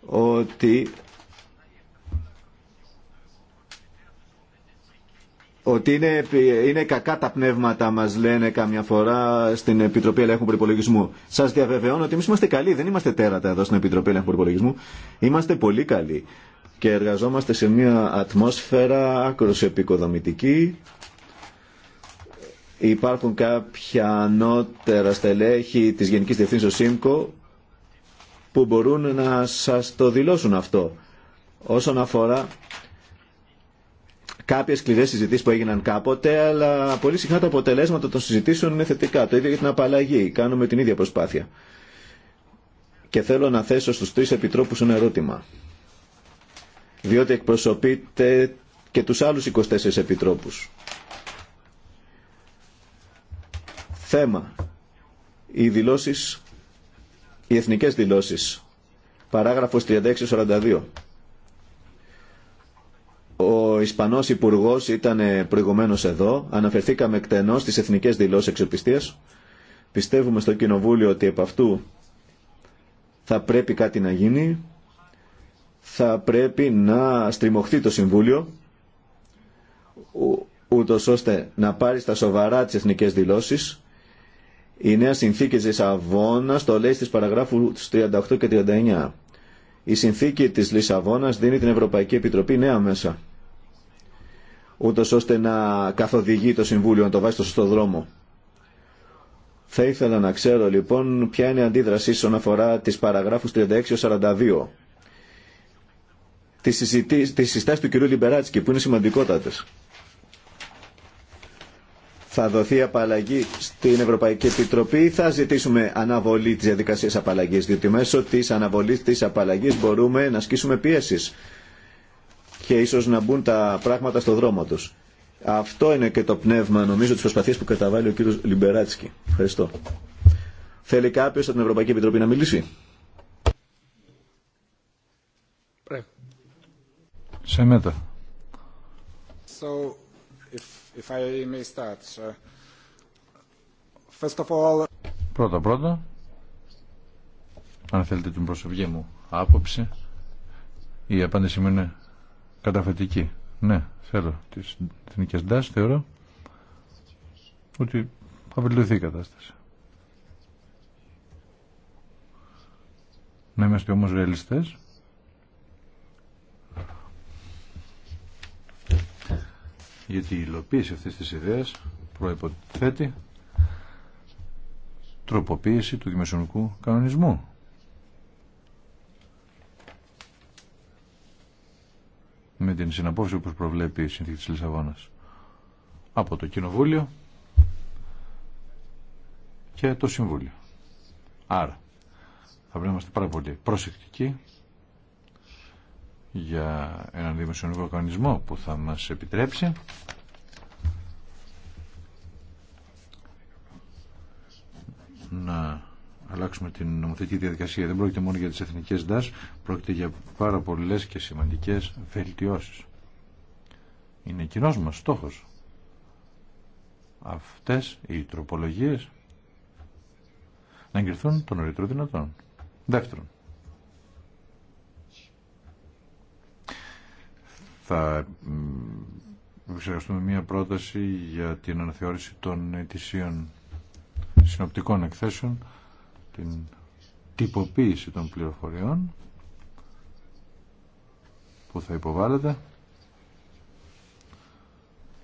ότι ότι είναι, είναι κακά τα πνεύματα μας λένε καμιά φορά στην Επιτροπή Ελέγχου Προπολογισμού. Σας διαβεβαιώνω ότι εμείς είμαστε καλοί, δεν είμαστε τέρατα εδώ στην Επιτροπή Ελέγχου Προπολογισμού. Είμαστε πολύ καλοί και εργαζόμαστε σε μια ατμόσφαιρα άκρως επικοδομητική. Υπάρχουν κάποια ανώτερα στελέχη της Γενικής Διευθύνσης ΣΥΜΚΟ που μπορούν να σας το δηλώσουν αυτό. Όσον αφορά κάποιες σκληρές συζητήσεις που έγιναν κάποτε, αλλά πολύ συχνά τα αποτελέσματα των συζητήσεων είναι θετικά. Το ίδιο για την απαλλαγή. Κάνουμε την ίδια προσπάθεια. Και θέλω να θέσω στους τρεις επιτρόπους ένα ερώτημα. Διότι εκπροσωπείτε και τους άλλους 24 επιτρόπους. Θέμα. Οι δηλώσεις οι εθνικές δηλώσεις. Παράγραφος 36-42. Ο Ισπανός υπουργό ήταν ε, προηγουμένως εδώ. Αναφερθήκαμε εκτενώς στις εθνικές δηλώσεις εξοπιστίας. Πιστεύουμε στο Κοινοβούλιο ότι επ' αυτού θα πρέπει κάτι να γίνει. Θα πρέπει να στριμωχθεί το Συμβούλιο Ούτως ώστε να πάρει στα σοβαρά τις εθνικές δηλώσεις η νέα συνθήκη της Λισαβόνας το λέει στις παραγράφους 38 και 39. Η συνθήκη της Λισαβόνας δίνει την Ευρωπαϊκή Επιτροπή νέα μέσα, ούτως ώστε να καθοδηγεί το Συμβούλιο, να το βάζει στο σωστό δρόμο. Θα ήθελα να ξέρω λοιπόν ποια είναι η αντίδραση όσον αφορά τις παραγράφου 36 36-42 τις συστάσεις του κυρίου Λιμπεράτσκι που είναι σημαντικότατες θα δοθεί απαλλαγή στην Ευρωπαϊκή Επιτροπή ή θα ζητήσουμε αναβολή της διαδικασίας απαλλαγής, διότι μέσω της αναβολής της απαλλαγής μπορούμε να ασκήσουμε πίεσης και ίσως να μπουν τα πράγματα στο δρόμο τους. Αυτό είναι και το πνεύμα, νομίζω, της προσπαθίας που καταβάλει ο κύριος Λιμπεράτσκι. Ευχαριστώ. Θέλει κάποιος από την Ευρωπαϊκή Επιτροπή να μιλήσει. Σε μέτα if I Πρώτα πρώτα, αν θέλετε την προσωπική μου άποψη, η απάντησή μου είναι καταφετική. Ναι, θέλω τις εθνικές ντάσεις, θεωρώ ότι θα βελτιωθεί η κατάσταση. Να είμαστε όμως ρεαλιστές γιατί η υλοποίηση αυτής της ιδέας προϋποθέτει τροποποίηση του δημοσιονομικού κανονισμού. Με την συναπόφαση όπως προβλέπει η Συνθήκη της Λισαβόνας από το Κοινοβούλιο και το Συμβούλιο. Άρα θα πρέπει να είμαστε πάρα πολύ προσεκτικοί για έναν δημοσιονομικό οργανισμό που θα μας επιτρέψει να αλλάξουμε την νομοθετική διαδικασία. Δεν πρόκειται μόνο για τις εθνικές ΔΑΣ, πρόκειται για πάρα πολλές και σημαντικές βελτιώσεις. Είναι κοινό μας στόχος. Αυτές οι τροπολογίες να εγκριθούν τον νωρίτερο δυνατόν. Δεύτερον, θα εξεργαστούμε μία πρόταση για την αναθεώρηση των ετησίων συνοπτικών εκθέσεων, την τυποποίηση των πληροφοριών που θα υποβάλλετε.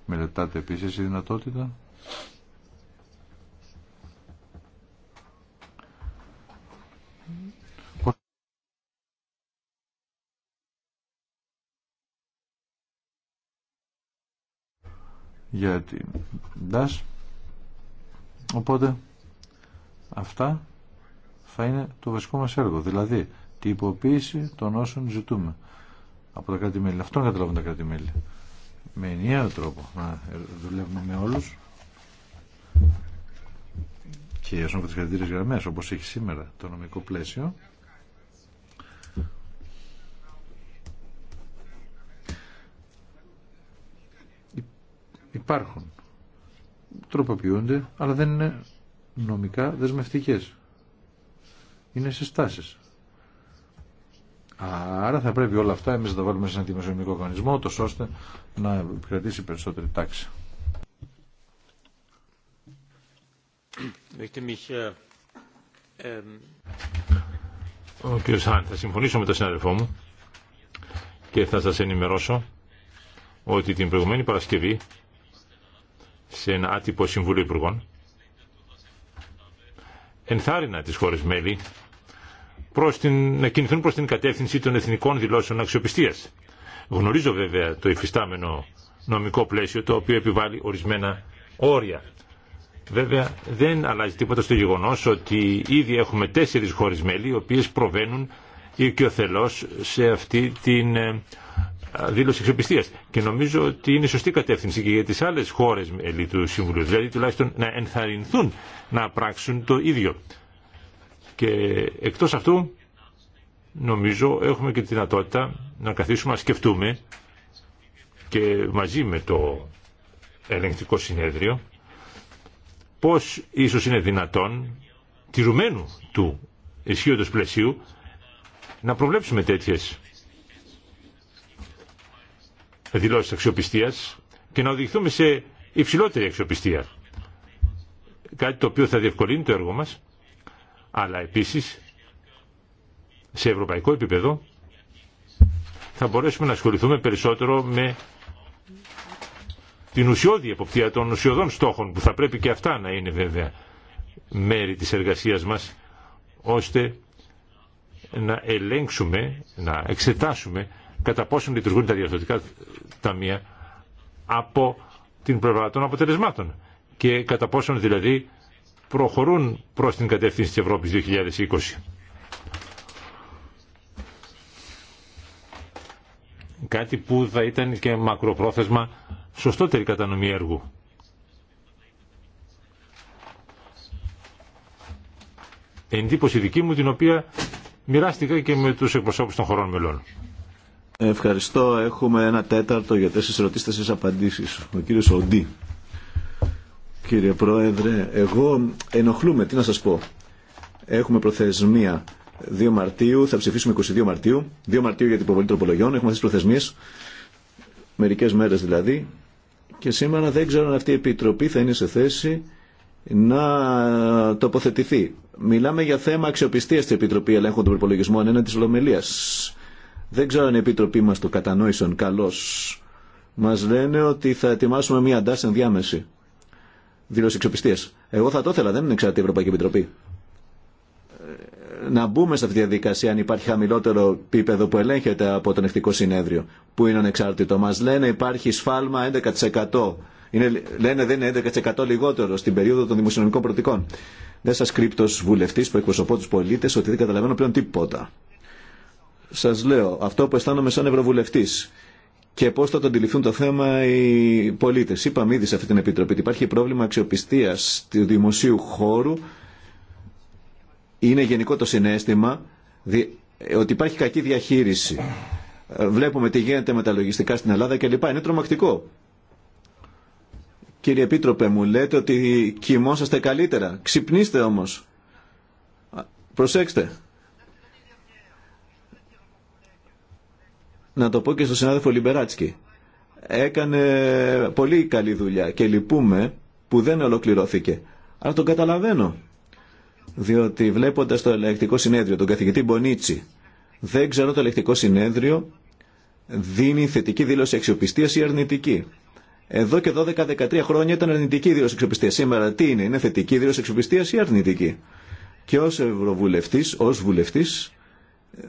Μελετάτε επίσης η δυνατότητα για την DAS οπότε αυτά θα είναι το βασικό μας έργο δηλαδή τη υποποίηση των όσων ζητούμε από τα κράτη-μέλη αυτόν καταλάβουν τα κράτη-μέλη με ενιαίο τρόπο να δουλεύουμε με όλους και όσον από τις γραμμές όπως έχει σήμερα το νομικό πλαίσιο υπάρχουν, τροποποιούνται, αλλά δεν είναι νομικά δεσμευτικές. Είναι συστάσεις. Άρα θα πρέπει όλα αυτά εμείς να τα βάλουμε σε ένα δημοσιονομικό οργανισμό, τόσο ώστε να κρατήσει περισσότερη τάξη. Äh, ähm, Ο κ. θα συμφωνήσω με τον συνάδελφό μου και θα σας ενημερώσω ότι την προηγουμένη Παρασκευή σε ένα άτυπο Συμβούλιο Υπουργών ενθάρρυνα τις χώρες μέλη προς την, να κινηθούν προς την κατεύθυνση των εθνικών δηλώσεων αξιοπιστίας. Γνωρίζω βέβαια το υφιστάμενο νομικό πλαίσιο το οποίο επιβάλλει ορισμένα όρια. Βέβαια δεν αλλάζει τίποτα στο γεγονός ότι ήδη έχουμε τέσσερις χώρες μέλη οι οποίες προβαίνουν οικειοθελώς σε αυτή την ε, δήλωση εξοπιστίας. Και νομίζω ότι είναι σωστή κατεύθυνση και για τι άλλε χώρες μέλη του Συμβουλίου. Δηλαδή τουλάχιστον να ενθαρρυνθούν να πράξουν το ίδιο. Και εκτός αυτού νομίζω έχουμε και τη δυνατότητα να καθίσουμε να σκεφτούμε και μαζί με το ελεγκτικό συνέδριο πώς ίσως είναι δυνατόν τηρουμένου του ισχύοντος πλαισίου να προβλέψουμε τέτοιες δηλώσει αξιοπιστίας και να οδηγηθούμε σε υψηλότερη αξιοπιστία. Κάτι το οποίο θα διευκολύνει το έργο μας, αλλά επίσης σε ευρωπαϊκό επίπεδο θα μπορέσουμε να ασχοληθούμε περισσότερο με την ουσιώδη εποπτεία των ουσιωδών στόχων που θα πρέπει και αυτά να είναι βέβαια μέρη της εργασίας μας ώστε να ελέγξουμε, να εξετάσουμε κατά πόσον λειτουργούν τα διαρθρωτικά ταμεία από την πλευρά των αποτελεσμάτων και κατά πόσον δηλαδή προχωρούν προς την κατεύθυνση της Ευρώπης 2020. Κάτι που θα ήταν και μακροπρόθεσμα σωστότερη κατανομή έργου. Εντύπωση δική μου την οποία μοιράστηκα και με τους εκπροσώπους των χωρών μελών. Ευχαριστώ. Έχουμε ένα τέταρτο για τέσσερις ερωτήσεις, τέσσερις απαντήσεις. Ο κύριος Οντί. Κύριε Πρόεδρε, εγώ ενοχλούμε, τι να σας πω. Έχουμε προθεσμία 2 Μαρτίου, θα ψηφίσουμε 22 Μαρτίου. 2 Μαρτίου για την υποβολή τροπολογιών, έχουμε αυτές τις προθεσμίες, μερικές μέρες δηλαδή. Και σήμερα δεν ξέρω αν αυτή η Επιτροπή θα είναι σε θέση να τοποθετηθεί. Μιλάμε για θέμα αξιοπιστία στην Επιτροπή Ελέγχου των Προπολογισμών, έναντι τη Λομελία. Δεν ξέρω αν η Επιτροπή μας το κατανόησαν καλώς. Μας λένε ότι θα ετοιμάσουμε μια αντάσταση ενδιάμεση. Δήλωση εξοπιστίας. Εγώ θα το ήθελα, δεν είναι εξάρτητη η Ευρωπαϊκή Επιτροπή. Ε, να μπούμε σε αυτή τη διαδικασία αν υπάρχει χαμηλότερο επίπεδο που ελέγχεται από το νευτικό συνέδριο, που είναι ανεξάρτητο. Μα λένε υπάρχει σφάλμα 11%. Είναι, λένε δεν είναι 11% λιγότερο στην περίοδο των δημοσιονομικών προοπτικών. Δεν σα κρύπτω βουλευτή που εκπροσωπώ του πολίτε ότι δεν καταλαβαίνω πλέον τίποτα. Σα λέω αυτό που αισθάνομαι σαν ευρωβουλευτή. και πώ θα το αντιληφθούν το θέμα οι πολίτε. Είπαμε ήδη σε αυτή την Επιτροπή ότι υπάρχει πρόβλημα αξιοπιστίας του δημοσίου χώρου. Είναι γενικό το συνέστημα ότι υπάρχει κακή διαχείριση. Βλέπουμε τι γίνεται με τα λογιστικά στην Ελλάδα κλπ. Είναι τρομακτικό. Κύριε Επίτροπε, μου λέτε ότι κοιμόσαστε καλύτερα. Ξυπνήστε όμως. Προσέξτε. να το πω και στον συνάδελφο Λιμπεράτσκι. Έκανε πολύ καλή δουλειά και λυπούμε που δεν ολοκληρώθηκε. Αλλά τον καταλαβαίνω. Διότι βλέποντα το ελεκτικό συνέδριο, τον καθηγητή Μπονίτσι, δεν ξέρω το ελεκτικό συνέδριο δίνει θετική δήλωση αξιοπιστία ή αρνητική. Εδώ και 12-13 χρόνια ήταν αρνητική δήλωση αξιοπιστία. Σήμερα τι είναι, είναι θετική δήλωση αξιοπιστία ή αρνητική. Και ω ευρωβουλευτή, ω βουλευτή,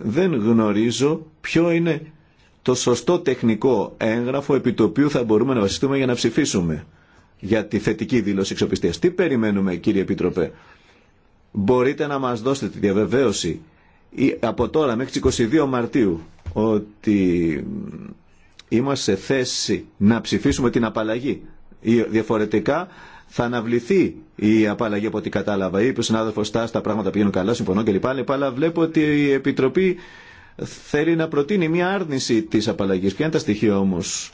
δεν γνωρίζω ποιο είναι το σωστό τεχνικό έγγραφο επί το οποίο θα μπορούμε να βασιστούμε για να ψηφίσουμε για τη θετική δήλωση εξοπιστίας. Τι περιμένουμε κύριε Επίτροπε. Μπορείτε να μας δώσετε τη διαβεβαίωση από τώρα μέχρι τις 22 Μαρτίου ότι είμαστε σε θέση να ψηφίσουμε την απαλλαγή. Διαφορετικά θα αναβληθεί η απαλλαγή από ό,τι κατάλαβα. Είπε ο συνάδελφο τα πράγματα πηγαίνουν καλά, συμφωνώ κλπ. Αλλά βλέπω ότι η Επιτροπή θέλει να προτείνει μια άρνηση της απαλλαγή Ποια είναι τα στοιχεία όμως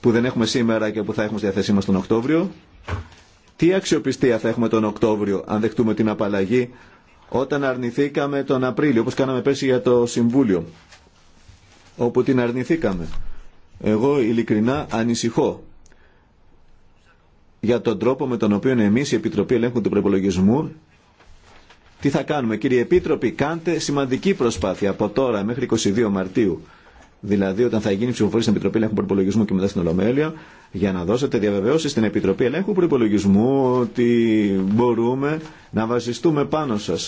που δεν έχουμε σήμερα και που θα έχουμε στη διαθέσή μα τον Οκτώβριο. Τι αξιοπιστία θα έχουμε τον Οκτώβριο αν δεχτούμε την απαλλαγή όταν αρνηθήκαμε τον Απρίλιο, όπως κάναμε πέρσι για το Συμβούλιο, όπου την αρνηθήκαμε. Εγώ ειλικρινά ανησυχώ για τον τρόπο με τον οποίο εμείς η Επιτροπή Ελέγχου του Προπολογισμού τι θα κάνουμε, κύριε Επίτροπη, κάντε σημαντική προσπάθεια από τώρα μέχρι 22 Μαρτίου. Δηλαδή, όταν θα γίνει ψηφοφορία στην Επιτροπή Ελέγχου Προπολογισμού και μετά στην Ολομέλεια, για να δώσετε διαβεβαιώσει στην Επιτροπή Ελέγχου Προπολογισμού ότι μπορούμε να βασιστούμε πάνω σα, ούτε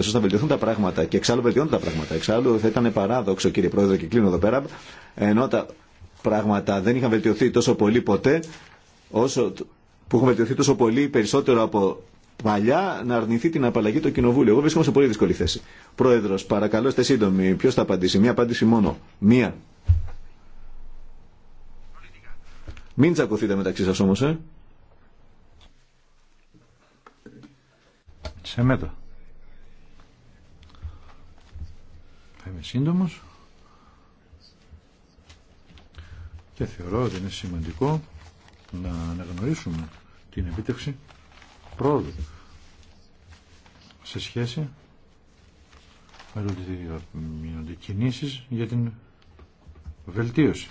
ώστε να βελτιωθούν τα πράγματα. Και εξάλλου βελτιώνουν τα πράγματα. Εξάλλου θα ήταν παράδοξο, κύριε Πρόεδρε, και κλείνω εδώ πέρα, ενώ τα πράγματα δεν είχαν βελτιωθεί τόσο πολύ ποτέ, όσο που έχουν βελτιωθεί τόσο πολύ περισσότερο από παλιά να αρνηθεί την απαλλαγή το κοινοβούλιο. Εγώ βρίσκομαι σε πολύ δύσκολη θέση. Πρόεδρο, παρακαλώ, είστε σύντομοι. Ποιο θα απαντήσει. Μία απάντηση μόνο. Μία. Μην τσακωθείτε μεταξύ σα όμω, ε. Σε μέτω. Θα είμαι σύντομο. Και θεωρώ ότι είναι σημαντικό να αναγνωρίσουμε την επίτευξη πρόοδου σε σχέση με το ότι κινήσεις για την βελτίωση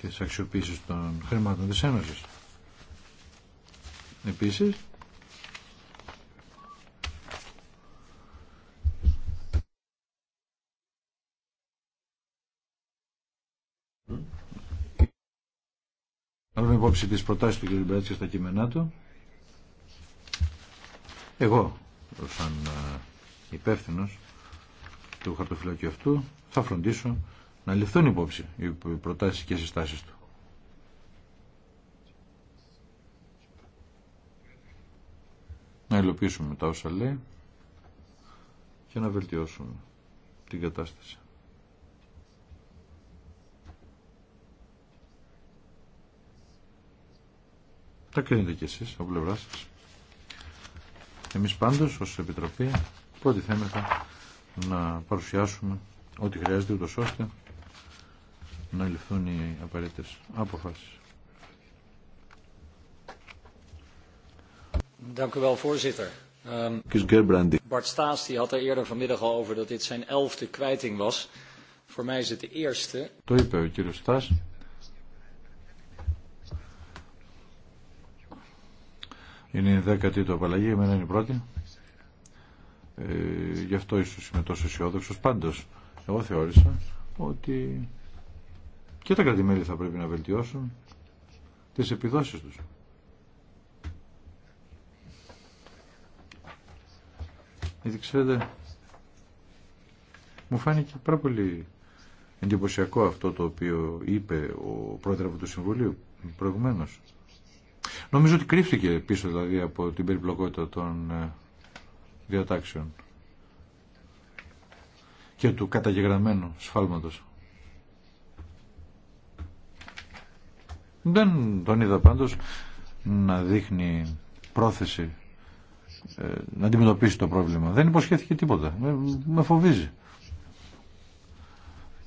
της αξιοποίησης των χρημάτων της Ένωσης. Επίσης, απόψη τις προτάσεις του κ. στα κείμενά του. Εγώ, σαν ε, υπεύθυνο του χαρτοφυλακίου αυτού, θα φροντίσω να ληφθούν υπόψη οι προτάσεις και συστάσεις του. Να υλοποιήσουμε τα όσα λέει και να βελτιώσουμε την κατάσταση. Τα κρίνετε κι εσείς από πλευρά σας. Εμείς πάντως ως Επιτροπή πρώτη θέμεθα να παρουσιάσουμε ό,τι χρειάζεται ούτως ώστε να ληφθούν οι απαραίτητες αποφάσεις. Dank u wel, voorzitter. Ehm, Bart Staes die had er eerder vanmiddag al over dat dit zijn elfde kwijting was. Voor mij is het de eerste. Το είπε ο κύριος Στάς Είναι η δέκατη του απαλλαγή, εμένα είναι η πρώτη. Ε, γι' αυτό ίσως είμαι τόσο αισιόδοξο. Πάντως, εγώ θεώρησα ότι και τα κρατημέλη θα πρέπει να βελτιώσουν τις επιδόσεις τους. Γιατί ξέρετε, μου φάνηκε πάρα πολύ εντυπωσιακό αυτό το οποίο είπε ο πρόεδρο του Συμβουλίου προηγουμένως. Νομίζω ότι κρύφτηκε πίσω δηλαδή από την περιπλοκότητα των ε, διατάξεων και του καταγεγραμμένου σφάλματος. Δεν τον είδα πάντως να δείχνει πρόθεση ε, να αντιμετωπίσει το πρόβλημα. Δεν υποσχέθηκε τίποτα. Με, φοβίζει.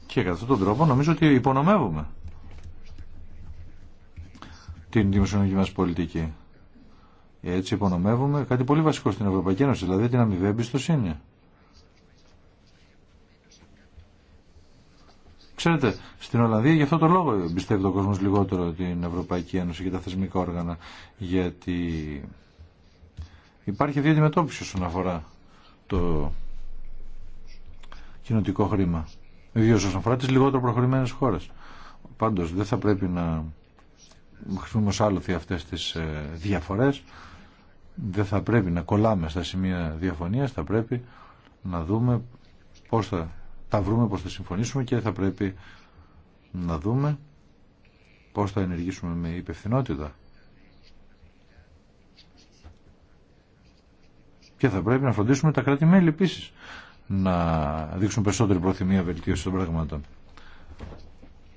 Και κατά αυτόν τον τρόπο νομίζω ότι υπονομεύουμε την δημοσιονομική μα πολιτική. Έτσι υπονομεύουμε κάτι πολύ βασικό στην Ευρωπαϊκή Ένωση, δηλαδή την αμοιβή εμπιστοσύνη. Ξέρετε, στην Ολλανδία γι' αυτό το λόγο πιστεύει ο κόσμος λιγότερο την Ευρωπαϊκή Ένωση και τα θεσμικά όργανα, γιατί υπάρχει δύο αντιμετώπιση όσον αφορά το κοινοτικό χρήμα. Ιδίω όσον αφορά τι λιγότερο προχωρημένε χώρε. Πάντω δεν θα πρέπει να χρησιμοποιούμε άλλοθι αυτές τις ε, διαφορές δεν θα πρέπει να κολλάμε στα σημεία διαφωνίας θα πρέπει να δούμε πώς θα τα βρούμε, πώς θα συμφωνήσουμε και θα πρέπει να δούμε πώς θα ενεργήσουμε με υπευθυνότητα και θα πρέπει να φροντίσουμε τα κράτη-μέλη επίσης να δείξουν περισσότερη προθυμία βελτίωση των πραγμάτων.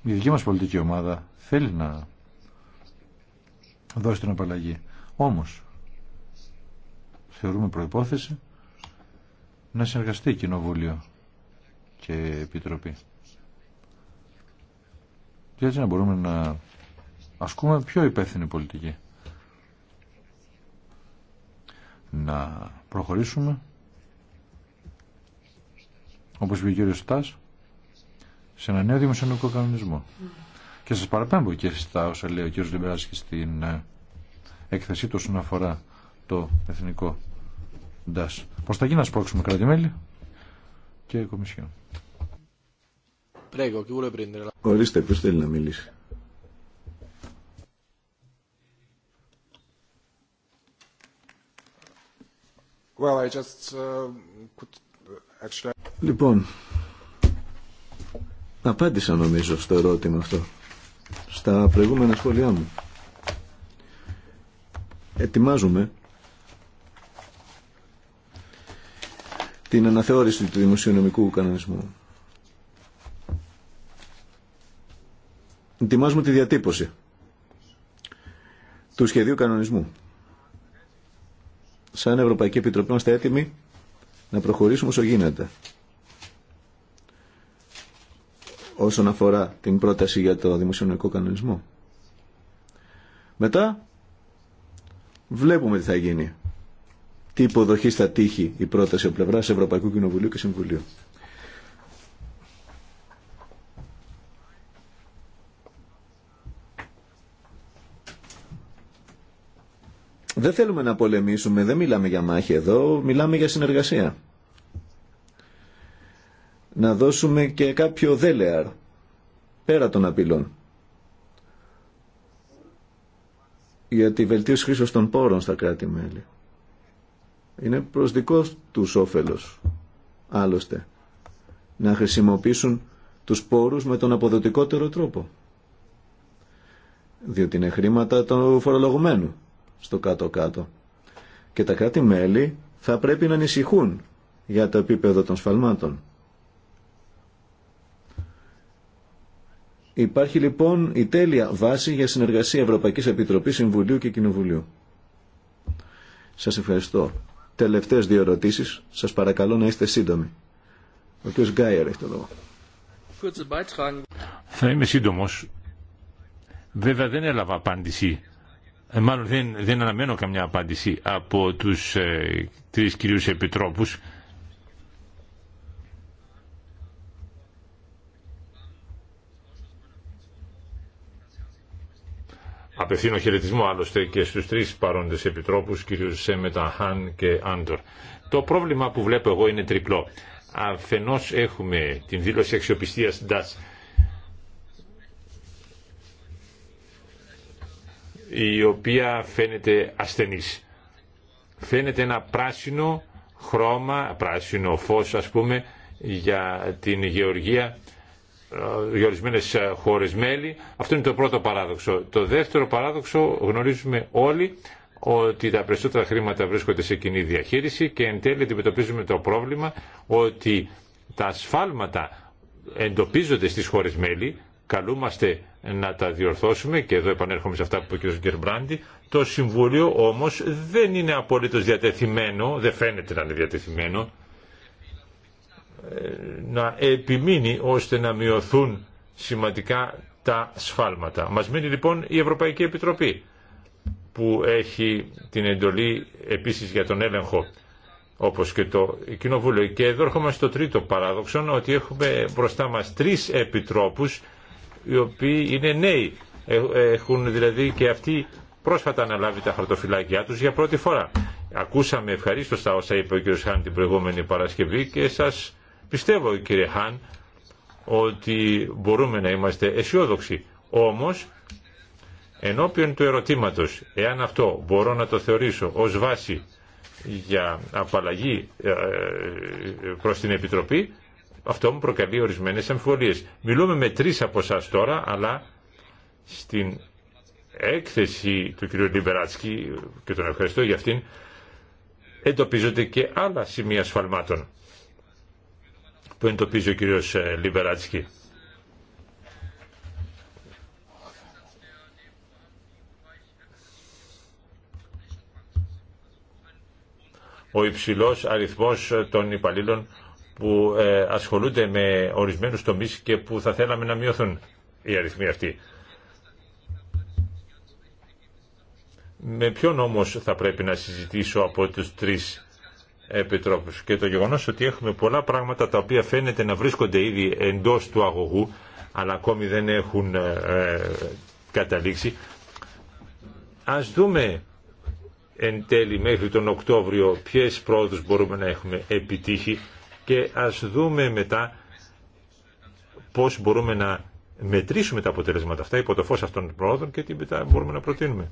Η δική μας πολιτική ομάδα θέλει να δώσει την απαλλαγή. Όμως, θεωρούμε προϋπόθεση να συνεργαστεί Κοινοβούλιο και Επιτροπή. Και έτσι να μπορούμε να ασκούμε πιο υπεύθυνη πολιτική. Να προχωρήσουμε όπως είπε ο κύριος Στάς σε ένα νέο δημοσιονομικό κανονισμό. Και σας παραπέμπω και στα όσα λέει ο κ. Λιμπεράσκη στην ε, έκθεσή του όσον αφορά το εθνικό ντάς. Πώς θα γίνει να σπρώξουμε κράτη-μέλη και κομισιόν. Ορίστε, ποιος θέλει να μιλήσει. Well, I just, uh, could uh, actually... Λοιπόν, απάντησα νομίζω στο ερώτημα αυτό στα προηγούμενα σχόλιά μου. Ετοιμάζουμε την αναθεώρηση του δημοσιονομικού κανονισμού. Ετοιμάζουμε τη διατύπωση του σχεδίου κανονισμού. Σαν Ευρωπαϊκή Επιτροπή είμαστε έτοιμοι να προχωρήσουμε όσο γίνεται. όσον αφορά την πρόταση για το δημοσιονομικό κανονισμό. Μετά βλέπουμε τι θα γίνει. Τι υποδοχή θα τύχει η πρόταση ο πλευρά Ευρωπαϊκού Κοινοβουλίου και Συμβουλίου. Δεν θέλουμε να πολεμήσουμε, δεν μιλάμε για μάχη εδώ, μιλάμε για συνεργασία να δώσουμε και κάποιο δέλεαρ πέρα των απειλών για τη βελτίωση χρήσεως των πόρων στα κράτη-μέλη. Είναι προς δικό τους όφελος, άλλωστε, να χρησιμοποιήσουν τους πόρους με τον αποδοτικότερο τρόπο. Διότι είναι χρήματα των φορολογουμένου στο κάτω-κάτω. Και τα κράτη-μέλη θα πρέπει να ανησυχούν για το επίπεδο των σφαλμάτων. Υπάρχει λοιπόν η τέλεια βάση για συνεργασία Ευρωπαϊκής Επιτροπής Συμβουλίου και Κοινοβουλίου. Σας ευχαριστώ. Τελευταίες δύο ερωτήσεις. Σας παρακαλώ να είστε σύντομοι. Ο κ. Γκάιερ έχει το λόγο. Θα είμαι σύντομος. Βέβαια δεν έλαβα απάντηση. Ε, μάλλον δεν, δεν αναμένω καμιά απάντηση από τους ε, τρεις κυρίους επιτρόπους Απευθύνω χαιρετισμό άλλωστε και στους τρεις παρόντες επιτρόπους, κυρίους Σέμετα, Χάν και Άντορ. Το πρόβλημα που βλέπω εγώ είναι τριπλό. Αφενός έχουμε την δήλωση αξιοπιστίας DAS, η οποία φαίνεται ασθενής. Φαίνεται ένα πράσινο χρώμα, πράσινο φως ας πούμε, για την γεωργία ε, για ορισμένε ε, χώρε μέλη. Αυτό είναι το πρώτο παράδοξο. Το δεύτερο παράδοξο γνωρίζουμε όλοι ότι τα περισσότερα χρήματα βρίσκονται σε κοινή διαχείριση και εν τέλει αντιμετωπίζουμε το πρόβλημα ότι τα ασφάλματα εντοπίζονται στις χώρες μέλη, καλούμαστε να τα διορθώσουμε και εδώ επανέρχομαι σε αυτά που είπε ο κ. Γκερμπράντη. Το Συμβούλιο όμως δεν είναι απολύτως διατεθειμένο, δεν φαίνεται να είναι διατεθειμένο να επιμείνει ώστε να μειωθούν σημαντικά τα σφάλματα. Μας μείνει λοιπόν η Ευρωπαϊκή Επιτροπή που έχει την εντολή επίσης για τον έλεγχο όπως και το Κοινοβούλιο. Και εδώ έρχομαστε στο τρίτο παράδοξο ότι έχουμε μπροστά μας τρεις επιτρόπους οι οποίοι είναι νέοι. Ε, έχουν δηλαδή και αυτοί πρόσφατα αναλάβει τα χαρτοφυλάκια τους για πρώτη φορά. Ακούσαμε ευχαρίστως τα όσα είπε ο κ. Χάν την προηγούμενη Παρασκευή και σας Πιστεύω κύριε Χάν ότι μπορούμε να είμαστε αισιόδοξοι. Όμως ενώπιον του ερωτήματος εάν αυτό μπορώ να το θεωρήσω ως βάση για απαλλαγή ε, ε, προς την Επιτροπή αυτό μου προκαλεί ορισμένες αμφιβολίες. Μιλούμε με τρεις από εσά τώρα αλλά στην έκθεση του κύριου Λιμπεράτσκι και τον ευχαριστώ για αυτήν εντοπίζονται και άλλα σημεία σφαλμάτων που εντοπίζει ο κύριος ε, Ο υψηλός αριθμός ε, των υπαλλήλων που ε, ασχολούνται με ορισμένους τομείς και που θα θέλαμε να μειωθούν οι αριθμοί αυτοί. Με ποιον όμως θα πρέπει να συζητήσω από τους τρεις επιτρόπους. Και το γεγονός ότι έχουμε πολλά πράγματα τα οποία φαίνεται να βρίσκονται ήδη εντός του αγωγού, αλλά ακόμη δεν έχουν ε, καταλήξει. Ας δούμε εν τέλει μέχρι τον Οκτώβριο ποιες πρόοδους μπορούμε να έχουμε επιτύχει και ας δούμε μετά πώς μπορούμε να μετρήσουμε τα αποτελέσματα αυτά υπό το φως αυτών των πρόοδων και τι μετά μπορούμε να προτείνουμε.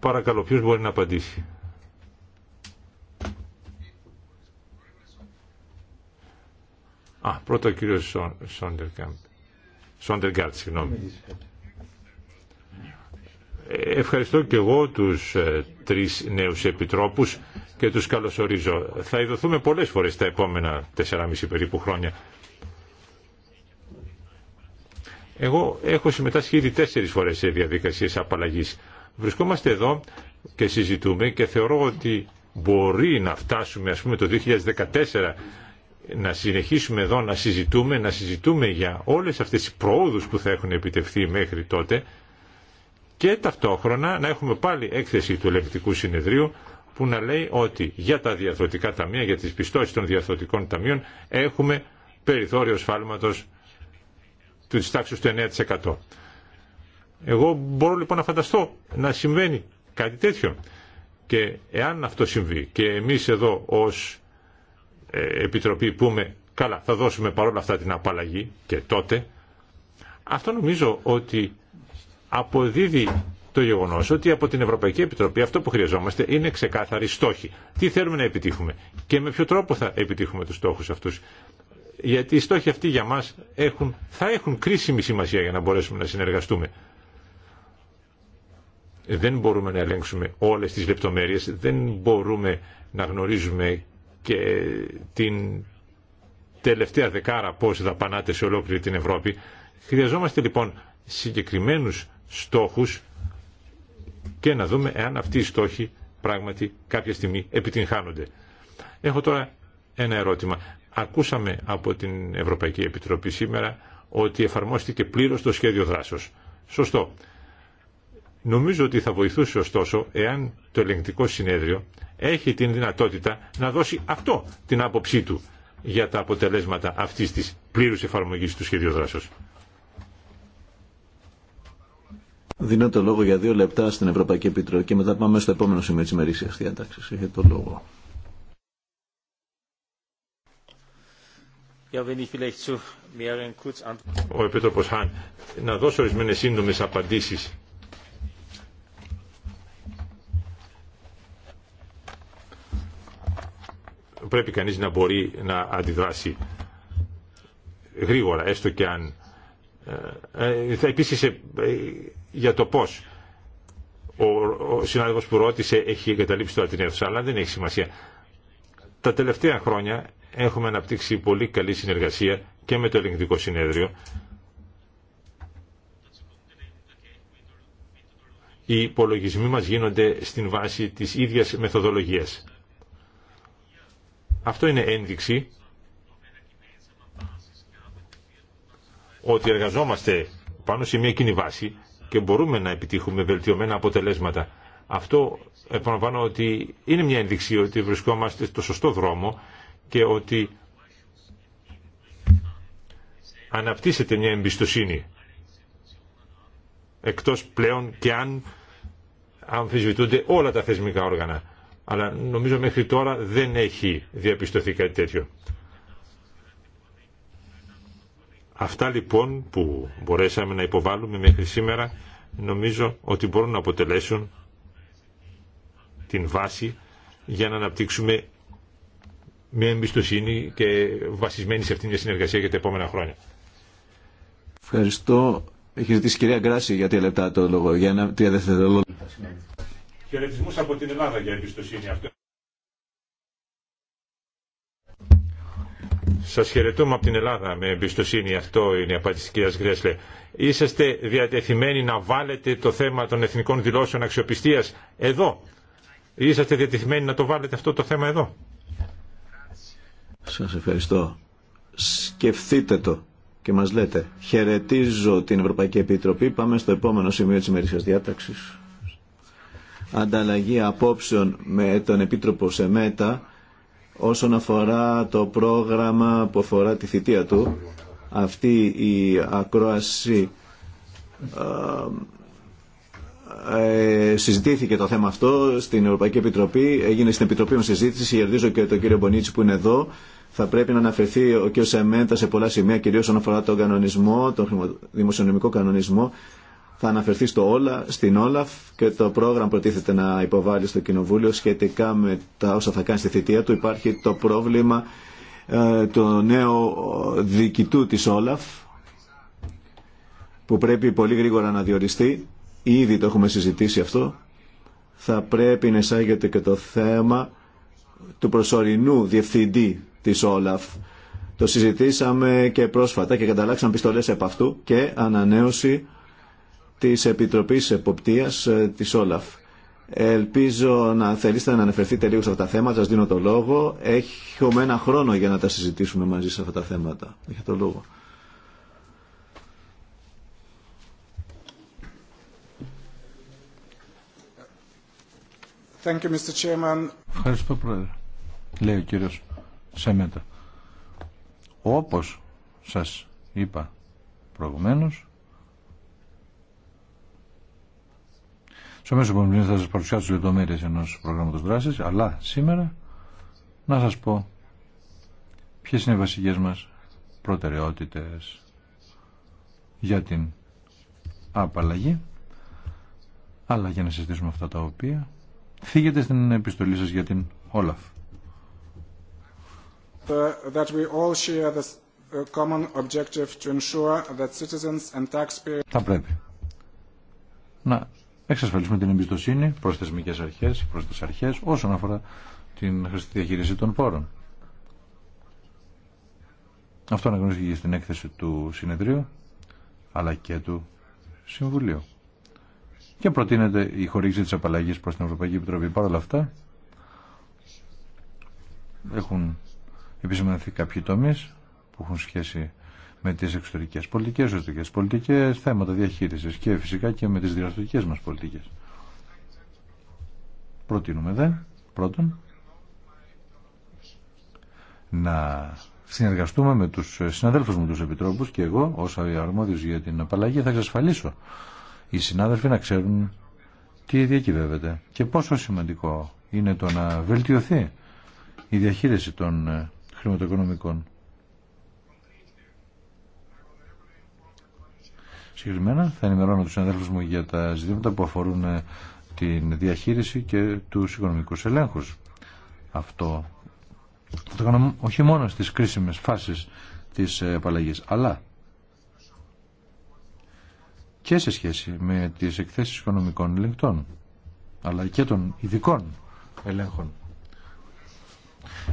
Παρακαλώ, ποιος μπορεί να απαντήσει. Α, πρώτο ο κύριος Σόντεργκάρτ, συγγνώμη. Ε, ευχαριστώ και εγώ τους ε, τρεις νέους επιτρόπους και τους καλωσορίζω. Θα ειδωθούμε πολλές φορές τα επόμενα 4,5 περίπου χρόνια. Εγώ έχω συμμετάσχει ήδη τέσσερις φορές σε διαδικασίες απαλλαγής. Βρισκόμαστε εδώ και συζητούμε και θεωρώ ότι μπορεί να φτάσουμε ας πούμε το 2014 να συνεχίσουμε εδώ να συζητούμε, να συζητούμε για όλες αυτές τις προόδους που θα έχουν επιτευχθεί μέχρι τότε και ταυτόχρονα να έχουμε πάλι έκθεση του ελεκτικού συνεδρίου που να λέει ότι για τα διαθροτικά ταμεία, για τις πιστώσεις των διαθροτικών ταμείων έχουμε περιθώριο σφάλματος του τάξης του 9%. Εγώ μπορώ λοιπόν να φανταστώ να συμβαίνει κάτι τέτοιο. Και εάν αυτό συμβεί και εμείς εδώ ως ε, Επιτροπή πούμε καλά θα δώσουμε παρόλα αυτά την απαλλαγή και τότε αυτό νομίζω ότι αποδίδει το γεγονό ότι από την Ευρωπαϊκή Επιτροπή αυτό που χρειαζόμαστε είναι ξεκάθαροι στόχοι. Τι θέλουμε να επιτύχουμε και με ποιο τρόπο θα επιτύχουμε του στόχου αυτού. Γιατί οι στόχοι αυτοί για μα έχουν, θα έχουν κρίσιμη σημασία για να μπορέσουμε να συνεργαστούμε. Δεν μπορούμε να ελέγξουμε όλε τι λεπτομέρειε, δεν μπορούμε να γνωρίζουμε και την τελευταία δεκάρα πώς πανάτε σε ολόκληρη την Ευρώπη. Χρειαζόμαστε λοιπόν συγκεκριμένους στόχους και να δούμε εάν αυτοί οι στόχοι πράγματι κάποια στιγμή επιτυγχάνονται. Έχω τώρα ένα ερώτημα. Ακούσαμε από την Ευρωπαϊκή Επιτροπή σήμερα ότι εφαρμόστηκε πλήρως το σχέδιο δράσεως. Σωστό. Νομίζω ότι θα βοηθούσε ωστόσο εάν το ελεγκτικό συνέδριο έχει την δυνατότητα να δώσει αυτό την άποψή του για τα αποτελέσματα αυτής της πλήρους εφαρμογής του σχεδίου δράσεως. Δίνω το λόγο για δύο λεπτά στην Ευρωπαϊκή Επιτροπή και μετά πάμε στο επόμενο σημείο της ημερήσιας διάταξης. έχει το λόγο. Ο Επίτροπος Χάν, να δώσω ορισμένες σύντομες απαντήσεις πρέπει κανείς να μπορεί να αντιδράσει γρήγορα, έστω και αν... Ε, ε, θα επίσης ε, για το πώς. Ο, ο συνάδελφος που ρώτησε έχει εγκαταλείψει το αίθουσα, αλλά δεν έχει σημασία. Τα τελευταία χρόνια έχουμε αναπτύξει πολύ καλή συνεργασία και με το Ελληνικό Συνέδριο. Οι υπολογισμοί μας γίνονται στην βάση της ίδιας μεθοδολογίας. Αυτό είναι ένδειξη ότι εργαζόμαστε πάνω σε μια κοινή βάση και μπορούμε να επιτύχουμε βελτιωμένα αποτελέσματα. Αυτό επαναλαμβάνω ότι είναι μια ένδειξη ότι βρισκόμαστε στο σωστό δρόμο και ότι αναπτύσσεται μια εμπιστοσύνη εκτός πλέον και αν αμφισβητούνται όλα τα θεσμικά όργανα αλλά νομίζω μέχρι τώρα δεν έχει διαπιστωθεί κάτι τέτοιο. Αυτά λοιπόν που μπορέσαμε να υποβάλουμε μέχρι σήμερα νομίζω ότι μπορούν να αποτελέσουν την βάση για να αναπτύξουμε μια εμπιστοσύνη και βασισμένη σε αυτήν την συνεργασία για τα επόμενα χρόνια. Ευχαριστώ. Έχει ζητήσει κυρία Γκράση για τρία λεπτά το λόγο. Για Χαιρετισμούς από την Ελλάδα για εμπιστοσύνη αυτό. Σας χαιρετούμε από την Ελλάδα με εμπιστοσύνη. Αυτό είναι η απάντηση της κυρίας Γκρέσλε. Είσαστε διατεθειμένοι να βάλετε το θέμα των εθνικών δηλώσεων αξιοπιστίας εδώ. Είσαστε διατεθειμένοι να το βάλετε αυτό το θέμα εδώ. Σας ευχαριστώ. Σκεφτείτε το και μας λέτε. Χαιρετίζω την Ευρωπαϊκή Επιτροπή. Πάμε στο επόμενο σημείο της ημερήσιας διάταξης ανταλλαγή απόψεων με τον Επίτροπο Σεμέτα όσον αφορά το πρόγραμμα που αφορά τη θητεία του. Αυτή η ακρόαση ε, ε συζητήθηκε το θέμα αυτό στην Ευρωπαϊκή Επιτροπή, έγινε στην Επιτροπή μου συζήτηση, γερδίζω και τον κύριο Μπονίτσι που είναι εδώ. Θα πρέπει να αναφερθεί ο κ. Σεμέντα σε πολλά σημεία, κυρίω όσον αφορά τον κανονισμό, τον δημοσιονομικό κανονισμό θα αναφερθεί στο όλα, στην Όλαφ και το πρόγραμμα προτίθεται να υποβάλει στο Κοινοβούλιο σχετικά με τα όσα θα κάνει στη θητεία του. Υπάρχει το πρόβλημα ε, του νέου ε, διοικητού της Όλαφ που πρέπει πολύ γρήγορα να διοριστεί. Ήδη το έχουμε συζητήσει αυτό. Θα πρέπει να εισάγεται και το θέμα του προσωρινού διευθυντή της Όλαφ. Το συζητήσαμε και πρόσφατα και καταλάξαμε πιστολές επ' αυτού και ανανέωση της Επιτροπής Εποπτείας ε, της Όλαφ. Ελπίζω να θέλετε να αναφερθείτε λίγο σε αυτά τα θέματα, σας δίνω το λόγο. Έχουμε ένα χρόνο για να τα συζητήσουμε μαζί σε αυτά τα θέματα. Έχετε το λόγο. Thank you, Mr. Chairman. Ευχαριστώ, Πρόεδρε. Λέει ο κύριος Σεμέτα. Όπως σας είπα προηγουμένως, Στο μέσο επόμενο θα σα παρουσιάσω τι λεπτομέρειες ενός προγράμματος δράσης, αλλά σήμερα να σας πω ποιε είναι οι βασικέ μας προτεραιότητες για την απαλλαγή, αλλά για να συζητήσουμε αυτά τα οποία φύγετε στην επιστολή σας για την Όλαφ. Θα πρέπει να εξασφαλίσουμε την εμπιστοσύνη προς θεσμικές αρχές, προς τις αρχές όσον αφορά την χρηστή διαχείριση των πόρων. Αυτό και στην έκθεση του συνεδρίου αλλά και του Συμβουλίου. Και προτείνεται η χορήγηση τη απαλλαγή προς την Ευρωπαϊκή Επιτροπή. Παρ' όλα αυτά έχουν επισημανθεί κάποιοι τομείς που έχουν σχέση με τις εξωτερικές πολιτικές, εσωτερικές πολιτικές, θέματα διαχείρισης και φυσικά και με τις διαστατικές μας πολιτικές. Προτείνουμε δε, πρώτον, να συνεργαστούμε με τους συναδέλφους μου, τους επιτρόπους και εγώ, ως αρμόδιος για την απαλλαγή, θα εξασφαλίσω οι συνάδελφοι να ξέρουν τι διακυβεύεται και πόσο σημαντικό είναι το να βελτιωθεί η διαχείριση των χρηματοοικονομικών συγκεκριμένα θα ενημερώνω του συναδέλφου μου για τα ζητήματα που αφορούν ε, την διαχείριση και τους οικονομικούς ελέγχους. Αυτό θα το κάνουμε όχι μόνο στις κρίσιμες φάσεις της ε, απαλλαγής, αλλά και σε σχέση με τις εκθέσει οικονομικών ελεγκτών, αλλά και των ειδικών ελέγχων.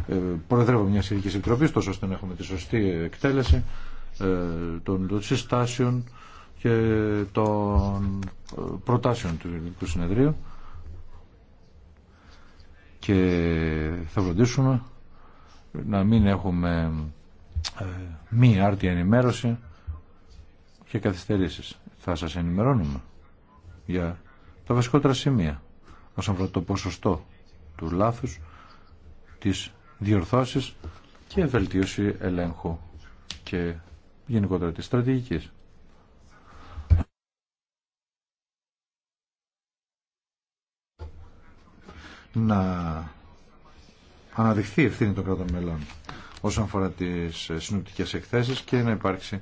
Ε, προεδρεύω μια ειδική επιτροπή, τόσο ώστε να έχουμε τη σωστή εκτέλεση ε, των συστάσεων και των ε, προτάσεων του Ελληνικού Συνεδρίου και θα βροντίσουμε να μην έχουμε ε, μη άρτια ενημέρωση και καθυστερήσεις. Θα σας ενημερώνουμε για τα βασικότερα σημεία όσον αφορά το ποσοστό του λάθους, της διορθώσεις και βελτίωση ελέγχου και γενικότερα της στρατηγικής. να αναδειχθεί η ευθύνη των κρατών μελών όσον αφορά τις ε, συνοπτικές εκθέσεις και να υπάρξει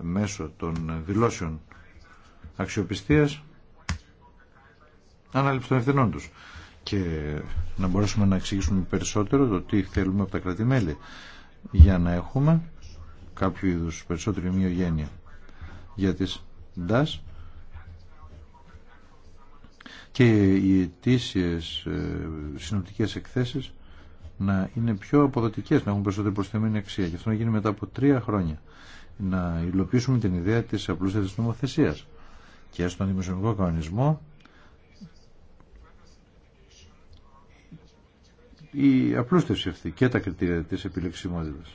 μέσω των δηλώσεων αξιοπιστίας ανάληψη των ευθυνών τους και να μπορέσουμε να εξηγήσουμε περισσότερο το τι θέλουμε από τα κρατημέλη για να έχουμε κάποιο είδους περισσότερη μειογένεια για τις DAS και οι αιτήσιε συνοπτικέ εκθέσει να είναι πιο αποδοτικές, να έχουν περισσότερη προσθεμένη αξία. Και αυτό να γίνει μετά από τρία χρόνια. Να υλοποιήσουμε την ιδέα της απλούστευση νομοθεσία Και στον δημοσιονομικό κανονισμό η απλούστευση αυτή και τα κριτήρια της επιλεξιμότητας.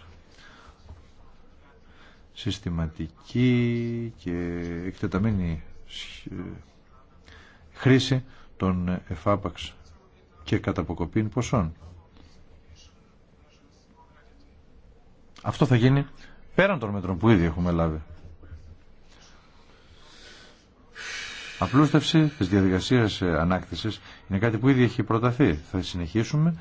Συστηματική και εκτεταμένη χρήση των εφάπαξ και καταποκοπήν ποσών. Αυτό θα γίνει πέραν των μέτρων που ήδη έχουμε λάβει. Απλούστευση της διαδικασίας ανάκτησης είναι κάτι που ήδη έχει προταθεί. Θα συνεχίσουμε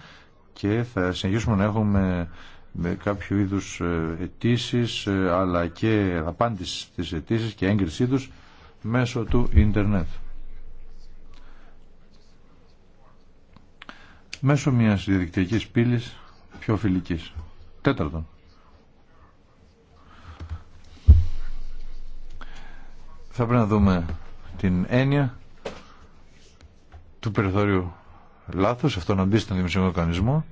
και θα συνεχίσουμε να έχουμε με κάποιο είδους ε, αιτήσει, ε, αλλά και απάντηση της αιτήσει και έγκρισή τους μέσω του ίντερνετ. μέσω μιας διαδικτυακής πύλης πιο φιλικής. Τέταρτον. Θα πρέπει να δούμε την έννοια του περιθώριου λάθος, αυτό να μπει στον δημιουργικό κανονισμό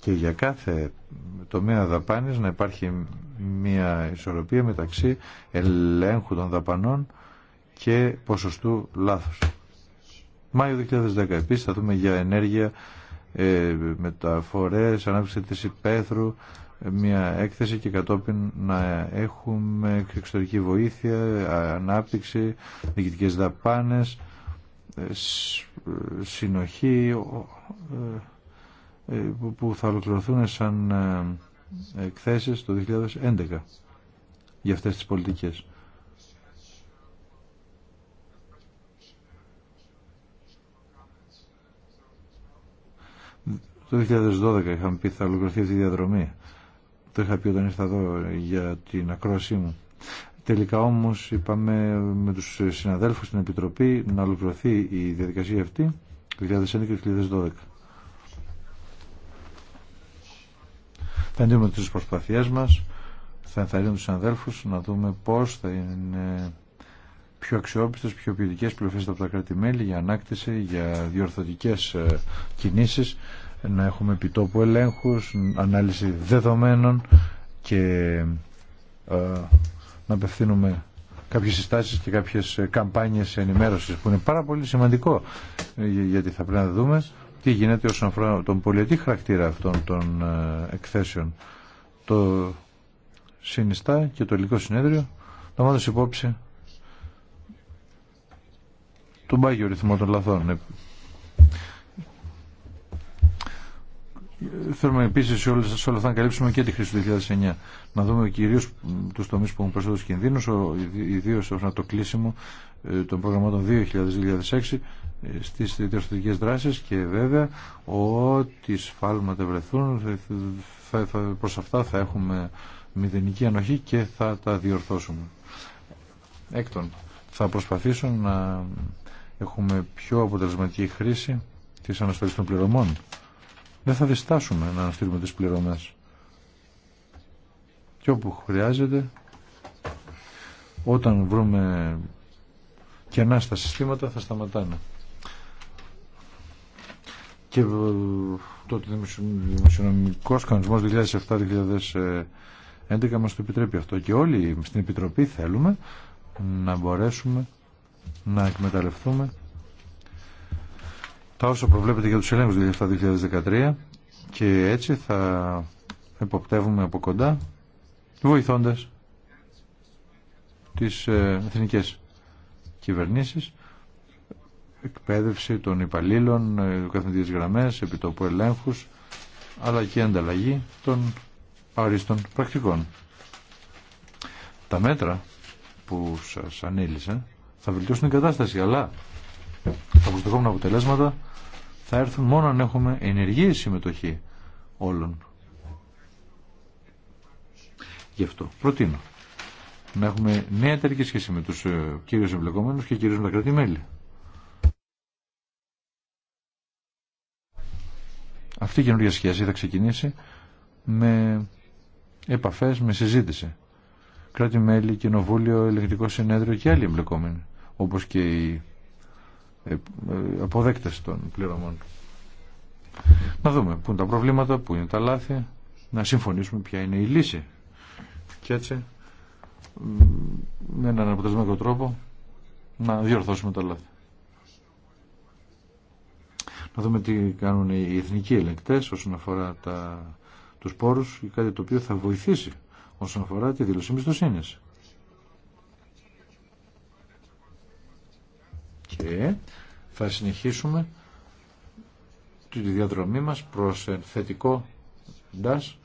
και για κάθε τομέα δαπάνης να υπάρχει μια ισορροπία μεταξύ ελέγχου των δαπανών και ποσοστού λάθος. Μάιο 2010 επίσης θα δούμε για ενέργεια, ε, μεταφορές, ανάπτυξη της υπαίθρου, ε, μια έκθεση και κατόπιν να έχουμε εξωτερική βοήθεια, ανάπτυξη, διοικητικές δαπάνες, ε, ε, συνοχή που θα ολοκληρωθούν σαν εκθέσεις το 2011 για αυτές τις πολιτικές. Το 2012 είχαμε πει θα ολοκληρωθεί αυτή η διαδρομή. Το είχα πει όταν ήρθα εδώ για την ακρόασή μου. Τελικά όμως είπαμε με τους συναδέλφους στην Επιτροπή να ολοκληρωθεί η διαδικασία αυτή το 2011 και το 2012. Θα εντύπουμε τις προσπαθίες μας, θα ενθαρρύνουμε τους συναδέλφους να δούμε πώς θα είναι πιο αξιόπιστες, πιο ποιοτικές πληροφορίες από τα κράτη-μέλη για ανάκτηση, για διορθωτικές ε, κινήσεις να έχουμε επιτόπου ελέγχους, ανάλυση δεδομένων και ε, να απευθύνουμε κάποιες συστάσεις και κάποιες ε, καμπάνιες ενημέρωσης που είναι πάρα πολύ σημαντικό ε, γιατί θα πρέπει να δούμε τι γίνεται όσον αφορά τον πολιτή χαρακτήρα αυτών των εκθέσεων. Το συνιστά και το υλικό συνέδριο λαμβάνοντας υπόψη τον πάγιο ρυθμό των λαθών. Θέλουμε επίση σε όλα αυτά να καλύψουμε και τη χρήση του 2009. Να δούμε κυρίω του τομεί που έχουν περισσότερου κινδύνου, ιδίω όσον το κλείσιμο ε, των προγραμμάτων 2000-2006 ε, στι διαστατικές δράσει και βέβαια ό,τι σφάλματα βρεθούν προ προς αυτά θα έχουμε μηδενική ανοχή και θα τα διορθώσουμε. Έκτον, θα προσπαθήσω να έχουμε πιο αποτελεσματική χρήση της αναστολή των πληρωμών δεν θα διστάσουμε να αναστήλουμε τις πληρωμές. Και όπου χρειάζεται, όταν βρούμε κενά στα συστήματα θα σταματάνε. Και ε, το δημοσιονομικός κανονισμός 2007-2011 μας το επιτρέπει αυτό. Και όλοι στην Επιτροπή θέλουμε να μπορέσουμε να εκμεταλλευτούμε τα όσα προβλέπετε για τους ελέγχους 2013 δηλαδή και έτσι θα εποπτεύουμε από κοντά βοηθώντας τις ε, εθνικές κυβερνήσεις εκπαίδευση των υπαλλήλων, ε, καθημερινές γραμμές, επιτόπου ελέγχους, αλλά και ανταλλαγή των αρίστων πρακτικών. Τα μέτρα που σας ανήλυσα θα βελτιώσουν την κατάσταση, αλλά τα προσδεχόμενα αποτελέσματα θα έρθουν μόνο αν έχουμε ενεργή συμμετοχή όλων. Γι' αυτό προτείνω να έχουμε νέα εταιρική σχέση με τους ε, κύριους εμπλεκόμενους και κυρίως με τα κρατη Αυτή η καινούργια σχέση θα ξεκινήσει με επαφές, με συζήτηση. Κράτη-μέλη, κοινοβούλιο, ελεγκτικό συνέδριο και άλλοι εμπλεκόμενοι, όπως και οι ε, ε, αποδέκτες των πληρωμών. Να δούμε πού είναι τα προβλήματα, πού είναι τα λάθη, να συμφωνήσουμε ποια είναι η λύση. Και έτσι, με έναν αποτελεσματικό τρόπο, να διορθώσουμε τα λάθη. Να δούμε τι κάνουν οι εθνικοί ελεγκτές όσον αφορά τα, τους πόρους, κάτι το οποίο θα βοηθήσει όσον αφορά τη δήλωση εμπιστοσύνη. και θα συνεχίσουμε τη διαδρομή μας προς θετικό ντάς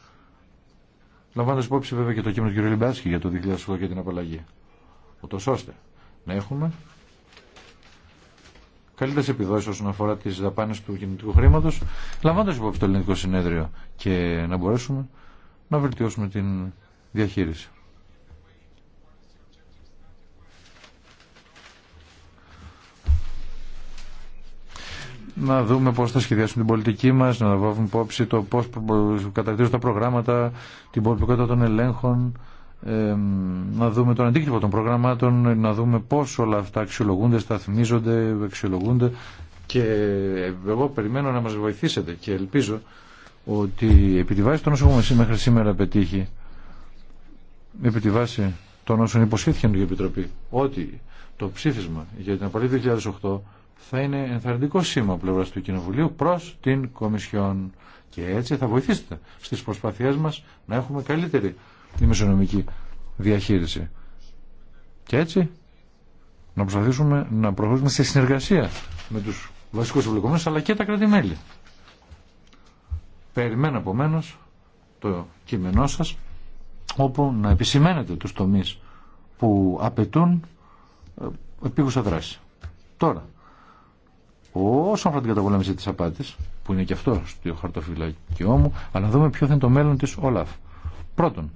λαμβάνοντας υπόψη βέβαια και το κείμενο του κ. Λιμπάσκη για το 2008 και την απαλλαγή ούτως ώστε να έχουμε καλύτερες επιδόσεις όσον αφορά τις δαπάνες του κινητικού χρήματος, λαμβάνοντα υπόψη το ελληνικό συνέδριο και να μπορέσουμε να βελτιώσουμε την διαχείριση. να δούμε πώς θα σχεδιάσουμε την πολιτική μας, να βάλουμε υπόψη το πώς κατακτήσουν τα προγράμματα, την πολιτικότητα των ελέγχων, να δούμε τον αντίκτυπο των προγραμμάτων, να δούμε πώς όλα αυτά αξιολογούνται, σταθμίζονται, αξιολογούνται και εγώ περιμένω να μας βοηθήσετε και ελπίζω ότι επί τη βάση των όσων έχουμε μέχρι σήμερα πετύχει, επί τη βάση των όσων υποσχέθηκαν η Επιτροπή, ότι το ψήφισμα για την Απαλή 2008 θα είναι ενθαρρυντικό σήμα πλευρά του Κοινοβουλίου προς την Κομισιόν. Και έτσι θα βοηθήσετε στις προσπαθειές μας να έχουμε καλύτερη δημοσιονομική διαχείριση. Και έτσι να προσπαθήσουμε να προχωρήσουμε σε συνεργασία με τους βασικούς εμπλεκομένου αλλά και τα κράτη-μέλη. Περιμένω επομένω το κείμενό σας όπου να επισημαίνετε τους τομείς που απαιτούν ε, επίγουσα δράση. Τώρα, όσον αφορά την καταπολέμηση τη απάτη, που είναι και αυτό στο χαρτοφυλακιό μου, αλλά να δούμε ποιο θα είναι το μέλλον τη Όλαφ. Πρώτον,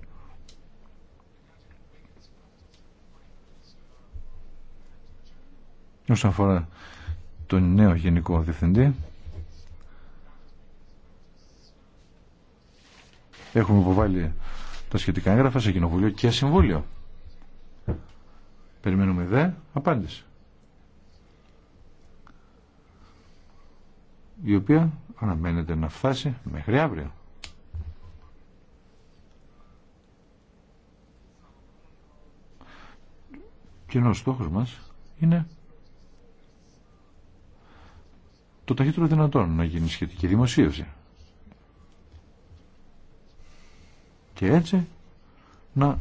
όσον αφορά τον νέο Γενικό Διευθυντή, έχουμε υποβάλει τα σχετικά έγγραφα σε Κοινοβούλιο και Συμβούλιο. Περιμένουμε δε απάντηση. η οποία αναμένεται να φτάσει μέχρι αύριο. Και ενώ ο στόχος μας είναι το ταχύτερο δυνατόν να γίνει σχετική δημοσίευση. Και έτσι να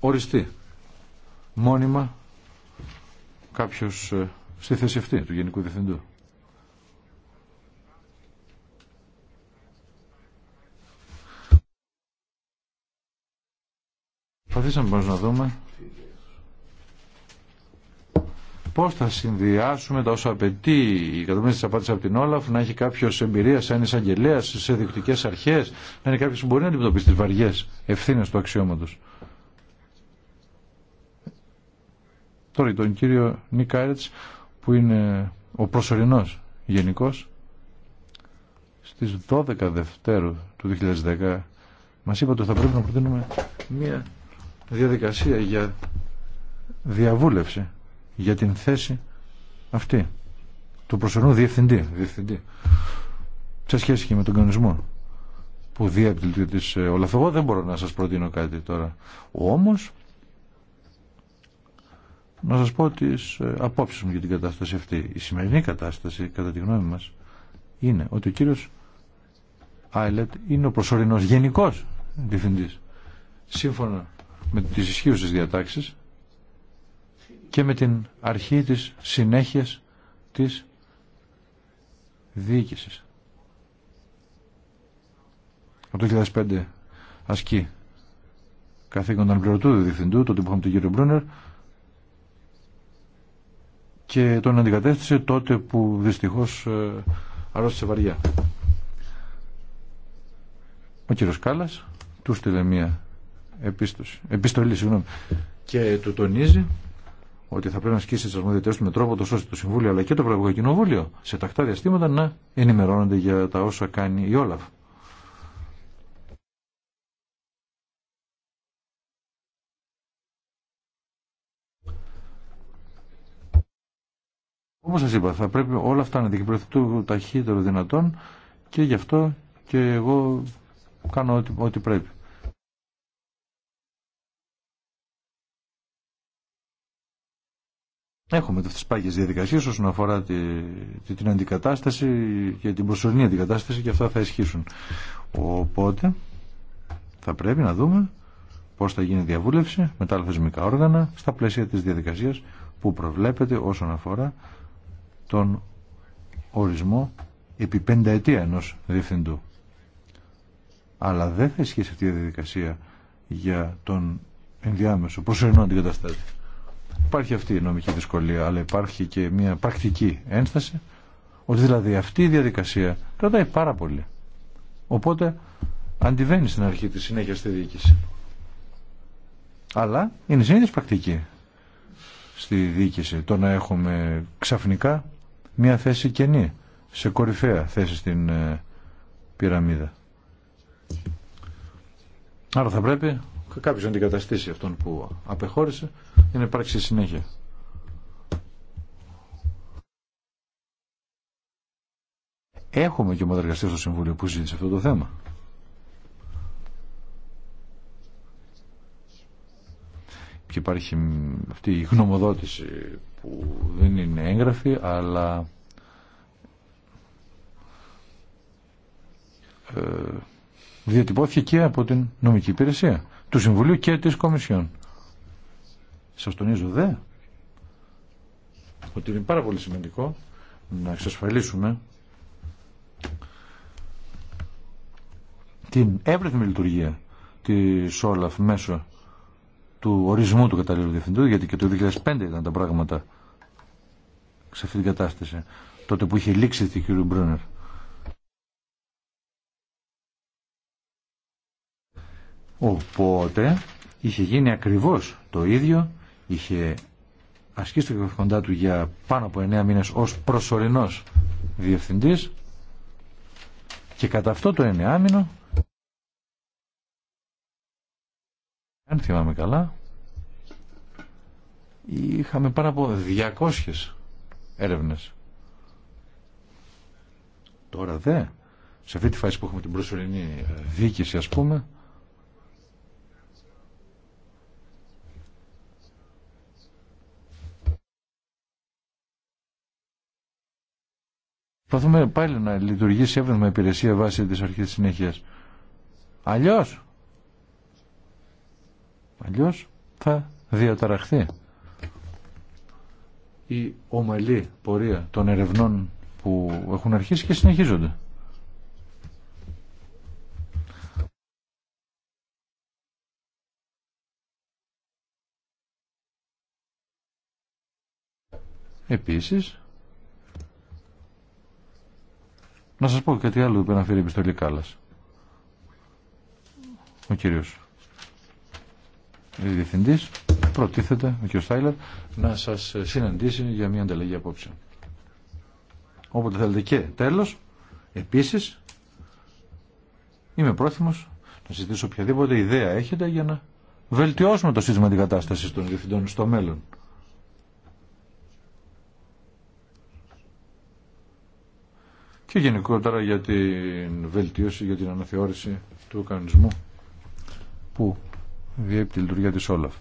οριστεί μόνιμα κάποιος ε, στη θέση αυτή του Γενικού Διευθυντού. Προσπαθήσαμε πως να δούμε πώς θα συνδυάσουμε τα όσα απαιτεί η κατομμύρια τη απάντηση από την Όλαφ να έχει κάποιο εμπειρία σαν εισαγγελέα σε διοικητικές αρχές να είναι κάποιο που μπορεί να αντιμετωπίσει τι βαριέ ευθύνε του αξιώματο. Τώρα τον κύριο Νικάρετς που είναι ο προσωρινός γενικός στις 12 Δευτέρου του 2010 μας είπατε ότι θα πρέπει να προτείνουμε μία διαδικασία για διαβούλευση για την θέση αυτή του προσωρινού διευθυντή, διευθυντή σε σχέση και με τον κανονισμό που διέπτυλτει της ε, Όλαφ. Εγώ δεν μπορώ να σας προτείνω κάτι τώρα. Όμως, να σας πω τις ε, απόψεις μου για την κατάσταση αυτή. Η σημερινή κατάσταση, κατά τη γνώμη μας, είναι ότι ο κύριος Άιλετ είναι ο προσωρινός γενικός διευθυντής. Σύμφωνα με τις ισχύουσες διατάξεις και με την αρχή της συνέχειας της διοίκησης. Από το 2005 ασκεί καθήκον πληρωτού διευθυντού, τον που είχαμε τον κύριο Μπρούνερ, και τον αντικατέστησε τότε που δυστυχώς ε, αρρώστησε βαριά. Ο κύριος Κάλλας του στείλε μια επίστοση, επιστολή συγγνώμη, και του τονίζει ότι θα πρέπει να ασκήσει τι αρμοδιότητε του με τρόπο το ώστε το Συμβούλιο αλλά και το Πρωθυπουργό Κοινοβούλιο σε τακτά διαστήματα να ενημερώνονται για τα όσα κάνει η Όλαφ. Όπω σα είπα, θα πρέπει όλα αυτά να αντικυπρωθούν ταχύτερο δυνατόν και γι' αυτό και εγώ κάνω ό,τι πρέπει. Έχουμε αυτές τις πάγιες όσον αφορά τη, την αντικατάσταση και την προσωρινή αντικατάσταση και αυτά θα ισχύσουν. Οπότε θα πρέπει να δούμε πώς θα γίνει διαβούλευση με τα θεσμικά όργανα στα πλαίσια της διαδικασίας που προβλέπεται όσον αφορά τον ορισμό επί πενταετία ενό διευθυντού. Αλλά δεν θα ισχύσει αυτή η διαδικασία για τον ενδιάμεσο προσωρινό αντικαταστάτη. Υπάρχει αυτή η νομική δυσκολία, αλλά υπάρχει και μια πρακτική ένσταση ότι δηλαδή αυτή η διαδικασία κρατάει πάρα πολύ. Οπότε αντιβαίνει στην αρχή τη συνέχεια στη διοίκηση. Αλλά είναι συνήθω πρακτική στη διοίκηση το να έχουμε ξαφνικά μια θέση κενή σε κορυφαία θέση στην ε, πυραμίδα. Άρα θα πρέπει κάποιος να αντικαταστήσει αυτόν που απεχώρησε για να υπάρξει συνέχεια. Έχουμε και ομοδεργαστή στο Συμβούλιο που ζήτησε αυτό το θέμα. Και υπάρχει αυτή η γνωμοδότηση που δεν είναι έγγραφη, αλλά ε, διατυπώθηκε και από την νομική υπηρεσία του Συμβουλίου και της Κομισιόν. Σας τονίζω δε ότι είναι πάρα πολύ σημαντικό να εξασφαλίσουμε την εύρυθμη λειτουργία τη Όλαφ μέσω του ορισμού του κατάλληλου διευθυντού, γιατί και το 2005 ήταν τα πράγματα σε αυτή την κατάσταση, τότε που είχε λήξει η κ. Μπρούνερ. Οπότε είχε γίνει ακριβώς το ίδιο, είχε ασκήσει το κοντά του για πάνω από 9 μήνες ως προσωρινός διευθυντής και κατά αυτό το 9 μήνο αν θυμάμαι καλά είχαμε πάνω από 200 έρευνες τώρα δε σε αυτή τη φάση που έχουμε την προσωρινή ε, δίκηση ας πούμε Προσπαθούμε πάλι να λειτουργήσει με υπηρεσία βάσει της αρχής της συνέχειας. Αλλιώς, αλλιώς θα διαταραχθεί η ομαλή πορεία των ερευνών που έχουν αρχίσει και συνεχίζονται. Επίσης, Να σας πω κάτι άλλο που αναφέρει η επιστολή Κάλλας. Ο κύριος διευθυντής προτίθεται, ο κύριος Στάιλερ, να σας συναντήσει για μια ανταλλαγή απόψε. Όποτε θέλετε και τέλος, επίσης, είμαι πρόθυμος να συζητήσω οποιαδήποτε ιδέα έχετε για να βελτιώσουμε το σύστημα αντικατάστασης των διευθυντών στο μέλλον. και γενικότερα για την βελτίωση, για την αναθεώρηση του κανονισμού που διέπει τη λειτουργία της Όλαφ.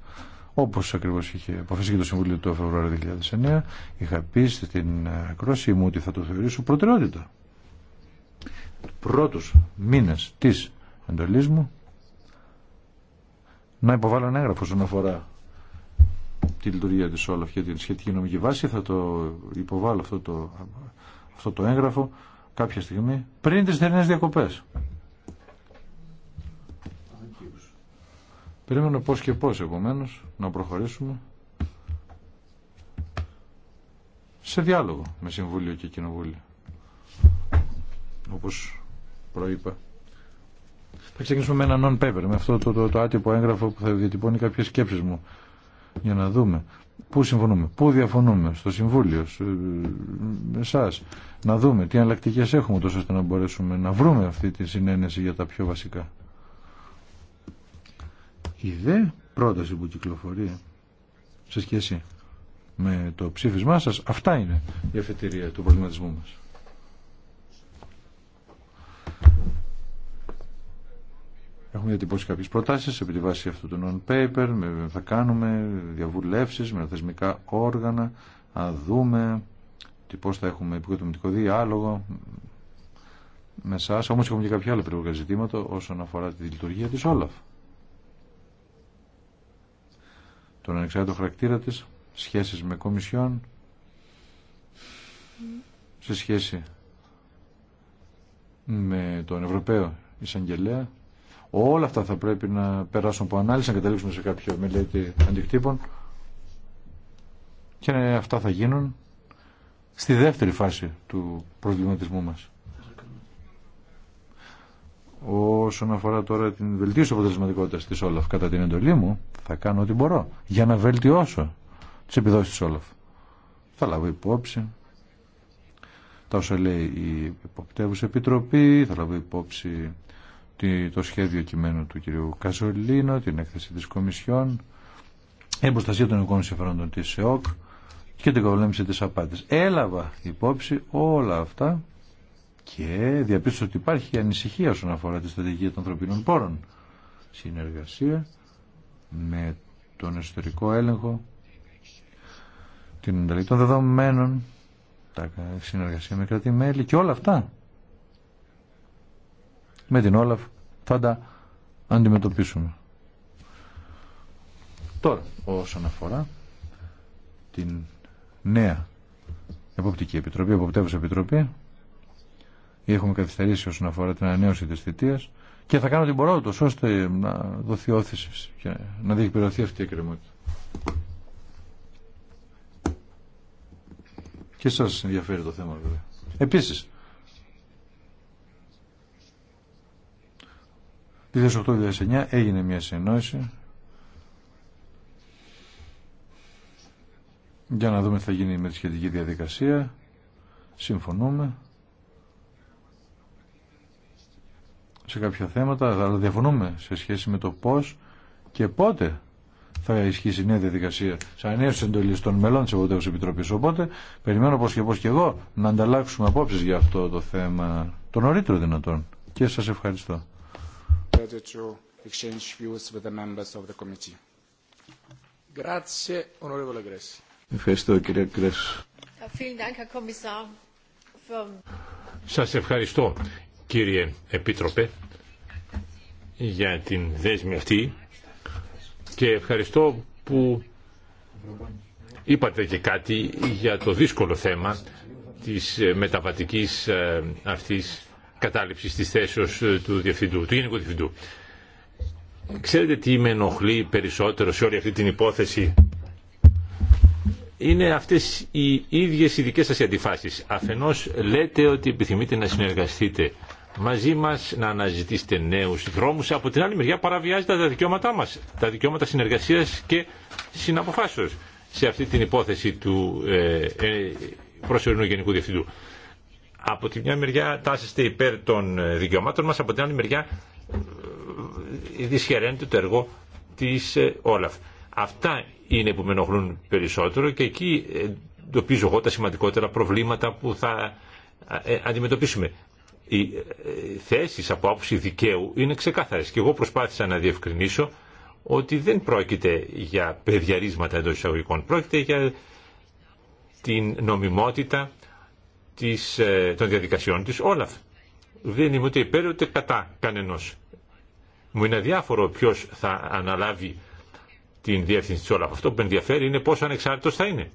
Όπως ακριβώς είχε αποφασίσει και το Συμβούλιο το Φεβρουάριο 2009, είχα πει στην ακρόση μου ότι θα το θεωρήσω προτεραιότητα. Πρώτους μήνες της εντολής μου να υποβάλω ένα έγγραφο όσον αφορά τη λειτουργία της Όλαφ και την σχετική νομική βάση. Θα το υποβάλω αυτό το, αυτό το έγγραφο κάποια στιγμή πριν τις θερινές διακοπές. Περίμενα πώς και πώς επομένως να προχωρήσουμε σε διάλογο με Συμβούλιο και Κοινοβούλιο. Όπως προείπα. Θα ξεκινήσουμε με ένα non-paper, με αυτό το, το, το άτυπο έγγραφο που θα διατυπώνει κάποιες σκέψεις μου για να δούμε Πού συμφωνούμε, πού διαφωνούμε, στο Συμβούλιο, ε, εσά, να δούμε τι εναλλακτικέ έχουμε τόσο ώστε να μπορέσουμε να βρούμε αυτή τη συνένεση για τα πιο βασικά. Η δε πρόταση που κυκλοφορεί σε σχέση με το ψήφισμά σας, αυτά είναι η αφετηρία του προβληματισμού μας. Έχουμε διατυπώσει κάποιε προτάσει επί τη βάση αυτού του non-paper, θα κάνουμε διαβουλεύσεις με θεσμικά όργανα, να δούμε τι θα έχουμε επικοδομητικό διάλογο με εσά. Όμω έχουμε και κάποια άλλα περίπου ζητήματα όσον αφορά τη λειτουργία τη Όλαφ. Τον ανεξάρτητο χαρακτήρα τη, σχέσει με κομισιόν, σε σχέση με τον Ευρωπαίο εισαγγελέα, Όλα αυτά θα πρέπει να περάσουν από ανάλυση, να καταλήξουμε σε κάποιο μελέτη αντικτύπων και αυτά θα γίνουν στη δεύτερη φάση του προβληματισμού μας. Όσον αφορά τώρα την βελτίωση αποτελεσματικότητα τη Όλαφ, κατά την εντολή μου θα κάνω ό,τι μπορώ για να βελτιώσω τι επιδόσει τη Όλαφ. Θα λάβω υπόψη τα όσα λέει η υποπτεύουσα επιτροπή, θα λάβω υπόψη το σχέδιο κειμένου του κυρίου Καζολίνο, την έκθεση της Κομισιόν, η προστασία των εγγόνων συμφερόντων της ΕΟΚ και την καβολέμηση της απάτης. Έλαβα υπόψη όλα αυτά και διαπίστωσα ότι υπάρχει ανησυχία όσον αφορά τη στρατηγία των ανθρωπίνων πόρων. Συνεργασία με τον εσωτερικό έλεγχο, την ανταλλαγή των δεδομένων, τα συνεργασία με κράτη-μέλη και όλα αυτά με την Όλαφ θα τα αντιμετωπίσουμε. Τώρα, όσον αφορά την νέα Εποπτική Επιτροπή, Εποπτεύουσα Επιτροπή, έχουμε καθυστερήσει όσον αφορά την ανανέωση της θητείας και θα κάνω την μπορώ του, ώστε να δοθεί όθηση και να διεκπληρωθεί αυτή η εκκρεμότητα. Και σας ενδιαφέρει το θέμα βέβαια. Επίσης, 2008-2009 έγινε μια συνεννόηση για να δούμε τι θα γίνει με τη σχετική διαδικασία. Συμφωνούμε σε κάποια θέματα, αλλά διαφωνούμε σε σχέση με το πώς και πότε θα ισχύσει η νέα διαδικασία σαν νέο εντολή των μελών τη Ευρωπαϊκής Επιτροπή. Οπότε περιμένω πως και πως και εγώ να ανταλλάξουμε απόψει για αυτό το θέμα το νωρίτερο δυνατόν. Και σας ευχαριστώ ready to exchange views with the members of the committee. Grazie, onorevole Gressi. Ευχαριστώ κύριε Κρέσ. Ε, Σας ευχαριστώ κύριε Επίτροπε για την δέσμη αυτή και ευχαριστώ που είπατε και κάτι για το δύσκολο θέμα της μεταβατικής ε, αυτής Κατάληψη τη θέσεως ε, του, διευθυντού, του Γενικού Διευθυντού. Ξέρετε τι με ενοχλεί περισσότερο σε όλη αυτή την υπόθεση. Είναι αυτέ οι ίδιε οι δικέ σα αντιφάσει. Αφενό λέτε ότι επιθυμείτε να συνεργαστείτε μαζί μα, να αναζητήσετε νέου δρόμου, Από την άλλη μεριά παραβιάζετε τα δικαιώματά μα, τα δικαιώματα συνεργασία και συναποφάσεω σε αυτή την υπόθεση του ε, ε προσωρινού Γενικού Διευθυντού από τη μια μεριά τάσεστε υπέρ των ε, δικαιωμάτων μας, από την άλλη μεριά ε, δυσχεραίνεται το έργο της ε, Όλαφ. Αυτά είναι που με ενοχλούν περισσότερο και εκεί εντοπίζω εγώ τα σημαντικότερα προβλήματα που θα αντιμετωπίσουμε. Οι θέσεις από άποψη δικαίου είναι ξεκάθαρες και εγώ προσπάθησα να διευκρινίσω ότι δεν πρόκειται για παιδιαρίσματα εντός εισαγωγικών, πρόκειται για την νομιμότητα της, ε, των διαδικασιών της Όλαφ. Δεν είμαι ούτε υπέρ ούτε κατά κανενός. Μου είναι αδιάφορο ποιος θα αναλάβει την διεύθυνση της Όλαφ. Αυτό που με ενδιαφέρει είναι πόσο ανεξάρτητος θα είναι.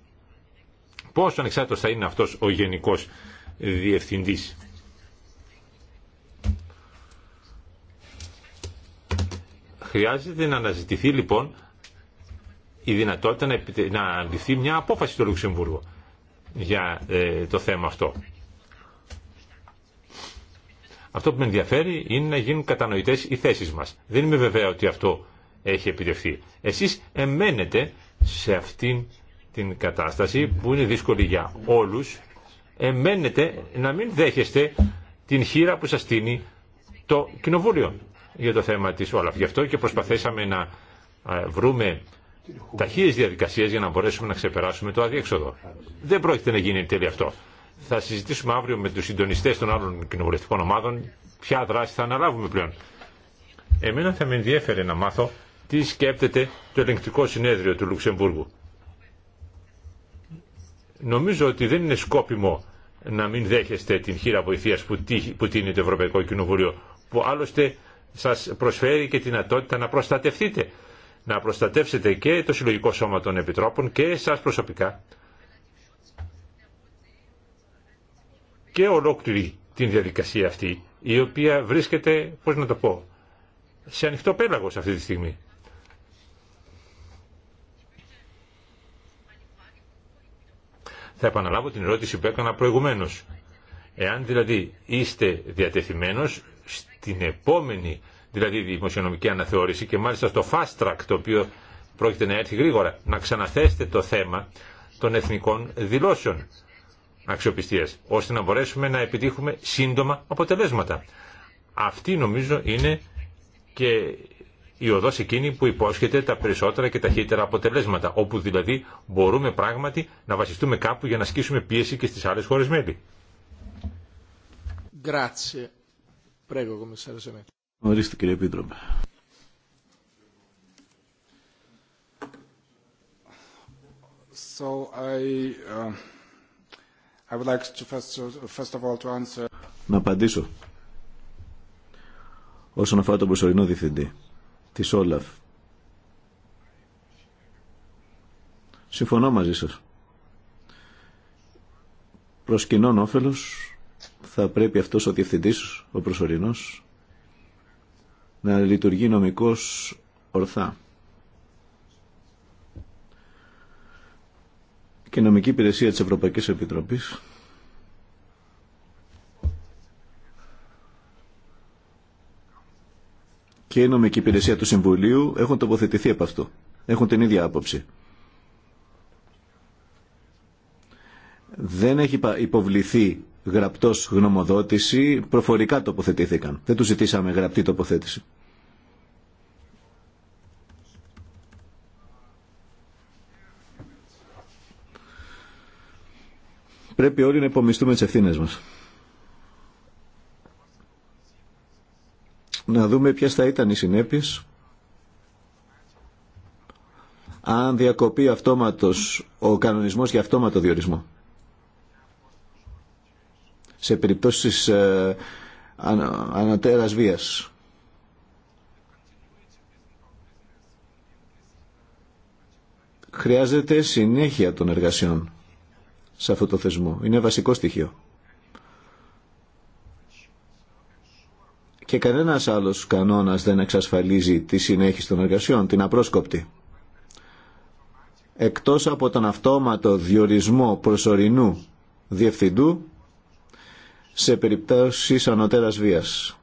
Πόσο ανεξάρτητος θα είναι αυτός ο γενικός διευθυντής. Χρειάζεται να αναζητηθεί λοιπόν η δυνατότητα να ληφθεί μια απόφαση στο Λουξεμβούργο για ε, το θέμα αυτό. Αυτό που με ενδιαφέρει είναι να γίνουν κατανοητές οι θέσεις μας. Δεν είμαι βεβαία ότι αυτό έχει επιτευχθεί. Εσείς εμένετε σε αυτήν την κατάσταση που είναι δύσκολη για όλους. Εμένετε να μην δέχεστε την χείρα που σας στείνει το Κοινοβούλιο για το θέμα της όλα. Γι' αυτό και προσπαθήσαμε να ε, βρούμε ταχύε διαδικασίε για να μπορέσουμε να ξεπεράσουμε το αδιέξοδο. Δεν πρόκειται να γίνει τέλειο αυτό. Θα συζητήσουμε αύριο με του συντονιστέ των άλλων κοινοβουλευτικών ομάδων ποια δράση θα αναλάβουμε πλέον. Εμένα θα με ενδιέφερε να μάθω τι σκέπτεται το ελεγκτικό συνέδριο του Λουξεμβούργου. Νομίζω ότι δεν είναι σκόπιμο να μην δέχεστε την χείρα βοηθείας που, που τίνει το Ευρωπαϊκό Κοινοβούλιο, που άλλωστε σας προσφέρει και την δυνατότητα να προστατευτείτε να προστατεύσετε και το Συλλογικό Σώμα των Επιτρόπων και εσάς προσωπικά και ολόκληρη την διαδικασία αυτή η οποία βρίσκεται, πώς να το πω, σε ανοιχτό πέλαγος αυτή τη στιγμή. Θα επαναλάβω την ερώτηση που έκανα προηγουμένως. Εάν δηλαδή είστε διατεθειμένος στην επόμενη δηλαδή δημοσιονομική αναθεώρηση και μάλιστα στο fast track το οποίο πρόκειται να έρθει γρήγορα, να ξαναθέσετε το θέμα των εθνικών δηλώσεων αξιοπιστίας, ώστε να μπορέσουμε να επιτύχουμε σύντομα αποτελέσματα. Αυτή νομίζω είναι και η οδός εκείνη που υπόσχεται τα περισσότερα και ταχύτερα αποτελέσματα, όπου δηλαδή μπορούμε πράγματι να βασιστούμε κάπου για να ασκήσουμε πίεση και στις άλλες χώρες μέλη. Ορίστε κύριε Επίτροπε. So I, uh, I would like to first, first of all to answer... Να απαντήσω όσον αφορά τον προσωρινό διευθυντή της Όλαφ. Συμφωνώ μαζί σας. Προς κοινών όφελος θα πρέπει αυτός ο διευθυντής, ο προσωρινός, να λειτουργεί νομικός ορθά. Και η νομική υπηρεσία της Ευρωπαϊκής Επιτροπής και η νομική υπηρεσία του Συμβουλίου έχουν τοποθετηθεί από αυτό. Έχουν την ίδια άποψη. Δεν έχει υποβληθεί γραπτός γνωμοδότηση, προφορικά τοποθετήθηκαν. Δεν του ζητήσαμε γραπτή τοποθέτηση. Πρέπει όλοι να υπομιστούμε τις ευθύνε μας. Να δούμε ποιες θα ήταν οι συνέπειες αν διακοπεί αυτόματος ο κανονισμός για αυτόματο διορισμό σε περιπτώσεις ε, ανατέρας βίας. Χρειάζεται συνέχεια των εργασιών σε αυτό το θεσμό. Είναι βασικό στοιχείο. Και κανένας άλλος κανόνας δεν εξασφαλίζει τη συνέχιση των εργασιών, την απρόσκοπτη. Εκτός από τον αυτόματο διορισμό προσωρινού διευθυντού, σε περιπτώσεις ανωτέρας βίας.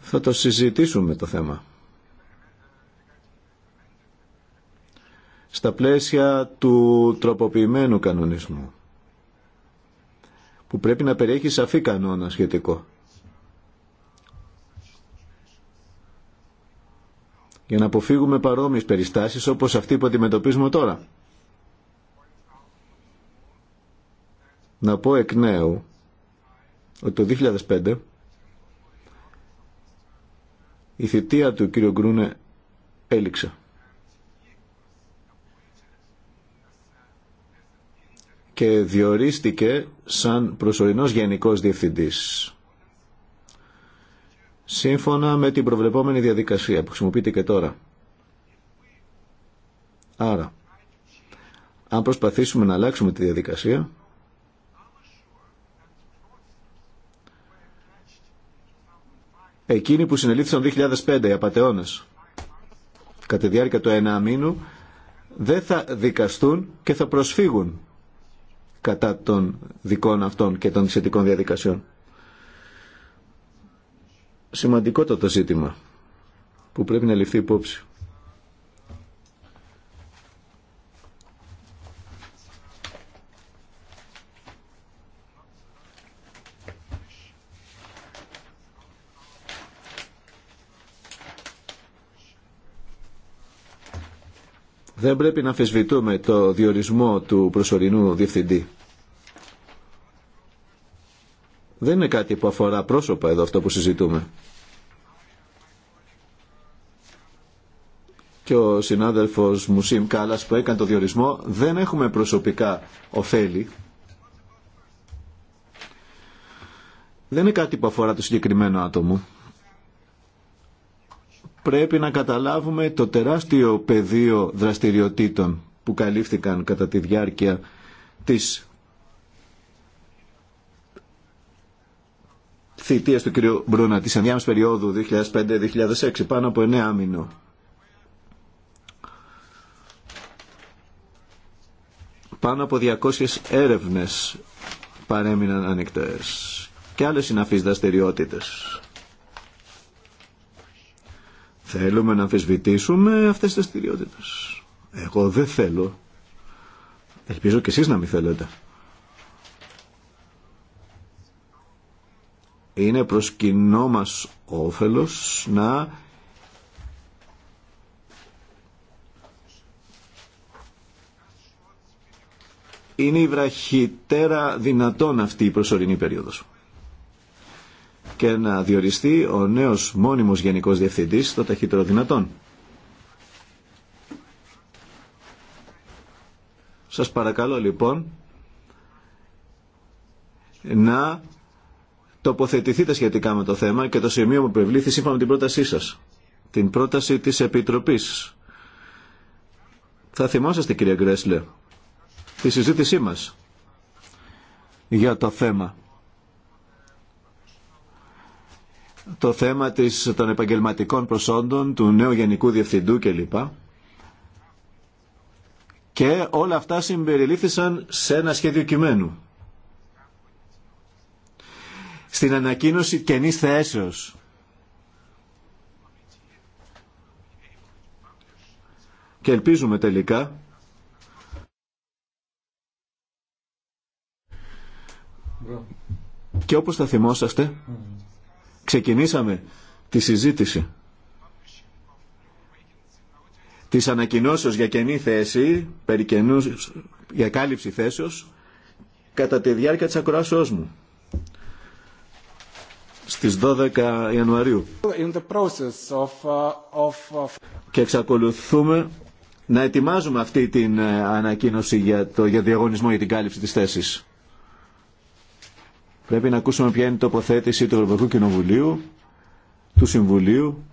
Θα το συζητήσουμε το θέμα. Στα πλαίσια του τροποποιημένου κανονισμού που πρέπει να περιέχει σαφή κανόνα σχετικό. για να αποφύγουμε παρόμοιες περιστάσεις όπως αυτή που αντιμετωπίζουμε τώρα. να πω εκ νέου ότι το 2005 η θητεία του κύριου Γκρούνε έληξε. και διορίστηκε σαν προσωρινός γενικός διευθυντής. Σύμφωνα με την προβλεπόμενη διαδικασία που χρησιμοποιείται και τώρα. Άρα, αν προσπαθήσουμε να αλλάξουμε τη διαδικασία, εκείνοι που συνελήφθησαν το 2005, οι απαταιώνες, κατά τη διάρκεια του ένα μήνου, δεν θα δικαστούν και θα προσφύγουν κατά των δικών αυτών και των σχετικών διαδικασιών. Σημαντικό το ζήτημα που πρέπει να ληφθεί υπόψη. δεν πρέπει να αμφισβητούμε το διορισμό του προσωρινού διευθυντή. Δεν είναι κάτι που αφορά πρόσωπα εδώ αυτό που συζητούμε. Και ο συνάδελφος Μουσίμ Κάλλας που έκανε το διορισμό δεν έχουμε προσωπικά ωφέλη. Δεν είναι κάτι που αφορά το συγκεκριμένο άτομο πρέπει να καταλάβουμε το τεράστιο πεδίο δραστηριοτήτων που καλύφθηκαν κατά τη διάρκεια της θητείας του κ. Μπρούνα της ενδιάμεσης περίοδου 2005-2006 πάνω από 9 μήνο. Πάνω από 200 έρευνες παρέμειναν ανοιχτές και άλλες συναφείς δραστηριότητες. Θέλουμε να αμφισβητήσουμε αυτές τις δραστηριότητε. Εγώ δεν θέλω. Ελπίζω και εσείς να μην θέλετε. Είναι προς κοινό μας όφελος να είναι η βραχυτέρα δυνατόν αυτή η προσωρινή περίοδος και να διοριστεί ο νέος μόνιμος Γενικός Διευθυντής το ταχύτερο δυνατόν. Σας παρακαλώ λοιπόν να τοποθετηθείτε σχετικά με το θέμα και το σημείο που επιβλήθη σύμφωνα με την πρότασή σας. Την πρόταση της Επιτροπής. Θα θυμόσαστε κύριε Γκρέσλε τη συζήτησή μας για το θέμα. το θέμα της, των επαγγελματικών προσόντων, του νέου Γενικού Διευθυντού κλπ. Και όλα αυτά συμπεριλήφθησαν σε ένα σχέδιο κειμένου. Στην ανακοίνωση καινής θέσεως. Και ελπίζουμε τελικά και όπως θα θυμόσαστε ξεκινήσαμε τη συζήτηση της ανακοινώσεως για καινή θέση, περί για κάλυψη θέσεως, κατά τη διάρκεια της ακροάσεώς μου, στις 12 Ιανουαρίου. Uh, Και εξακολουθούμε να ετοιμάζουμε αυτή την ε, ανακοίνωση για το για διαγωνισμό για την κάλυψη της θέσης. Πρέπει να ακούσουμε ποια είναι η τοποθέτηση του Ευρωπαϊκού Κοινοβουλίου, του Συμβουλίου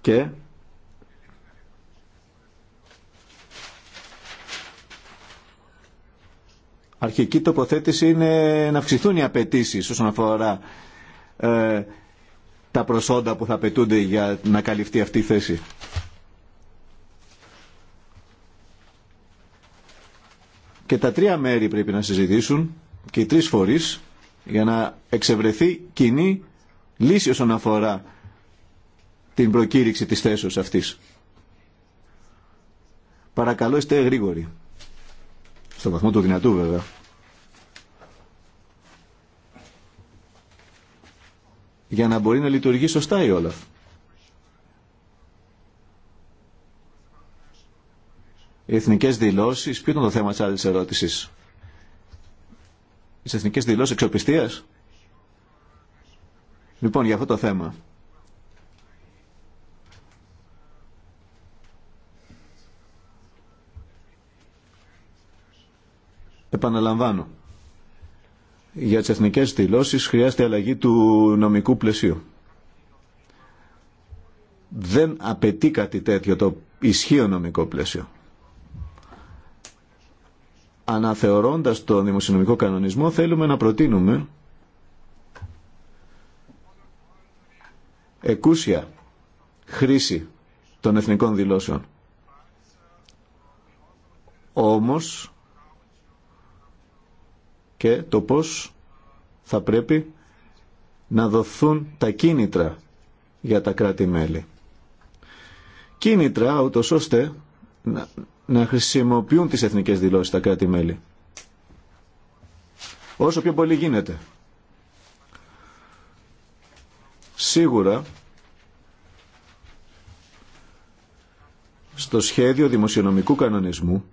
και αρχική τοποθέτηση είναι να αυξηθούν οι απαιτήσει όσον αφορά ε, τα προσόντα που θα απαιτούνται για να καλυφθεί αυτή η θέση. Και τα τρία μέρη πρέπει να συζητήσουν και οι τρεις φορείς για να εξευρεθεί κοινή λύση όσον αφορά την προκήρυξη της θέσεως αυτής. Παρακαλώ είστε γρήγοροι. Στο βαθμό του δυνατού βέβαια. Για να μπορεί να λειτουργεί σωστά η Όλαφ. εθνικές δηλώσεις, ποιο ήταν το θέμα της άλλης ερώτησης τι εθνικέ δηλώσει εξοπιστία. Λοιπόν, για αυτό το θέμα. Επαναλαμβάνω. Για τις εθνικές δηλώσεις χρειάζεται αλλαγή του νομικού πλαισίου. Δεν απαιτεί κάτι τέτοιο το ισχύο νομικό πλαίσιο αναθεωρώντας τον δημοσιονομικό κανονισμό θέλουμε να προτείνουμε εκούσια χρήση των εθνικών δηλώσεων. Όμως και το πώς θα πρέπει να δοθούν τα κίνητρα για τα κράτη-μέλη. Κίνητρα ούτως ώστε να χρησιμοποιούν τις εθνικές δηλώσεις τα κράτη-μέλη. Όσο πιο πολύ γίνεται. Σίγουρα στο σχέδιο δημοσιονομικού κανονισμού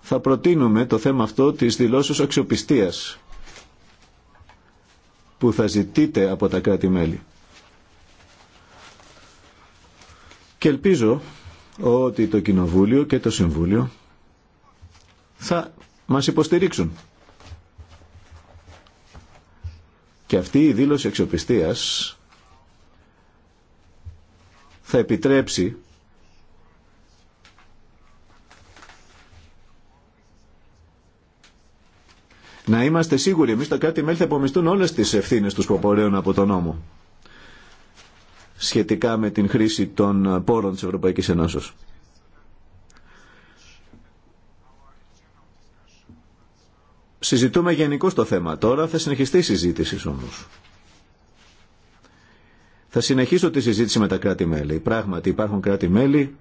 θα προτείνουμε το θέμα αυτό της δηλώσεως αξιοπιστίας που θα ζητείτε από τα κράτη-μέλη. Και ελπίζω ότι το Κοινοβούλιο και το Συμβούλιο θα μας υποστηρίξουν. Και αυτή η δήλωση εξοπιστίας θα επιτρέψει να είμαστε σίγουροι εμείς τα κάτι μέλη θα υπομιστούν όλες τις ευθύνες τους που απορρέουν από τον νόμο σχετικά με την χρήση των πόρων της Ευρωπαϊκής Ενώσεως. Συζητούμε γενικώ το θέμα. Τώρα θα συνεχιστεί η συζήτηση όμως. Θα συνεχίσω τη συζήτηση με τα κράτη-μέλη. Πράγματι υπάρχουν κράτη-μέλη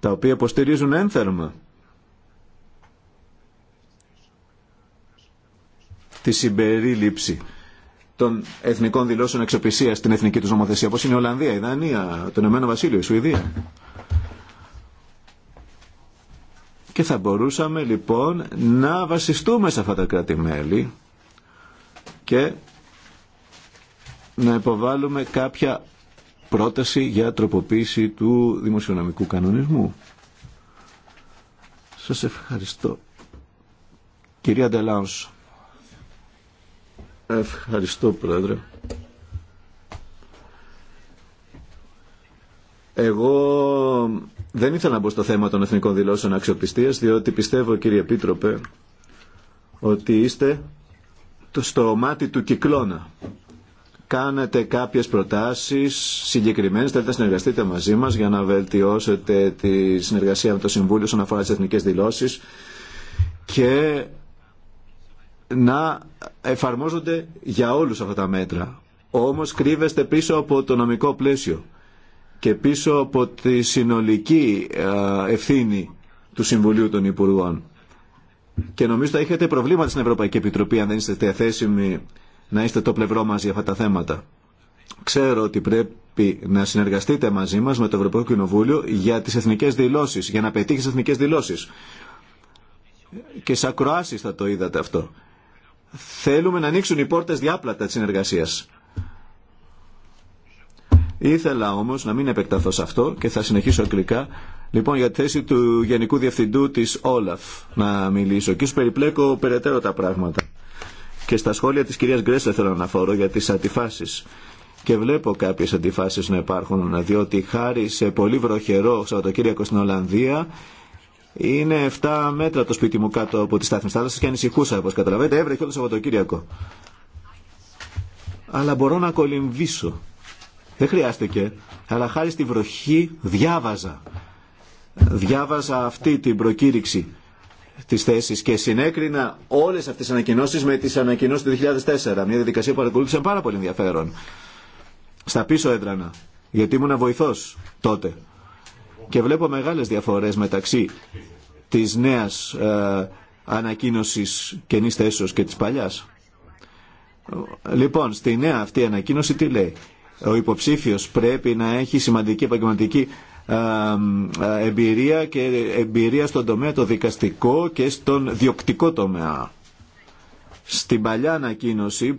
τα οποία υποστηρίζουν ένθερμα τη συμπερίληψη των εθνικών δηλώσεων εξοπλισία στην εθνική του νομοθεσία, όπω είναι η Ολλανδία, η Δανία, το Ηνωμένο Βασίλειο, η Σουηδία. Και θα μπορούσαμε λοιπόν να βασιστούμε σε αυτά τα κράτη-μέλη και να υποβάλουμε κάποια πρόταση για τροποποίηση του δημοσιονομικού κανονισμού. Σας ευχαριστώ. Κυρία Ντελάνσο. Ευχαριστώ Πρόεδρε. Εγώ δεν ήθελα να μπω στο θέμα των εθνικών δηλώσεων αξιοπιστίας διότι πιστεύω κύριε Επίτροπε ότι είστε στο μάτι του κυκλώνα. Κάνετε κάποιες προτάσεις συγκεκριμένες, θέλετε να συνεργαστείτε μαζί μας για να βελτιώσετε τη συνεργασία με το Συμβούλιο όσον αφορά τις εθνικές δηλώσεις και να εφαρμόζονται για όλους αυτά τα μέτρα. Όμως κρύβεστε πίσω από το νομικό πλαίσιο και πίσω από τη συνολική ε, ευθύνη του Συμβουλίου των Υπουργών. Και νομίζω θα έχετε προβλήματα στην Ευρωπαϊκή Επιτροπή αν δεν είστε διαθέσιμοι να είστε το πλευρό μας για αυτά τα θέματα. Ξέρω ότι πρέπει να συνεργαστείτε μαζί μας με το Ευρωπαϊκό Κοινοβούλιο για τις εθνικές δηλώσεις, για να πετύχει τις εθνικές δηλώσεις. Και σαν ακροάσεις θα το είδατε αυτό. Θέλουμε να ανοίξουν οι πόρτες διάπλατα της συνεργασίας. Ήθελα όμως να μην επεκταθώ σε αυτό και θα συνεχίσω αγγλικά. Λοιπόν, για τη θέση του Γενικού Διευθυντού της Όλαφ να μιλήσω. Και σου περιπλέκω περαιτέρω τα πράγματα. Και στα σχόλια της κυρίας Γκρέσλε θέλω να αναφορώ για τις αντιφάσεις. Και βλέπω κάποιες αντιφάσεις να υπάρχουν, διότι χάρη σε πολύ βροχερό Σαββατοκύριακο στην Ολλανδία είναι 7 μέτρα το σπίτι μου κάτω από τη στάθμη θάλασσα και ανησυχούσα, όπω καταλαβαίνετε. Έβρεχε όλο το Σαββατοκύριακο. Αλλά μπορώ να κολυμβήσω. Δεν χρειάστηκε. Αλλά χάρη στη βροχή διάβαζα. Διάβαζα αυτή την προκήρυξη τη θέση και συνέκρινα όλε αυτέ τι ανακοινώσει με τι ανακοινώσει του 2004. Μια διαδικασία που παρακολούθησε πάρα πολύ ενδιαφέρον. Στα πίσω έδρανα. Γιατί ήμουν βοηθό τότε και βλέπω μεγάλες διαφορές μεταξύ της νέας ε, ανακοίνωσης καινής θέσεως και της παλιάς. Λοιπόν, στη νέα αυτή ανακοίνωση τι λέει. Ο υποψήφιος πρέπει να έχει σημαντική επαγγελματική ε, ε, εμπειρία και εμπειρία στον τομέα το δικαστικό και στον διοκτικό τομέα. Στην παλιά ανακοίνωση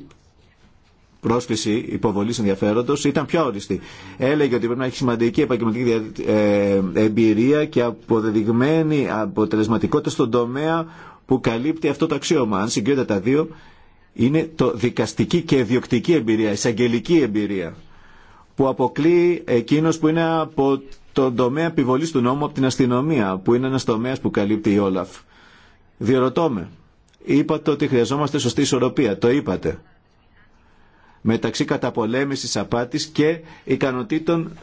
πρόσκληση υποβολή ενδιαφέροντο ήταν πιο όριστη. Έλεγε ότι πρέπει να έχει σημαντική επαγγελματική ε, εμπειρία και αποδεδειγμένη αποτελεσματικότητα στον τομέα που καλύπτει αυτό το αξίωμα. Αν συγκρίνονται τα δύο, είναι το δικαστική και διοκτική εμπειρία, εισαγγελική εμπειρία, που αποκλεί εκείνο που είναι από τον τομέα επιβολή του νόμου από την αστυνομία, που είναι ένα τομέα που καλύπτει η Όλαφ. Διερωτώ με. Είπατε ότι χρειαζόμαστε σωστή ισορροπία. Το είπατε μεταξύ καταπολέμησης απάτης και ικανοτήτων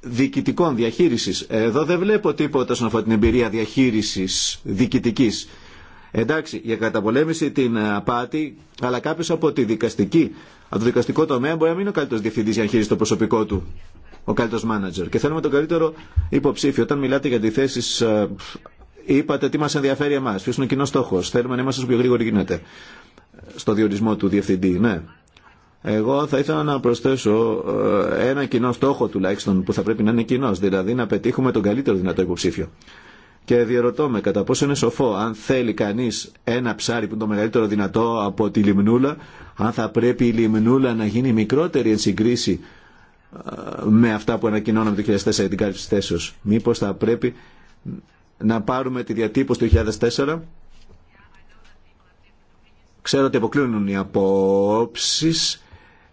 διοικητικών διαχείρισης. Εδώ δεν βλέπω τίποτα όσον αφορά την εμπειρία διαχείρισης διοικητικής. Εντάξει, για καταπολέμηση την απάτη, αλλά κάποιο από, τη δικαστική, από το δικαστικό τομέα μπορεί να μην είναι ο καλύτερο διευθυντή για να χειρίζει το προσωπικό του, ο καλύτερο μάνατζερ. Και θέλουμε τον καλύτερο υποψήφιο. Όταν μιλάτε για αντιθέσει, ε, είπατε τι μα ενδιαφέρει εμά, ποιο είναι ο κοινό στόχο. Θέλουμε να είμαστε πιο γρήγοροι γίνεται στο διορισμό του διευθυντή. Ναι. Εγώ θα ήθελα να προσθέσω ε, ένα κοινό στόχο τουλάχιστον που θα πρέπει να είναι κοινό, δηλαδή να πετύχουμε τον καλύτερο δυνατό υποψήφιο. Και διαρωτώ με κατά πόσο είναι σοφό αν θέλει κανεί ένα ψάρι που είναι το μεγαλύτερο δυνατό από τη λιμνούλα, αν θα πρέπει η λιμνούλα να γίνει μικρότερη εν συγκρίση ε, με αυτά που ανακοινώναμε το 2004 για την κάλυψη θέσεω. Μήπω θα πρέπει να πάρουμε τη διατύπωση του 2004. Ξέρω ότι αποκλίνουν οι απόψεις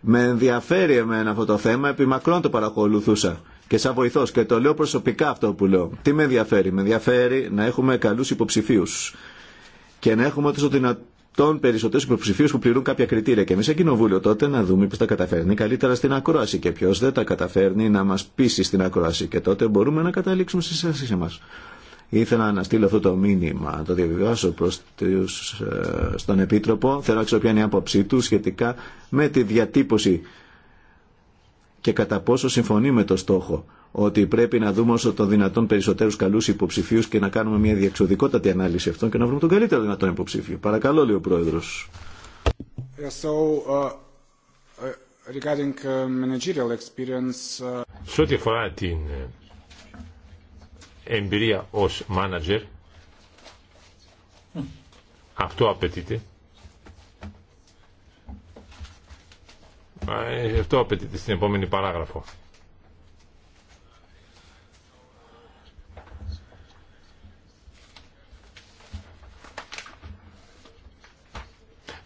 με ενδιαφέρει εμένα αυτό το θέμα, επί μακρόν το παρακολουθούσα και σαν βοηθό και το λέω προσωπικά αυτό που λέω. Τι με ενδιαφέρει, με ενδιαφέρει να έχουμε καλού υποψηφίου και να έχουμε στο δυνατόν περισσότερου υποψηφίου που πληρούν κάποια κριτήρια. Και εμεί σε κοινοβούλιο τότε να δούμε ποιο τα καταφέρνει καλύτερα στην ακρόαση και ποιο δεν τα καταφέρνει να μα πείσει στην ακρόαση. Και τότε μπορούμε να καταλήξουμε στι αισθήσει μα. Ήθελα να στείλω αυτό το μήνυμα, να το διαβιβάσω προς τους, ε, στον Επίτροπο. Θέλω να ξέρω ποια είναι η άποψή του σχετικά με τη διατύπωση και κατά πόσο συμφωνεί με το στόχο ότι πρέπει να δούμε όσο το δυνατόν περισσότερους καλούς υποψηφίους και να κάνουμε μια διεξοδικότατη ανάλυση αυτών και να βρούμε τον καλύτερο δυνατόν υποψήφιο. Παρακαλώ, λέει ο Πρόεδρος. So, uh, uh, uh, Σε ό,τι αφορά την ε, εμπειρία ως μάνατζερ. Αυτό απαιτείται. Ε, αυτό απαιτείται στην επόμενη παράγραφο.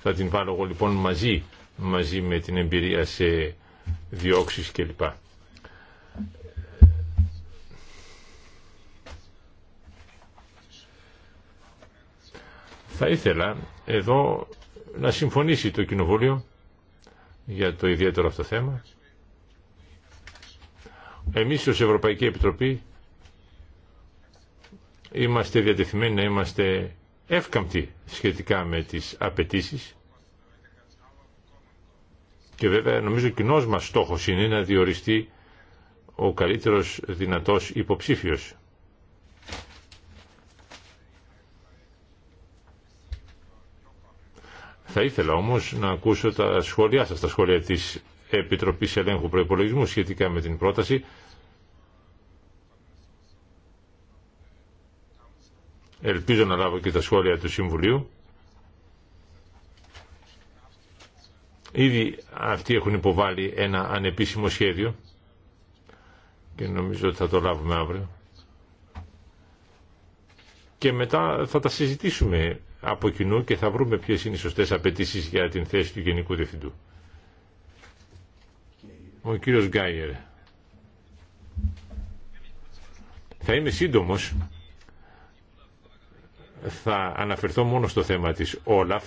Θα την βάλω εγώ λοιπόν μαζί, μαζί με την εμπειρία σε διώξεις κλπ. Θα ήθελα εδώ να συμφωνήσει το Κοινοβούλιο για το ιδιαίτερο αυτό θέμα. Εμείς ως Ευρωπαϊκή Επιτροπή είμαστε διατεθειμένοι να είμαστε εύκαμπτοι σχετικά με τις απαιτήσει. και βέβαια νομίζω κοινός μας στόχος είναι να διοριστεί ο καλύτερος δυνατός υποψήφιος Θα ήθελα όμως να ακούσω τα σχόλιά σας, τα σχόλια της Επιτροπής Ελέγχου Προϋπολογισμού σχετικά με την πρόταση. Ελπίζω να λάβω και τα σχόλια του Συμβουλίου. Ήδη αυτοί έχουν υποβάλει ένα ανεπίσημο σχέδιο και νομίζω ότι θα το λάβουμε αύριο. Και μετά θα τα συζητήσουμε από κοινού και θα βρούμε ποιες είναι οι σωστές απαιτήσει για την θέση του Γενικού Διευθυντού. Ο κύριος Γκάιερ. Θα είμαι σύντομος. Θα αναφερθώ μόνο στο θέμα της Όλαφ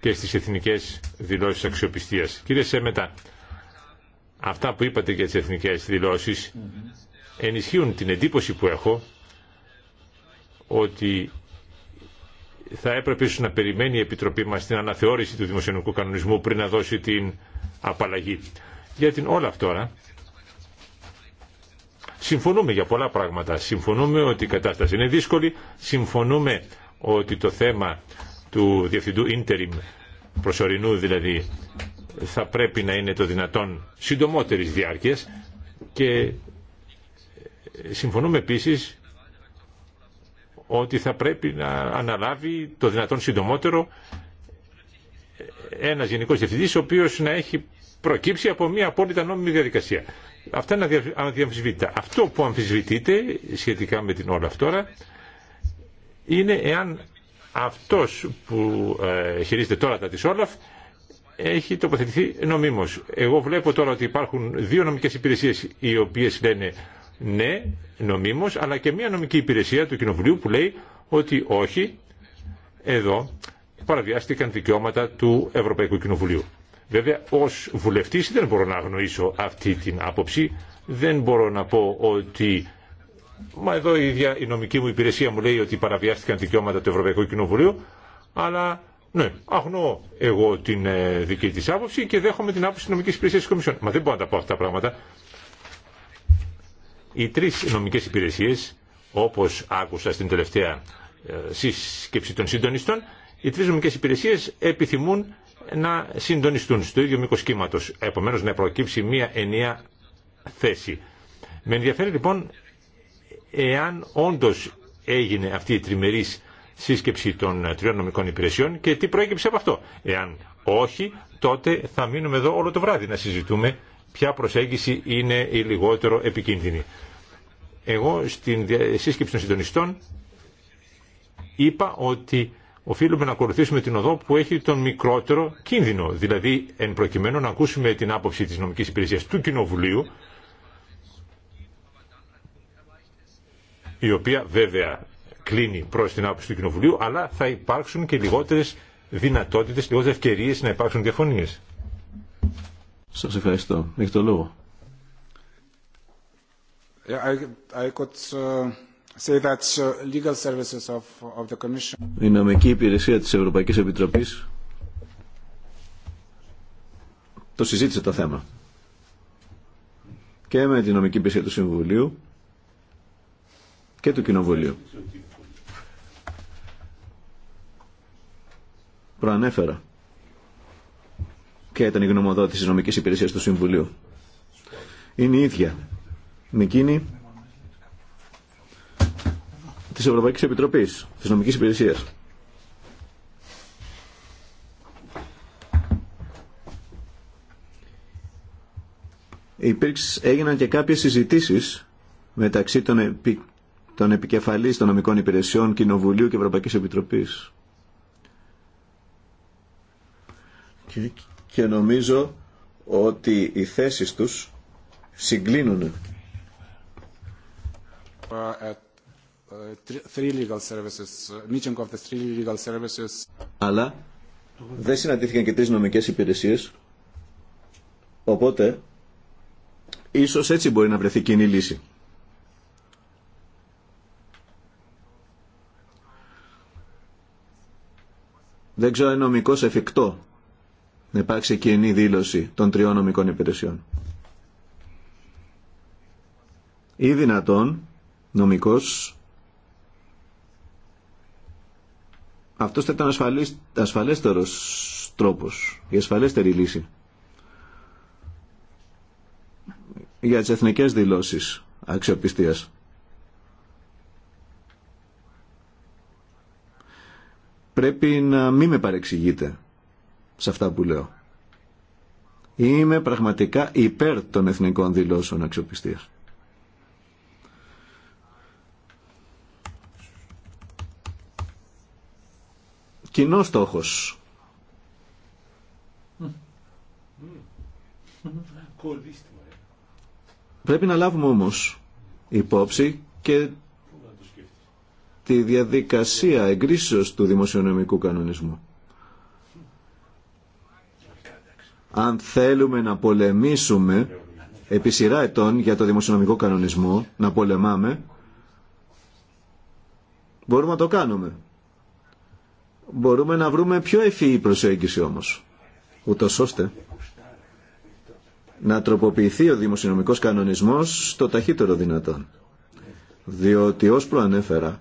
και στις εθνικές δηλώσεις αξιοπιστίας. Κύριε Σέμετα, αυτά που είπατε για τις εθνικές δηλώσεις ενισχύουν την εντύπωση που έχω ότι θα έπρεπε ίσως να περιμένει η Επιτροπή μας την αναθεώρηση του δημοσιονομικού κανονισμού πριν να δώσει την απαλλαγή. Για την όλα τώρα, συμφωνούμε για πολλά πράγματα. Συμφωνούμε ότι η κατάσταση είναι δύσκολη, συμφωνούμε ότι το θέμα του διευθυντού interim προσωρινού δηλαδή θα πρέπει να είναι το δυνατόν συντομότερης διάρκειας και συμφωνούμε επίσης ότι θα πρέπει να αναλάβει το δυνατόν συντομότερο ένας γενικός διευθυντής ο οποίος να έχει προκύψει από μια απόλυτα νόμιμη διαδικασία. Αυτά είναι αδιαμφισβήτητα. Αυτό που αμφισβητείται σχετικά με την όλα τώρα είναι εάν αυτός που ε, χειρίζεται τώρα τα της Όλαφ έχει τοποθετηθεί νομίμως. Εγώ βλέπω τώρα ότι υπάρχουν δύο νομικές υπηρεσίες οι οποίες λένε ναι νομίμω, αλλά και μια νομική υπηρεσία του Κοινοβουλίου που λέει ότι όχι εδώ παραβιάστηκαν δικαιώματα του Ευρωπαϊκού Κοινοβουλίου. Βέβαια ω βουλευτή δεν μπορώ να αγνοήσω αυτή την άποψη, δεν μπορώ να πω ότι μα εδώ η ίδια η νομική μου υπηρεσία μου λέει ότι παραβιάστηκαν δικαιώματα του Ευρωπαϊκού Κοινοβουλίου, αλλά ναι, αγνώ εγώ την ε, δική τη άποψη και δέχομαι την άποψη τη νομική υπηρεσία τη Κομισιόν. Μα δεν μπορώ να τα πω αυτά τα πράγματα. Οι τρεις νομικέ υπηρεσίες, όπως άκουσα στην τελευταία ε, σύσκεψη των συντονιστών, οι τρεις νομικέ υπηρεσίες επιθυμούν να συντονιστούν στο ίδιο μήκο κύματο. Επομένω, να προκύψει μια ενιαία θέση. Με ενδιαφέρει λοιπόν εάν όντω έγινε αυτή η τριμερή σύσκεψη των ε, τριών νομικών υπηρεσιών και τι προέκυψε από αυτό. Εάν όχι, τότε θα μείνουμε εδώ όλο το βράδυ να συζητούμε ποια προσέγγιση είναι η λιγότερο επικίνδυνη. Εγώ στην σύσκεψη των συντονιστών είπα ότι οφείλουμε να ακολουθήσουμε την οδό που έχει τον μικρότερο κίνδυνο. Δηλαδή, εν προκειμένου να ακούσουμε την άποψη της νομικής υπηρεσίας του Κοινοβουλίου, η οποία βέβαια κλείνει προς την άποψη του Κοινοβουλίου, αλλά θα υπάρξουν και λιγότερες δυνατότητες, λιγότερες ευκαιρίες να υπάρξουν διαφωνίες. Σας ευχαριστώ. Έχει το λόγο. Η νομική υπηρεσία της Ευρωπαϊκής Επιτροπής το συζήτησε το θέμα και με την νομική υπηρεσία του Συμβουλίου και του Κοινοβουλίου. Προανέφερα και ήταν η γνωμοδότηση της νομικής υπηρεσίας του Συμβουλίου. Είναι η ίδια με εκείνη της Ευρωπαϊκής Επιτροπής, της νομικής υπηρεσίας. Υπήρξε, έγιναν και κάποιες συζητήσεις μεταξύ των, επι, των επικεφαλής των νομικών υπηρεσιών Κοινοβουλίου και Ευρωπαϊκής Επιτροπής και νομίζω ότι οι θέσεις τους συγκλίνουν. Αλλά δεν συναντήθηκαν και τρεις νομικές υπηρεσίες, οπότε ίσως έτσι μπορεί να βρεθεί κοινή λύση. Δεν ξέρω αν είναι νομικός εφικτό να υπάρξει κοινή δήλωση των τριών νομικών υπηρεσιών. Ή δυνατόν, νομικός, αυτό θα ήταν ασφαλής, ασφαλέστερος τρόπος, η ασφαλέστερη λύση για τις εθνικές δηλώσεις αξιοπιστίας. Πρέπει να μην με παρεξηγείτε σε αυτά που λέω. Είμαι πραγματικά υπέρ των εθνικών δηλώσεων αξιοπιστίας. Κοινό στόχο. Πρέπει να λάβουμε όμως υπόψη και τη διαδικασία εγκρίσεως του δημοσιονομικού κανονισμού. αν θέλουμε να πολεμήσουμε επί σειρά ετών για το δημοσιονομικό κανονισμό, να πολεμάμε, μπορούμε να το κάνουμε. Μπορούμε να βρούμε πιο ευφυή προσέγγιση όμως, ούτω ώστε να τροποποιηθεί ο δημοσιονομικός κανονισμός το ταχύτερο δυνατόν. Διότι ως προανέφερα,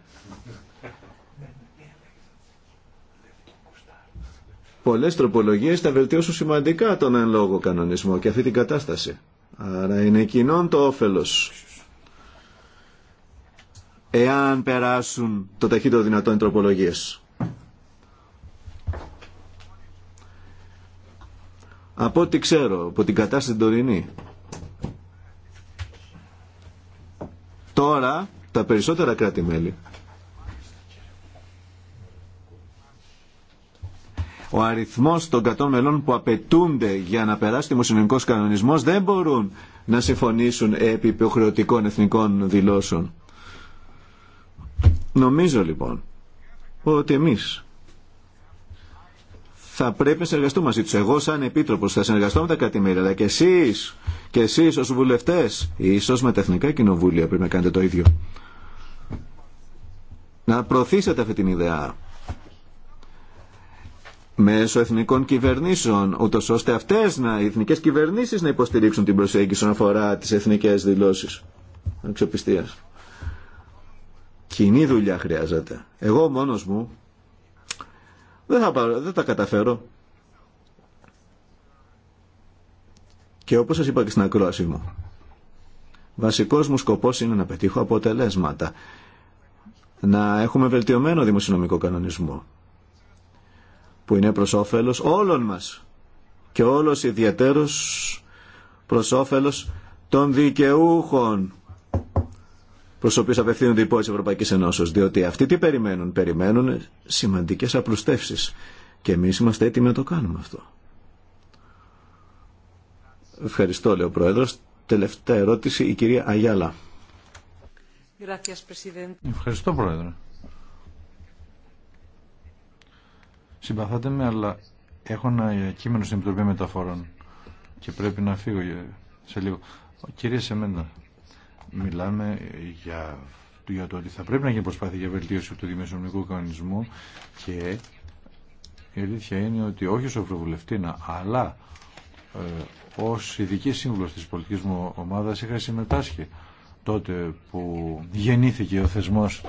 Πολλέ τροπολογίε θα βελτιώσουν σημαντικά τον εν λόγω κανονισμό και αυτή την κατάσταση. Άρα είναι κοινόν το όφελος. Εάν περάσουν το ταχύτερο δυνατόν οι τροπολογίες. Από ό,τι ξέρω, από την κατάσταση τωρινή. Τώρα, τα περισσότερα κράτη-μέλη Ο αριθμός των 100 μελών που απαιτούνται για να περάσει δημοσιονομικό κανονισμός δεν μπορούν να συμφωνήσουν επί υποχρεωτικών εθνικών δηλώσεων. Νομίζω λοιπόν ότι εμείς θα πρέπει να συνεργαστούμε μαζί του. Εγώ, σαν επίτροπο, θα συνεργαστώ με τα κατημέρια, αλλά και εσεί, και εσεί ω βουλευτέ, ίσω με τα εθνικά κοινοβούλια πρέπει να κάνετε το ίδιο. Να προωθήσετε αυτή την ιδέα μέσω εθνικών κυβερνήσεων, ούτω ώστε αυτές να, οι εθνικές κυβερνήσεις να υποστηρίξουν την προσέγγιση όσον αφορά τις εθνικές δηλώσεις αξιοπιστία. Κοινή δουλειά χρειάζεται. Εγώ μόνος μου δεν, θα πάρω, δεν τα καταφέρω. Και όπως σας είπα και στην ακρόαση μου, βασικός μου σκοπός είναι να πετύχω αποτελέσματα. Να έχουμε βελτιωμένο δημοσιονομικό κανονισμό που είναι προς όφελος όλων μας και όλος ιδιαίτερος προς όφελος των δικαιούχων προ οποίους οποίου απευθύνονται οι Ευρωπαϊκή Διότι αυτοί τι περιμένουν, περιμένουν σημαντικές απλουστεύσει. Και εμείς είμαστε έτοιμοι να το κάνουμε αυτό. Ευχαριστώ, λέει ο Πρόεδρο. Τελευταία ερώτηση, η κυρία Αγιάλα. Ευχαριστώ, Πρόεδρε. Συμπαθάτε με, αλλά έχω ένα κείμενο στην Επιτροπή Μεταφορών και πρέπει να φύγω σε λίγο. σε Σεμένα, μιλάμε για, το ότι θα πρέπει να γίνει προσπάθεια για βελτίωση του δημοσιονομικού κανονισμού και η αλήθεια είναι ότι όχι ως ευρωβουλευτήνα, αλλά ε, ως ειδική σύμβουλος της πολιτικής μου ομάδας είχα συμμετάσχει τότε που γεννήθηκε ο θεσμός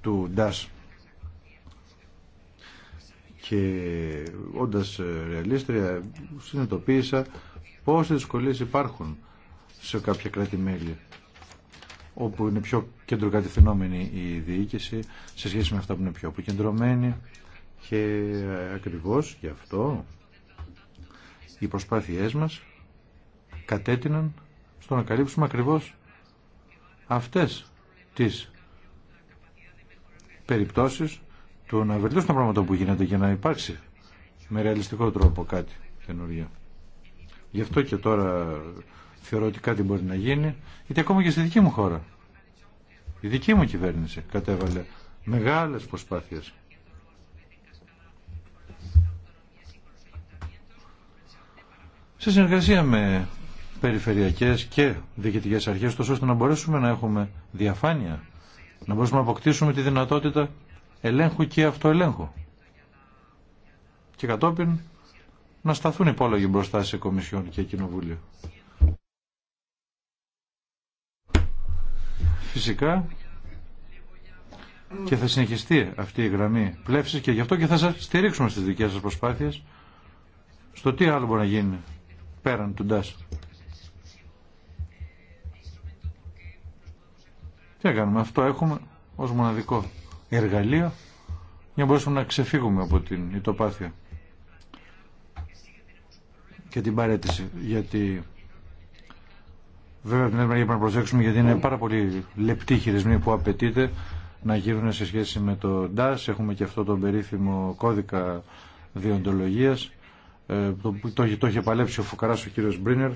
του ΝΤΑΣ και όντας ε, ρεαλίστρια συνειδητοποίησα πόσες δυσκολίε υπάρχουν σε κάποια κράτη-μέλη όπου είναι πιο κεντροκατευθυνόμενη η διοίκηση σε σχέση με αυτά που είναι πιο αποκεντρωμένη και ε, ακριβώς γι' αυτό οι προσπάθειές μας κατέτειναν στο να καλύψουμε ακριβώς αυτές τις περιπτώσεις το να βελτιώσουν τα πράγματα που γίνεται για να υπάρξει με ρεαλιστικό τρόπο κάτι καινούργιο. Γι' αυτό και τώρα θεωρώ ότι κάτι μπορεί να γίνει, γιατί ακόμα και στη δική μου χώρα. Η δική μου κυβέρνηση κατέβαλε μεγάλες προσπάθειες. Σε συνεργασία με περιφερειακές και διοικητικές αρχές, τόσο ώστε να μπορέσουμε να έχουμε διαφάνεια, να μπορούμε να αποκτήσουμε τη δυνατότητα ελέγχου και αυτοελέγχου. Και κατόπιν να σταθούν υπόλογοι μπροστά σε Κομισιόν και Κοινοβούλιο. Φυσικά και θα συνεχιστεί αυτή η γραμμή πλεύσης και γι' αυτό και θα σας στηρίξουμε στις δικές σας προσπάθειες στο τι άλλο μπορεί να γίνει πέραν του ΝΤΑΣ. Τι να αυτό έχουμε ως μοναδικό Εργαλείο; για να μπορέσουμε να ξεφύγουμε από την ητοπάθεια και την παρέτηση. Γιατί βέβαια την πρέπει να προσέξουμε γιατί είναι πάρα πολύ λεπτή χειρισμοί που απαιτείται να γίνουν σε σχέση με το DAS. Έχουμε και αυτό τον περίφημο κώδικα διοντολογίας. Ε, το, το, το είχε παλέψει ο Φουκαράς ο κύριος Μπρίνερ.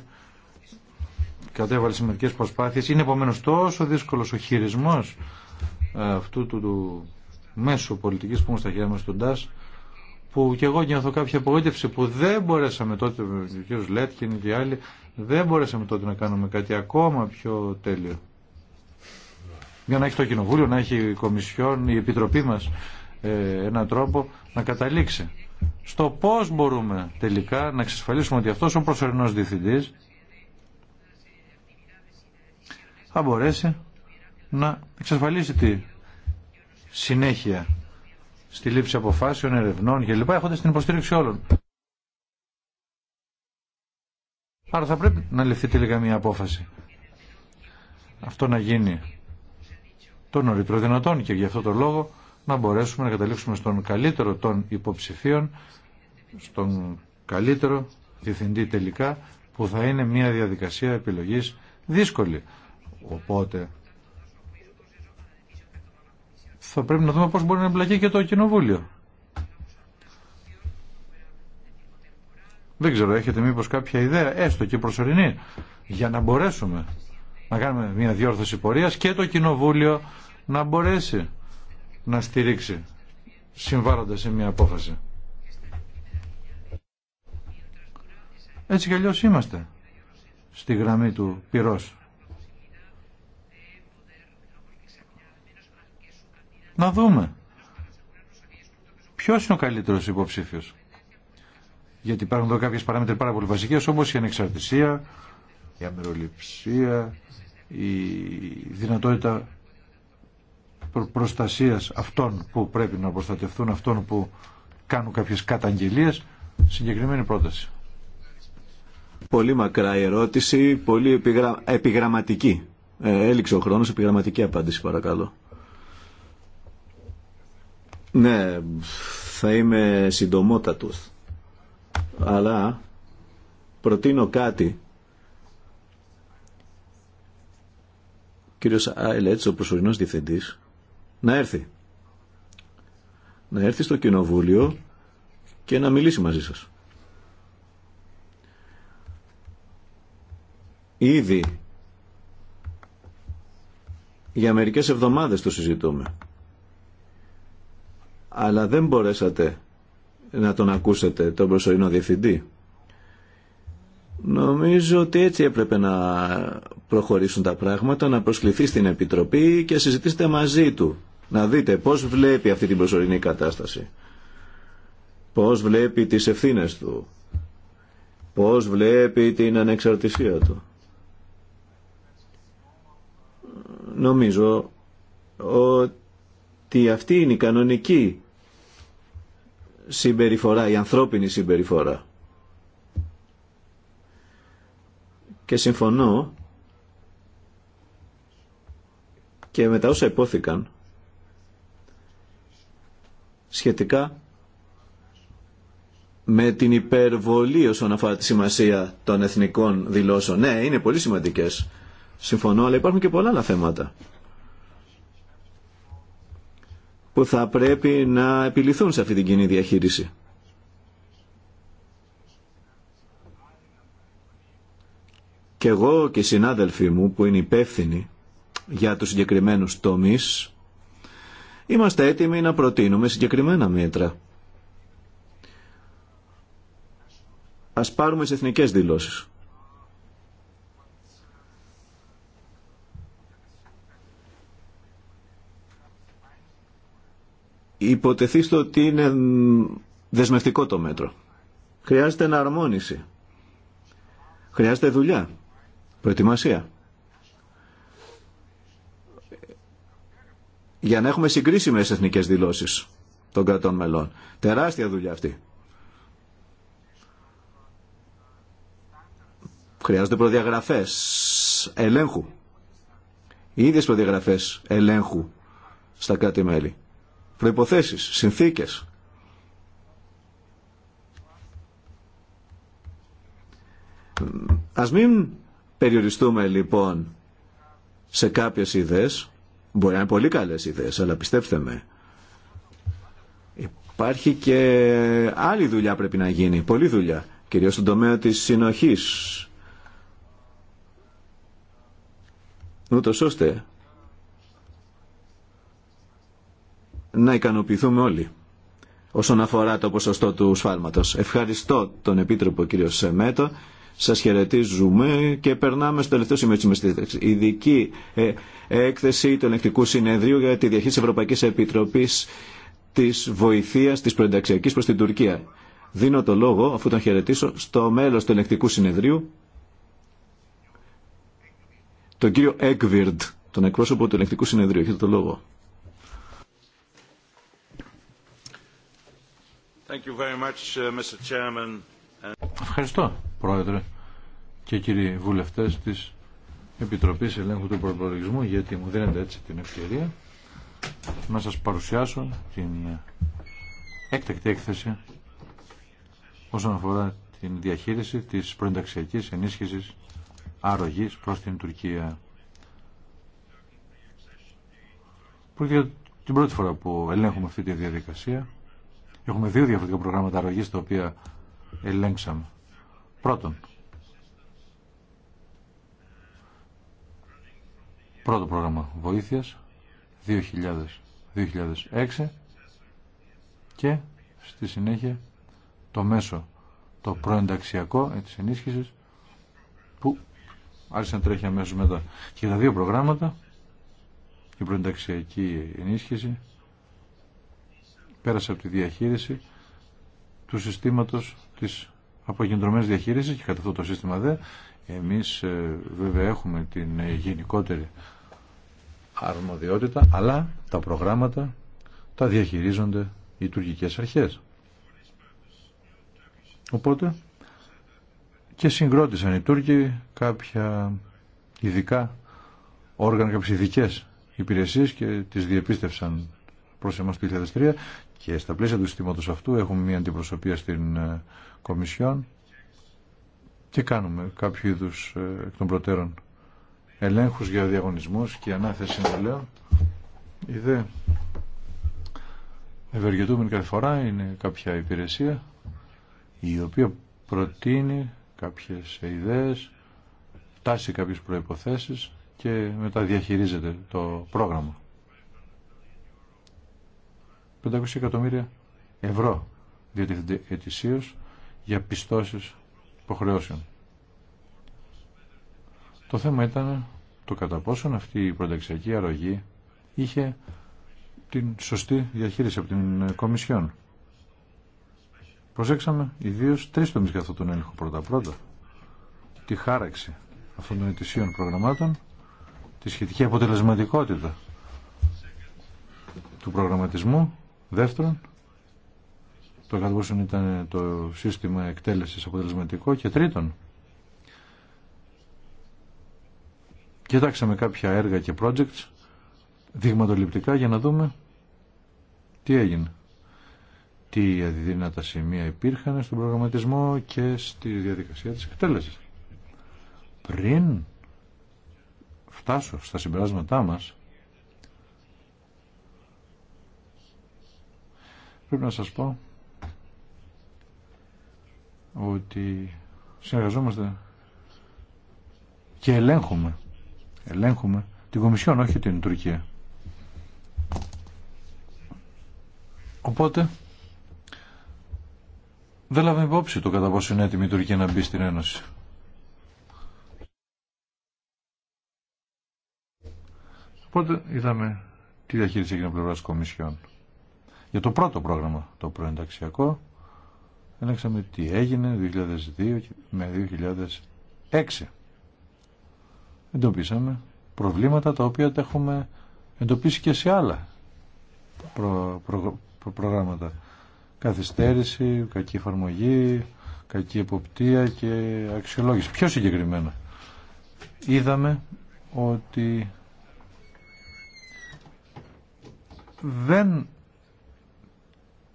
Κατέβαλε σημαντικές προσπάθειες. Είναι επομένω τόσο δύσκολος ο χειρισμός αυτού του, του μέσου πολιτικής που έχουμε στα χέρια μας του ΝΤΑΣ που και εγώ νιώθω κάποια απογοήτευση που δεν μπορέσαμε τότε, ο κ. Λέτκιν και άλλοι, δεν μπορέσαμε τότε να κάνουμε κάτι ακόμα πιο τέλειο. Για να έχει το Κοινοβούλιο, να έχει η Κομισιόν, η Επιτροπή μας ε, έναν τρόπο να καταλήξει στο πώς μπορούμε τελικά να εξασφαλίσουμε ότι αυτός ο προσωρινός διευθυντής θα μπορέσει να εξασφαλίσει τη συνέχεια στη λήψη αποφάσεων, ερευνών κλπ. έχοντας την υποστήριξη όλων. Άρα θα πρέπει να ληφθεί τελικά μια απόφαση. Αυτό να γίνει το νωρίτερο δυνατόν και γι' αυτό το λόγο να μπορέσουμε να καταλήξουμε στον καλύτερο των υποψηφίων, στον καλύτερο διευθυντή τελικά, που θα είναι μια διαδικασία επιλογής δύσκολη. Οπότε θα πρέπει να δούμε πώς μπορεί να εμπλακεί και το κοινοβούλιο. Δεν ξέρω, έχετε μήπως κάποια ιδέα, έστω και προσωρινή, για να μπορέσουμε να κάνουμε μια διόρθωση πορείας και το κοινοβούλιο να μπορέσει να στηρίξει συμβάλλοντας σε μια απόφαση. Έτσι κι αλλιώς είμαστε στη γραμμή του πυρός. να δούμε ποιο είναι ο καλύτερο υποψήφιο. Γιατί υπάρχουν εδώ κάποιες παράμετροι πάρα πολύ βασικέ, όπως η ανεξαρτησία, η αμεροληψία, η δυνατότητα προστασίας αυτών που πρέπει να προστατευτούν, αυτών που κάνουν κάποιες καταγγελίε, συγκεκριμένη πρόταση. Πολύ μακρά η ερώτηση, πολύ επιγραμματική. Ε, έληξε ο χρόνος, επιγραμματική απάντηση παρακαλώ. Ναι, θα είμαι συντομότατος. Αλλά προτείνω κάτι. Κύριος Άιλετς, ο προσωρινός διευθυντής, να έρθει. Να έρθει στο κοινοβούλιο και να μιλήσει μαζί σας. Ήδη για μερικές εβδομάδες το συζητούμε αλλά δεν μπορέσατε να τον ακούσετε τον προσωρινό διευθυντή. Νομίζω ότι έτσι έπρεπε να προχωρήσουν τα πράγματα, να προσκληθεί στην Επιτροπή και συζητήσετε μαζί του. Να δείτε πώς βλέπει αυτή την προσωρινή κατάσταση. Πώς βλέπει τις ευθύνες του. Πώς βλέπει την ανεξαρτησία του. Νομίζω ότι αυτή είναι η κανονική συμπεριφορά, η ανθρώπινη συμπεριφορά. Και συμφωνώ και με τα όσα υπόθηκαν σχετικά με την υπερβολή όσον αφορά τη σημασία των εθνικών δηλώσεων. Ναι, είναι πολύ σημαντικές. Συμφωνώ, αλλά υπάρχουν και πολλά άλλα θέματα που θα πρέπει να επιληθούν σε αυτή την κοινή διαχείριση. Και εγώ και οι συνάδελφοί μου που είναι υπεύθυνοι για τους συγκεκριμένους τομείς, είμαστε έτοιμοι να προτείνουμε συγκεκριμένα μέτρα. Ας πάρουμε τις εθνικές δηλώσεις. υποτεθεί ότι είναι δεσμευτικό το μέτρο. Χρειάζεται εναρμόνιση. Χρειάζεται δουλειά. Προετοιμασία. Για να έχουμε συγκρίσιμες εθνικές δηλώσεις των κρατών μελών. Τεράστια δουλειά αυτή. Χρειάζονται προδιαγραφές ελέγχου. Οι ίδιες προδιαγραφές ελέγχου στα κράτη-μέλη προϋποθέσεις, συνθήκες. Ας μην περιοριστούμε λοιπόν σε κάποιες ιδέες, μπορεί να είναι πολύ καλές ιδέες, αλλά πιστέψτε με, υπάρχει και άλλη δουλειά πρέπει να γίνει, πολλή δουλειά, κυρίως στον τομέα της συνοχής. Ούτως ώστε να ικανοποιηθούμε όλοι όσον αφορά το ποσοστό του σφάλματος. Ευχαριστώ τον Επίτροπο κύριο Σεμέτο. Σας χαιρετίζουμε και περνάμε στο τελευταίο σημείο της Ειδική ε, έκθεση του Ελεκτικού Συνεδρίου για τη διαχείριση Ευρωπαϊκής Επιτροπής της βοηθείας της προενταξιακής προς την Τουρκία. Δίνω το λόγο, αφού τον χαιρετήσω, στο μέλος του Ελεκτικού Συνεδρίου, τον κύριο Έκβιρντ, τον εκπρόσωπο του Ελεκτικού Συνεδρίου. Έχετε το λόγο. Uh, Ευχαριστώ, Πρόεδρε και κύριοι βουλευτές της Επιτροπής Ελέγχου του Προπολογισμού γιατί μου δίνετε έτσι την ευκαιρία να σας παρουσιάσω την έκτακτη έκθεση όσον αφορά την διαχείριση της προενταξιακής ενίσχυσης αρρωγής προς την Τουρκία. Πρόκειται την πρώτη φορά που ελέγχουμε αυτή τη διαδικασία Έχουμε δύο διαφορετικά προγράμματα αρρωγή τα οποία ελέγξαμε. Πρώτον, πρώτο πρόγραμμα βοήθειας 2006 και στη συνέχεια το μέσο το προενταξιακό τη ενίσχυση που άρχισε να τρέχει αμέσω μετά. Και τα δύο προγράμματα η προενταξιακή ενίσχυση πέρασε από τη διαχείριση του συστήματος της απογεντρωμένης διαχείρισης και κατά αυτό το σύστημα δε εμείς ε, βέβαια έχουμε την γενικότερη αρμοδιότητα αλλά τα προγράμματα τα διαχειρίζονται οι τουρκικές αρχές. Οπότε και συγκρότησαν οι Τούρκοι κάποια ειδικά όργανα, κάποιες ειδικέ υπηρεσίες και τις διεπίστευσαν προς εμάς το 2003 και στα πλαίσια του συστήματος αυτού έχουμε μια αντιπροσωπεία στην ε, Κομισιόν και κάνουμε κάποιο είδου ε, εκ των προτέρων ελέγχους για διαγωνισμούς και ανάθεση συμβουλέων. Η δε ευεργετούμενη κάθε φορά είναι κάποια υπηρεσία η οποία προτείνει κάποιες ιδέες, τάσει κάποιες προϋποθέσεις και μετά διαχειρίζεται το πρόγραμμα. 500 εκατομμύρια ευρώ διατηρηθεί ετησίω για πιστώσει υποχρεώσεων. Το θέμα ήταν το κατά πόσον αυτή η πρωταξιακή αρρωγή είχε την σωστή διαχείριση από την Κομισιόν. Προσέξαμε ιδίω τρει τομεί για αυτόν τον έλεγχο πρώτα-πρώτα. Τη χάραξη αυτών των ετησίων προγραμμάτων, τη σχετική αποτελεσματικότητα του προγραμματισμού Δεύτερον, το κατά ήταν το σύστημα εκτέλεσης αποτελεσματικό και τρίτον, κοιτάξαμε κάποια έργα και projects δειγματοληπτικά για να δούμε τι έγινε. Τι αδυνατά σημεία υπήρχαν στον προγραμματισμό και στη διαδικασία της εκτέλεσης. Πριν φτάσω στα συμπεράσματά μας, Πρέπει να σας πω ότι συνεργαζόμαστε και ελέγχουμε, ελέγχουμε την Κομισιόν, όχι την Τουρκία. Οπότε δεν λάβαμε υπόψη το κατά πόσο είναι έτοιμη η Τουρκία να μπει στην Ένωση. Οπότε είδαμε τι διαχείριση έγινε από πλευρά Κομισιόν. Για το πρώτο πρόγραμμα, το προενταξιακό, ελέγξαμε τι έγινε 2002 με 2006. Εντοπίσαμε προβλήματα τα οποία τα έχουμε εντοπίσει και σε άλλα προ, προγράμματα. Καθυστέρηση, κακή εφαρμογή, κακή εποπτεία και αξιολόγηση. Πιο συγκεκριμένα, είδαμε ότι δεν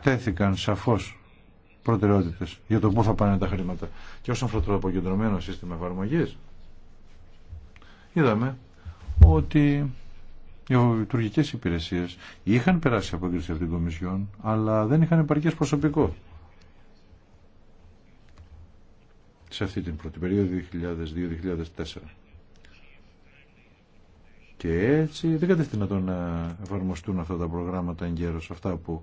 τέθηκαν σαφώς προτεραιότητες για το πού θα πάνε τα χρήματα. Και όσον αφορά το αποκεντρωμένο σύστημα εφαρμογή, είδαμε ότι οι τουρκικέ υπηρεσίε είχαν περάσει από έγκριση από την Κομισιόν, αλλά δεν είχαν επαρκέ προσωπικό. Σε αυτή την πρώτη περίοδο 2002-2004. Και έτσι δεν κατευθυνόταν να εφαρμοστούν αυτά τα προγράμματα εγκαίρως, αυτά που θα πανε τα χρηματα και οσον αφορα το αποκεντρωμενο συστημα εφαρμογη ειδαμε οτι οι τουρκικε υπηρεσιε ειχαν περασει απο εγκριση απο την κομισιον αλλα δεν ειχαν επαρκε προσωπικο σε αυτη την πρωτη περιοδο 2002 2004 και ετσι δεν κατευθυνοταν να εφαρμοστουν αυτα τα προγραμματα γερος αυτα που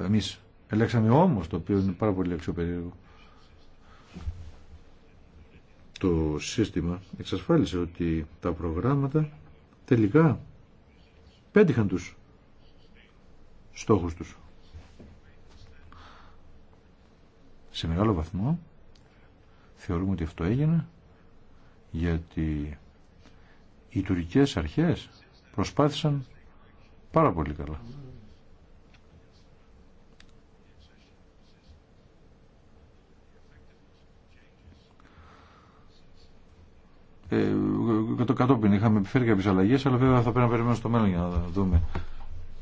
εμείς ελέξαμε όμως το οποίο είναι πάρα πολύ αξιοπερίεργο. Το σύστημα εξασφάλισε ότι τα προγράμματα τελικά πέτυχαν τους στόχους τους. Σε μεγάλο βαθμό θεωρούμε ότι αυτό έγινε γιατί οι τουρκικές αρχές προσπάθησαν πάρα πολύ καλά. Ε, ε, το κατόπιν είχαμε επιφέρει κάποιε αλλαγέ, αλλά βέβαια θα πρέπει να περιμένουμε στο μέλλον για να δούμε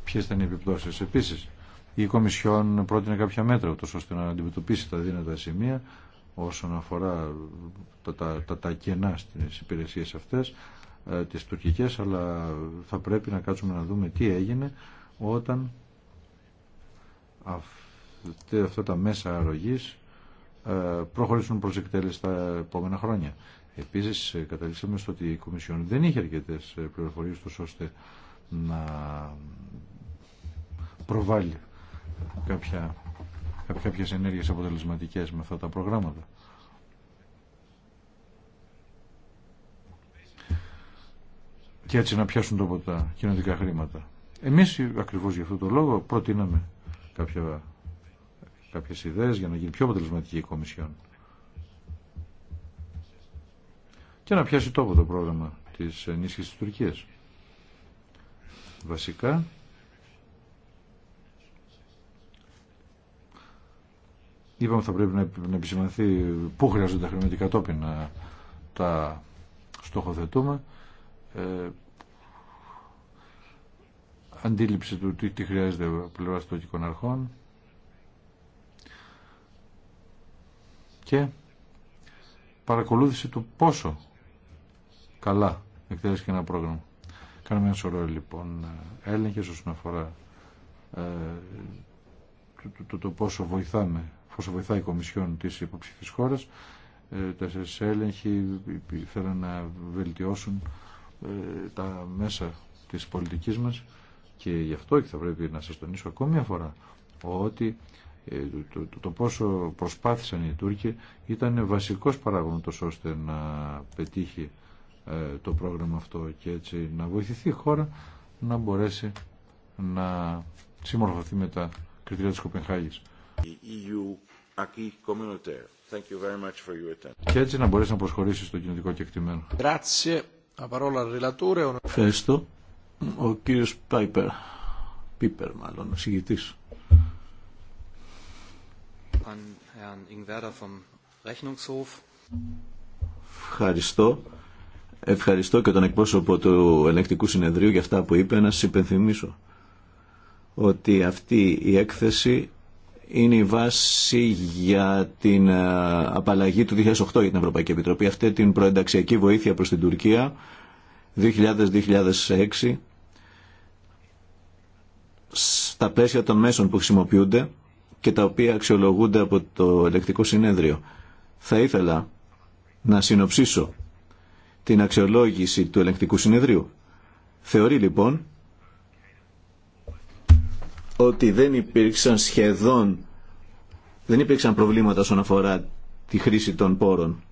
ποιε θα είναι οι επιπτώσει. Επίση, η Κομισιόν πρότεινε κάποια μέτρα, ούτως ώστε να αντιμετωπίσει τα δύνατα σημεία όσον αφορά τα, τα, τα, τα κενά στι υπηρεσίε αυτέ, ε, τις τουρκικές, αλλά θα πρέπει να κάτσουμε να δούμε τι έγινε όταν αυτά τα μέσα αρρωγής ε, προχωρήσουν προς εκτέλεση τα επόμενα χρόνια. Επίσης ε, καταλήξαμε στο ότι η Κομισιόν δεν είχε αρκετέ ε, πληροφορίες ώστε να προβάλλει κάποια, κάποιες ενέργειες αποτελεσματικές με αυτά τα προγράμματα. Και έτσι να πιάσουν τόπο τα κοινωνικά χρήματα. Εμείς ακριβώς για αυτό το λόγο προτείναμε κάποια, κάποιες ιδέες για να γίνει πιο αποτελεσματική η Κομισιόν. και να πιάσει τόπο το πρόγραμμα της ενίσχυσης της Τουρκίας. Βασικά, είπαμε ότι θα πρέπει να επισημανθεί πού χρειάζονται τα χρηματικά τόπινα να τα στοχοθετούμε. Ε, αντίληψη του τι, τι χρειάζεται πλευρά των αρχών και παρακολούθηση του πόσο καλά εκτέλεσε και ένα πρόγραμμα. Κάναμε ένα σωρό λοιπόν έλεγχε όσον αφορά ε, το, το, πόσο βοηθάμε, πόσο βοηθάει η Κομισιόν της υποψηφής χώρα, ε, Τα σε έλεγχοι θέλουν να βελτιώσουν ε, τα μέσα της πολιτική μας και γι' αυτό και θα πρέπει να σα τονίσω ακόμη μια φορά ότι ε, το, το, πόσο προσπάθησαν οι Τούρκοι ήταν βασικός παράγοντας ώστε να πετύχει ε, το πρόγραμμα αυτό και έτσι να βοηθηθεί η χώρα να μπορέσει να συμμορφωθεί με τα κριτήρια της Κοπενχάγης. E και έτσι να μπορέσει να προσχωρήσει στο κοινωτικό κεκτημένο. Ευχαριστώ. Ο κύριος Πάιπερ, Πίπερ μάλλον, ο συγητής. Ευχαριστώ. Ευχαριστώ και τον εκπρόσωπο του Ελεκτικού Συνεδρίου για αυτά που είπε. Να σας υπενθυμίσω ότι αυτή η έκθεση είναι η βάση για την ε, απαλλαγή του 2008 για την Ευρωπαϊκή Επιτροπή. Αυτή την προενταξιακή βοήθεια προς την Τουρκία 2000-2006 στα πλαίσια των μέσων που χρησιμοποιούνται και τα οποία αξιολογούνται από το ελεκτικό συνέδριο. Θα ήθελα να συνοψίσω την αξιολόγηση του ελεγκτικού συνεδρίου. Θεωρεί λοιπόν ότι δεν υπήρξαν σχεδόν δεν υπήρξαν προβλήματα όσον αφορά τη χρήση των πόρων.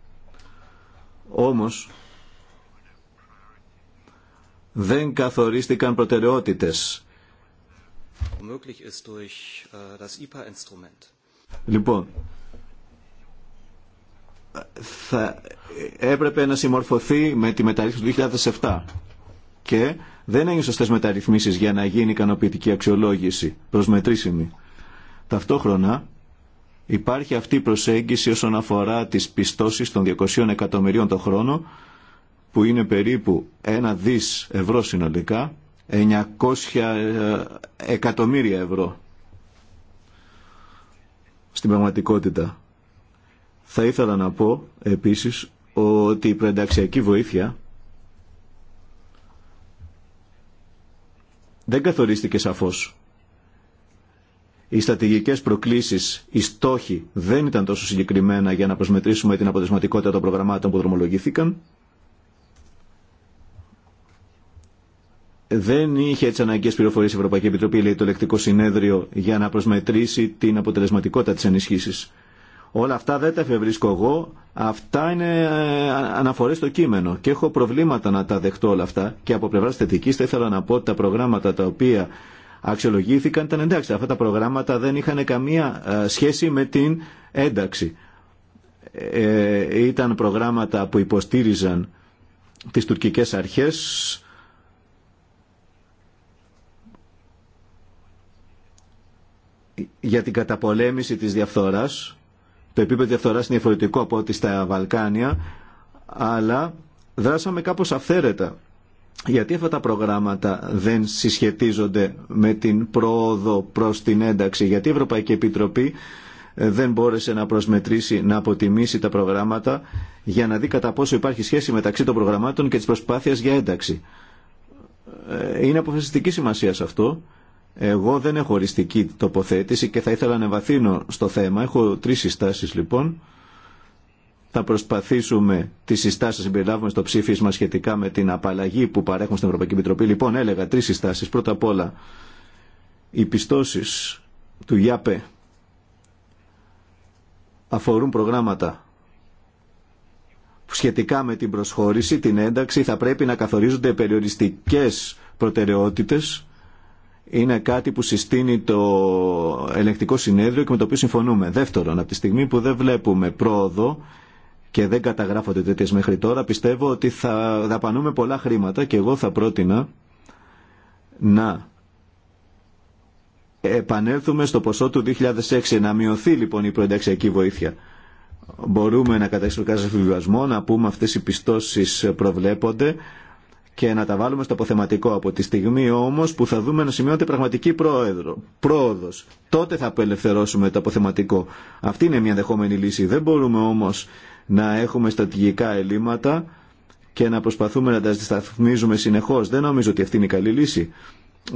Όμως δεν καθορίστηκαν προτεραιότητες. Äh, λοιπόν, θα έπρεπε να συμμορφωθεί με τη μεταρρύθμιση του 2007 και δεν έγινε σωστέ μεταρρυθμίσεις για να γίνει ικανοποιητική αξιολόγηση προσμετρήσιμη. Ταυτόχρονα υπάρχει αυτή η προσέγγιση όσον αφορά τις πιστώσεις των 200 εκατομμυρίων το χρόνο που είναι περίπου 1 δις ευρώ συνολικά, 900 ε, εκατομμύρια ευρώ στην πραγματικότητα. Θα ήθελα να πω επίσης ότι η προενταξιακή βοήθεια δεν καθορίστηκε σαφώς. Οι στατηγικές προκλήσεις, οι στόχοι δεν ήταν τόσο συγκεκριμένα για να προσμετρήσουμε την αποτελεσματικότητα των προγραμμάτων που δρομολογήθηκαν. δεν είχε τι αναγκαίες πληροφορίε η Ευρωπαϊκή Επιτροπή, λέει το ελεκτικό συνέδριο, για να προσμετρήσει την αποτελεσματικότητα της ενισχύση. Όλα αυτά δεν τα εφευρίσκω εγώ, αυτά είναι ε, αναφορές στο κείμενο και έχω προβλήματα να τα δεχτώ όλα αυτά και από πλευρά θετική θα ήθελα να πω ότι τα προγράμματα τα οποία αξιολογήθηκαν ήταν εντάξει. Αυτά τα προγράμματα δεν είχαν καμία ε, σχέση με την ένταξη. Ε, ήταν προγράμματα που υποστήριζαν τις τουρκικές αρχές για την καταπολέμηση της διαφθοράς το επίπεδο διαφθοράς είναι διαφορετικό από ό,τι στα Βαλκάνια, αλλά δράσαμε κάπως αυθαίρετα. Γιατί αυτά τα προγράμματα δεν συσχετίζονται με την πρόοδο προς την ένταξη, γιατί η Ευρωπαϊκή Επιτροπή ε, δεν μπόρεσε να προσμετρήσει, να αποτιμήσει τα προγράμματα για να δει κατά πόσο υπάρχει σχέση μεταξύ των προγραμμάτων και της προσπάθειας για ένταξη. Ε, είναι αποφασιστική σημασία αυτό εγώ δεν έχω οριστική τοποθέτηση και θα ήθελα να βαθύνω στο θέμα. Έχω τρει συστάσει, λοιπόν. Θα προσπαθήσουμε τι συστάσει να συμπεριλάβουμε στο ψήφισμα σχετικά με την απαλλαγή που παρέχουν στην Ευρωπαϊκή Επιτροπή. Λοιπόν, έλεγα τρει συστάσει. Πρώτα απ' όλα, οι πιστώσει του ΙΑΠΕ αφορούν προγράμματα που σχετικά με την προσχώρηση, την ένταξη, θα πρέπει να καθορίζονται περιοριστικές προτεραιότητες είναι κάτι που συστήνει το ελεκτικό συνέδριο και με το οποίο συμφωνούμε. Δεύτερον, από τη στιγμή που δεν βλέπουμε πρόοδο και δεν καταγράφονται τέτοιε μέχρι τώρα, πιστεύω ότι θα δαπανούμε πολλά χρήματα και εγώ θα πρότεινα να επανέλθουμε στο ποσό του 2006, να μειωθεί λοιπόν η προενταξιακή βοήθεια. Μπορούμε να τον βιβασμό, να πούμε αυτές οι πιστώσεις προβλέπονται, και να τα βάλουμε στο αποθεματικό. Από τη στιγμή όμως που θα δούμε να σημειώνεται πραγματική πρόοδος, τότε θα απελευθερώσουμε το αποθεματικό. Αυτή είναι μια δεχόμενη λύση. Δεν μπορούμε όμως να έχουμε στρατηγικά ελλείμματα και να προσπαθούμε να τα σταθμίζουμε συνεχώς. Δεν νομίζω ότι αυτή είναι η καλή λύση.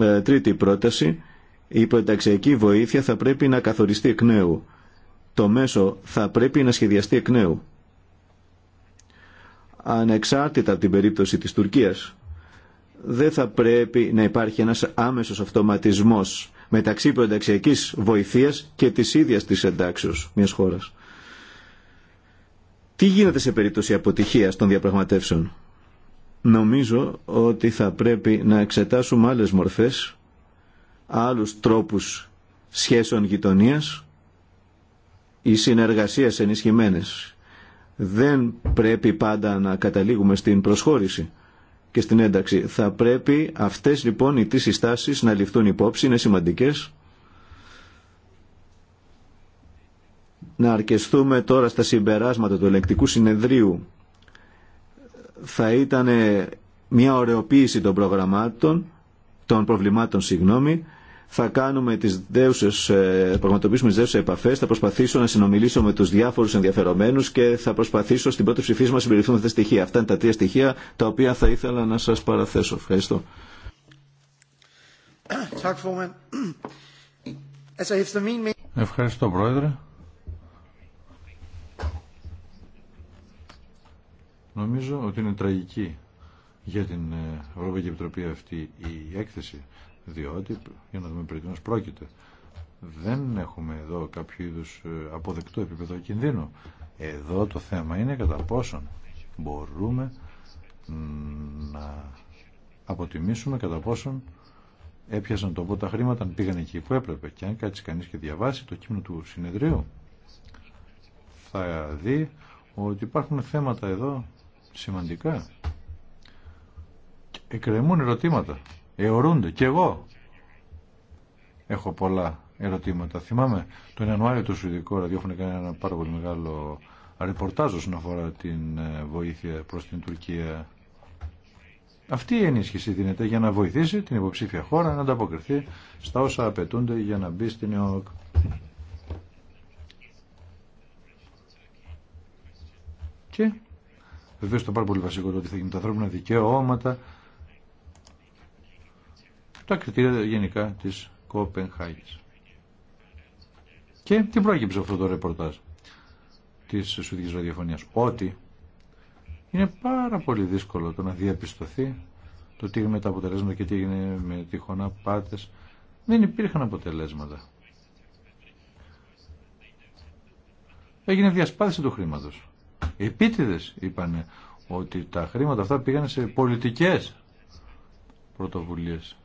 Ε, τρίτη πρόταση, η προταξιακή βοήθεια θα πρέπει να καθοριστεί εκ νέου. Το μέσο θα πρέπει να σχεδιαστεί εκ νέου ανεξάρτητα από την περίπτωση της Τουρκίας. Δεν θα πρέπει να υπάρχει ένας άμεσος αυτοματισμός μεταξύ προενταξιακής βοηθείας και της ίδιας της εντάξεως μιας χώρας. Τι γίνεται σε περίπτωση αποτυχίας των διαπραγματεύσεων. Νομίζω ότι θα πρέπει να εξετάσουμε άλλες μορφές, άλλους τρόπους σχέσεων γειτονίας ή συνεργασίας ενισχυμένες δεν πρέπει πάντα να καταλήγουμε στην προσχώρηση και στην ένταξη. Θα πρέπει αυτές λοιπόν οι τρεις συστάσεις να ληφθούν υπόψη, είναι σημαντικές. Να αρκεστούμε τώρα στα συμπεράσματα του ελεγκτικού συνεδρίου. Θα ήταν μια ωρεοποίηση των προγραμμάτων, των προβλημάτων, συγγνώμη, θα κάνουμε τις δέουσες, ε, πραγματοποιήσουμε τις δέουσες επαφές, θα προσπαθήσω να συνομιλήσω με τους διάφορους ενδιαφερομένους και θα προσπαθήσω στην πρώτη ψηφίσμα να συμπεριληφθούν αυτά τα στοιχεία. Αυτά είναι τα τρία στοιχεία τα οποία θα ήθελα να σας παραθέσω. Ευχαριστώ. Ευχαριστώ Πρόεδρε. Νομίζω ότι είναι τραγική για την ε, Ευρωπαϊκή Επιτροπή αυτή η έκθεση διότι, για να δούμε περί τίνος πρόκειται, δεν έχουμε εδώ κάποιο είδους ε, αποδεκτό επίπεδο κινδύνου. Εδώ το θέμα είναι κατά πόσον μπορούμε να αποτιμήσουμε κατά πόσον έπιασαν το τα χρήματα, αν πήγαν εκεί που έπρεπε. Και αν κάτσει κανείς και διαβάσει το κείμενο του συνεδρίου, θα δει ότι υπάρχουν θέματα εδώ σημαντικά. Εκκρεμούν ερωτήματα Εωρούνται. Και εγώ έχω πολλά ερωτήματα. Θυμάμαι τον Ιανουάριο του Σουηδικού Ραδιόφωνο έκανε ένα πάρα πολύ μεγάλο ρεπορτάζ όσον αφορά την ε, βοήθεια προς την Τουρκία. Αυτή η ενίσχυση δίνεται για να βοηθήσει την υποψήφια χώρα να ανταποκριθεί στα όσα απαιτούνται για να μπει στην ΕΟΚ. Και βεβαίω το πάρα πολύ βασικό το ότι θα γίνουν τα ανθρώπινα δικαιώματα, τα κριτήρια γενικά της Κοπενχάγης. Και τι πρόκειψε αυτό το ρεπορτάζ της Σουηδικής Ραδιοφωνίας. Ότι είναι πάρα πολύ δύσκολο το να διαπιστωθεί το τι έγινε με τα αποτελέσματα και τι έγινε με τυχόν απάτες. Δεν υπήρχαν αποτελέσματα. Έγινε διασπάθηση του χρήματος. Επίτηδες είπαν ότι τα χρήματα αυτά πήγαν σε πολιτικές πρωτοβουλίες.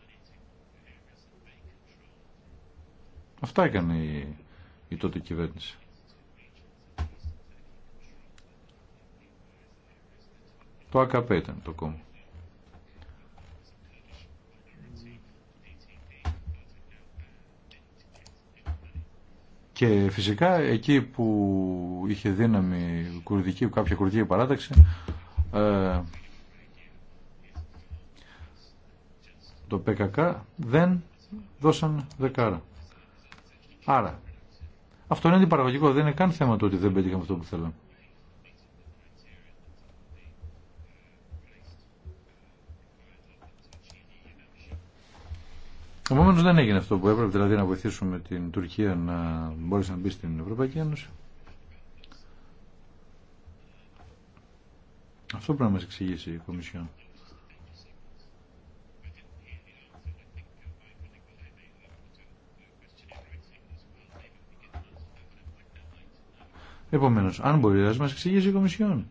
Αυτά έκανε η, τότε κυβέρνηση. Το ΑΚΠ ήταν το κόμμα. Και φυσικά εκεί που είχε δύναμη κουρδική, κάποια κουρδική παράταξη, ε, το ΠΚΚ δεν δώσαν δεκάρα. Άρα, αυτό είναι αντιπαραγωγικό. Δεν είναι καν θέμα το ότι δεν πετύχαμε αυτό που θέλαμε. Επομένω δεν έγινε αυτό που έπρεπε, δηλαδή να βοηθήσουμε την Τουρκία να μπορέσει να μπει στην Ευρωπαϊκή Ένωση. Αυτό πρέπει να μας εξηγήσει η Κομισιόν. Επομένω, αν μπορεί να μα εξηγήσει η Κομισιόν.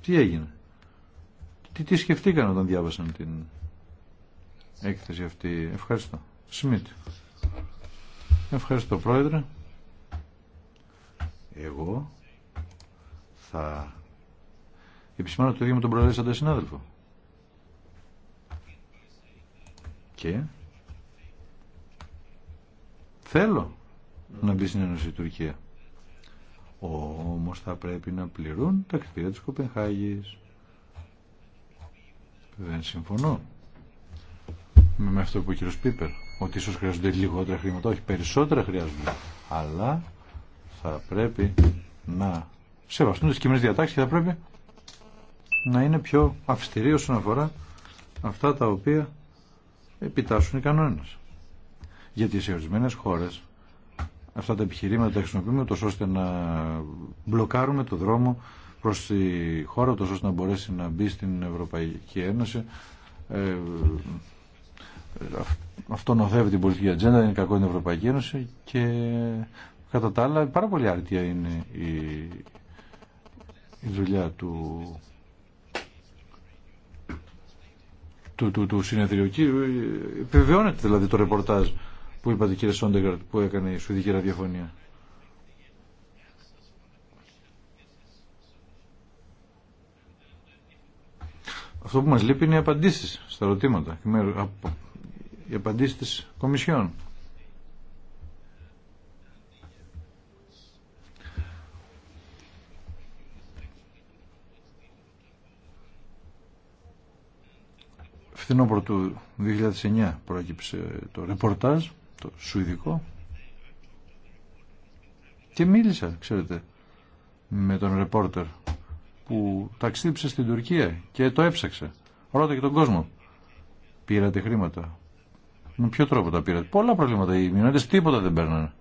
Τι έγινε. Τι, τι σκεφτήκαν όταν διάβασαν την έκθεση αυτή. Ευχαριστώ. Σμιτ. Ευχαριστώ πρόεδρε. Εγώ θα επισημάνω το ίδιο με τον τον συνάδελφο. Και Θέλω να μπει στην Ένωση η Τουρκία. Όμως θα πρέπει να πληρούν τα κριτήρια της Κοπενχάγης. Δεν συμφωνώ με αυτό που ο κύριος Πίπερ, ότι ίσως χρειάζονται λιγότερα χρήματα, όχι περισσότερα χρειάζονται, αλλά θα πρέπει να σεβαστούν τις κοινές διατάξεις και θα πρέπει να είναι πιο αυστηροί όσον αφορά αυτά τα οποία επιτάσσουν οι κανόνες γιατί σε ορισμένε χώρες αυτά τα επιχειρήματα τα χρησιμοποιούμε τόσο ώστε να μπλοκάρουμε το δρόμο προς τη χώρα τόσο ώστε να μπορέσει να μπει στην Ευρωπαϊκή Ένωση ε, αυτό νοθεύει την πολιτική ατζέντα, είναι κακό την Ευρωπαϊκή Ένωση και κατά τα άλλα πάρα πολύ άρτια είναι η, η δουλειά του του, του, του συνεδριοκύρου ε, επιβεβαιώνεται δηλαδή το ρεπορτάζ που είπατε κύριε Σόντεγκαρτ που έκανε η Σουηδική Ραδιοφωνία. Αυτό που μας λείπει είναι οι απαντήσεις στα ερωτήματα, οι απαντήσεις της Κομισιόν. Φθινόπωρο του 2009 προέκυψε το ρεπορτάζ το Σουηδικό και μίλησα, ξέρετε, με τον ρεπόρτερ που ταξίδεψε στην Τουρκία και το έψαξε. Ρώτα και τον κόσμο. Πήρατε χρήματα. Με ποιο τρόπο τα πήρατε. Πολλά προβλήματα οι μηνότητες τίποτα δεν παίρνανε.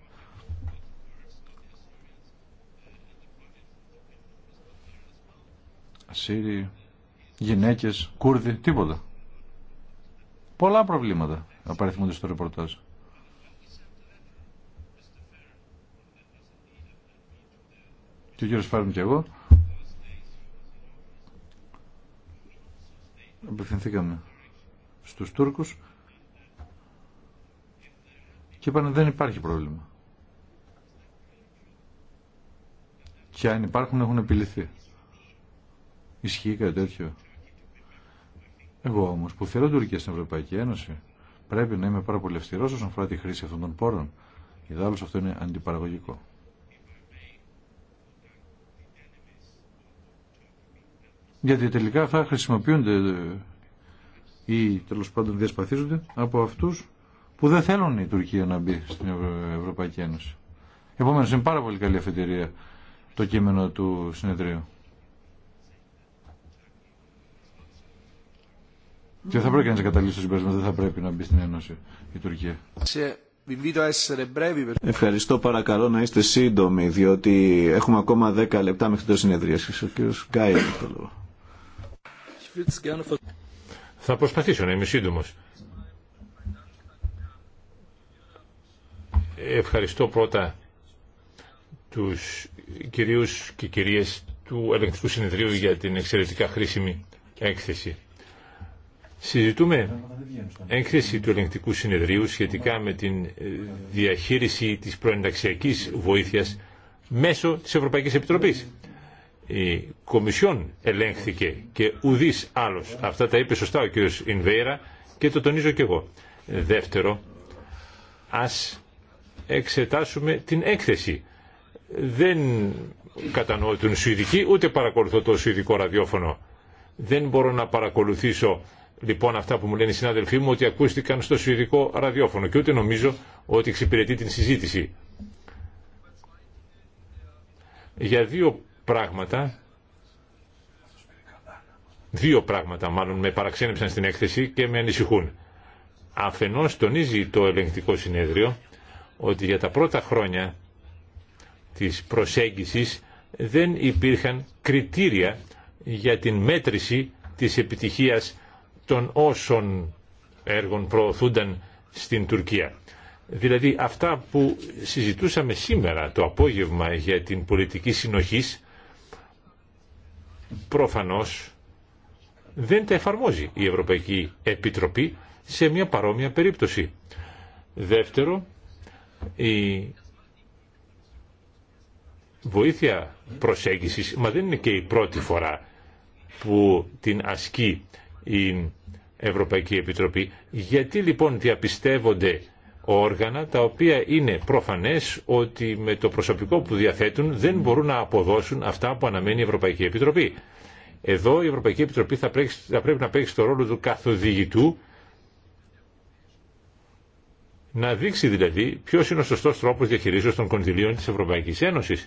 Σύριοι, γυναίκες, Κούρδοι, τίποτα. Πολλά προβλήματα απαριθμούνται στο ρεπορτάζ. και ο κύριος Φάρμ και εγώ απευθυνθήκαμε στους Τούρκους και είπαν δεν υπάρχει πρόβλημα. Και αν υπάρχουν έχουν επιληθεί. Ισχύει κάτι τέτοιο. Εγώ όμως που θέλω Τουρκία στην Ευρωπαϊκή Ένωση πρέπει να είμαι πάρα πολύ αυστηρός όσον αφορά τη χρήση αυτών των πόρων. Ιδάλλως αυτό είναι αντιπαραγωγικό. γιατί τελικά θα χρησιμοποιούνται ε, ή τέλο πάντων διασπαθίζονται από αυτούς που δεν θέλουν η Τουρκία να μπει στην Ευρωπαϊκή Ένωση. Επομένω, είναι πάρα πολύ καλή αφετηρία το κείμενο του συνεδρίου. Και θα πρέπει να καταλήξει στο συμπέρασμα, δεν θα πρέπει να μπει στην Ένωση η Τουρκία. Ευχαριστώ παρακαλώ να είστε σύντομοι, διότι έχουμε ακόμα 10 λεπτά μέχρι το συνεδρίο. Ο το λόγο. Θα προσπαθήσω να είμαι σύντομο. Ευχαριστώ πρώτα τους κυρίους και κυρίες του Ελληνικού Συνεδρίου για την εξαιρετικά χρήσιμη έκθεση. Συζητούμε έκθεση του Ελεγκτικού Συνεδρίου σχετικά με την διαχείριση της προενταξιακής βοήθειας μέσω της Ευρωπαϊκής Επιτροπής η Κομισιόν ελέγχθηκε και ουδή άλλος. Αυτά τα είπε σωστά ο κ. Ινβέιρα και το τονίζω και εγώ. Δεύτερο, ας εξετάσουμε την έκθεση. Δεν κατανοώ την Σουηδική, ούτε παρακολουθώ το Σουηδικό ραδιόφωνο. Δεν μπορώ να παρακολουθήσω λοιπόν αυτά που μου λένε οι συνάδελφοί μου ότι ακούστηκαν στο Σουηδικό ραδιόφωνο και ούτε νομίζω ότι εξυπηρετεί την συζήτηση. Για δύο πράγματα, δύο πράγματα μάλλον με παραξένεψαν στην έκθεση και με ανησυχούν. Αφενός τονίζει το ελεγκτικό συνέδριο ότι για τα πρώτα χρόνια της προσέγγισης δεν υπήρχαν κριτήρια για την μέτρηση της επιτυχίας των όσων έργων προωθούνταν στην Τουρκία. Δηλαδή αυτά που συζητούσαμε σήμερα το απόγευμα για την πολιτική συνοχής προφανώς δεν τα εφαρμόζει η Ευρωπαϊκή Επιτροπή σε μια παρόμοια περίπτωση. Δεύτερο, η βοήθεια προσέγγισης, μα δεν είναι και η πρώτη φορά που την ασκεί η Ευρωπαϊκή Επιτροπή. Γιατί λοιπόν διαπιστεύονται όργανα τα οποία είναι προφανές ότι με το προσωπικό που διαθέτουν δεν μπορούν να αποδώσουν αυτά που αναμένει η Ευρωπαϊκή Επιτροπή. Εδώ η Ευρωπαϊκή Επιτροπή θα πρέπει, θα πρέπει να παίξει το ρόλο του καθοδηγητού να δείξει δηλαδή ποιο είναι ο σωστό τρόπο διαχειρίσεω των κονδυλίων τη Ευρωπαϊκή Ένωση.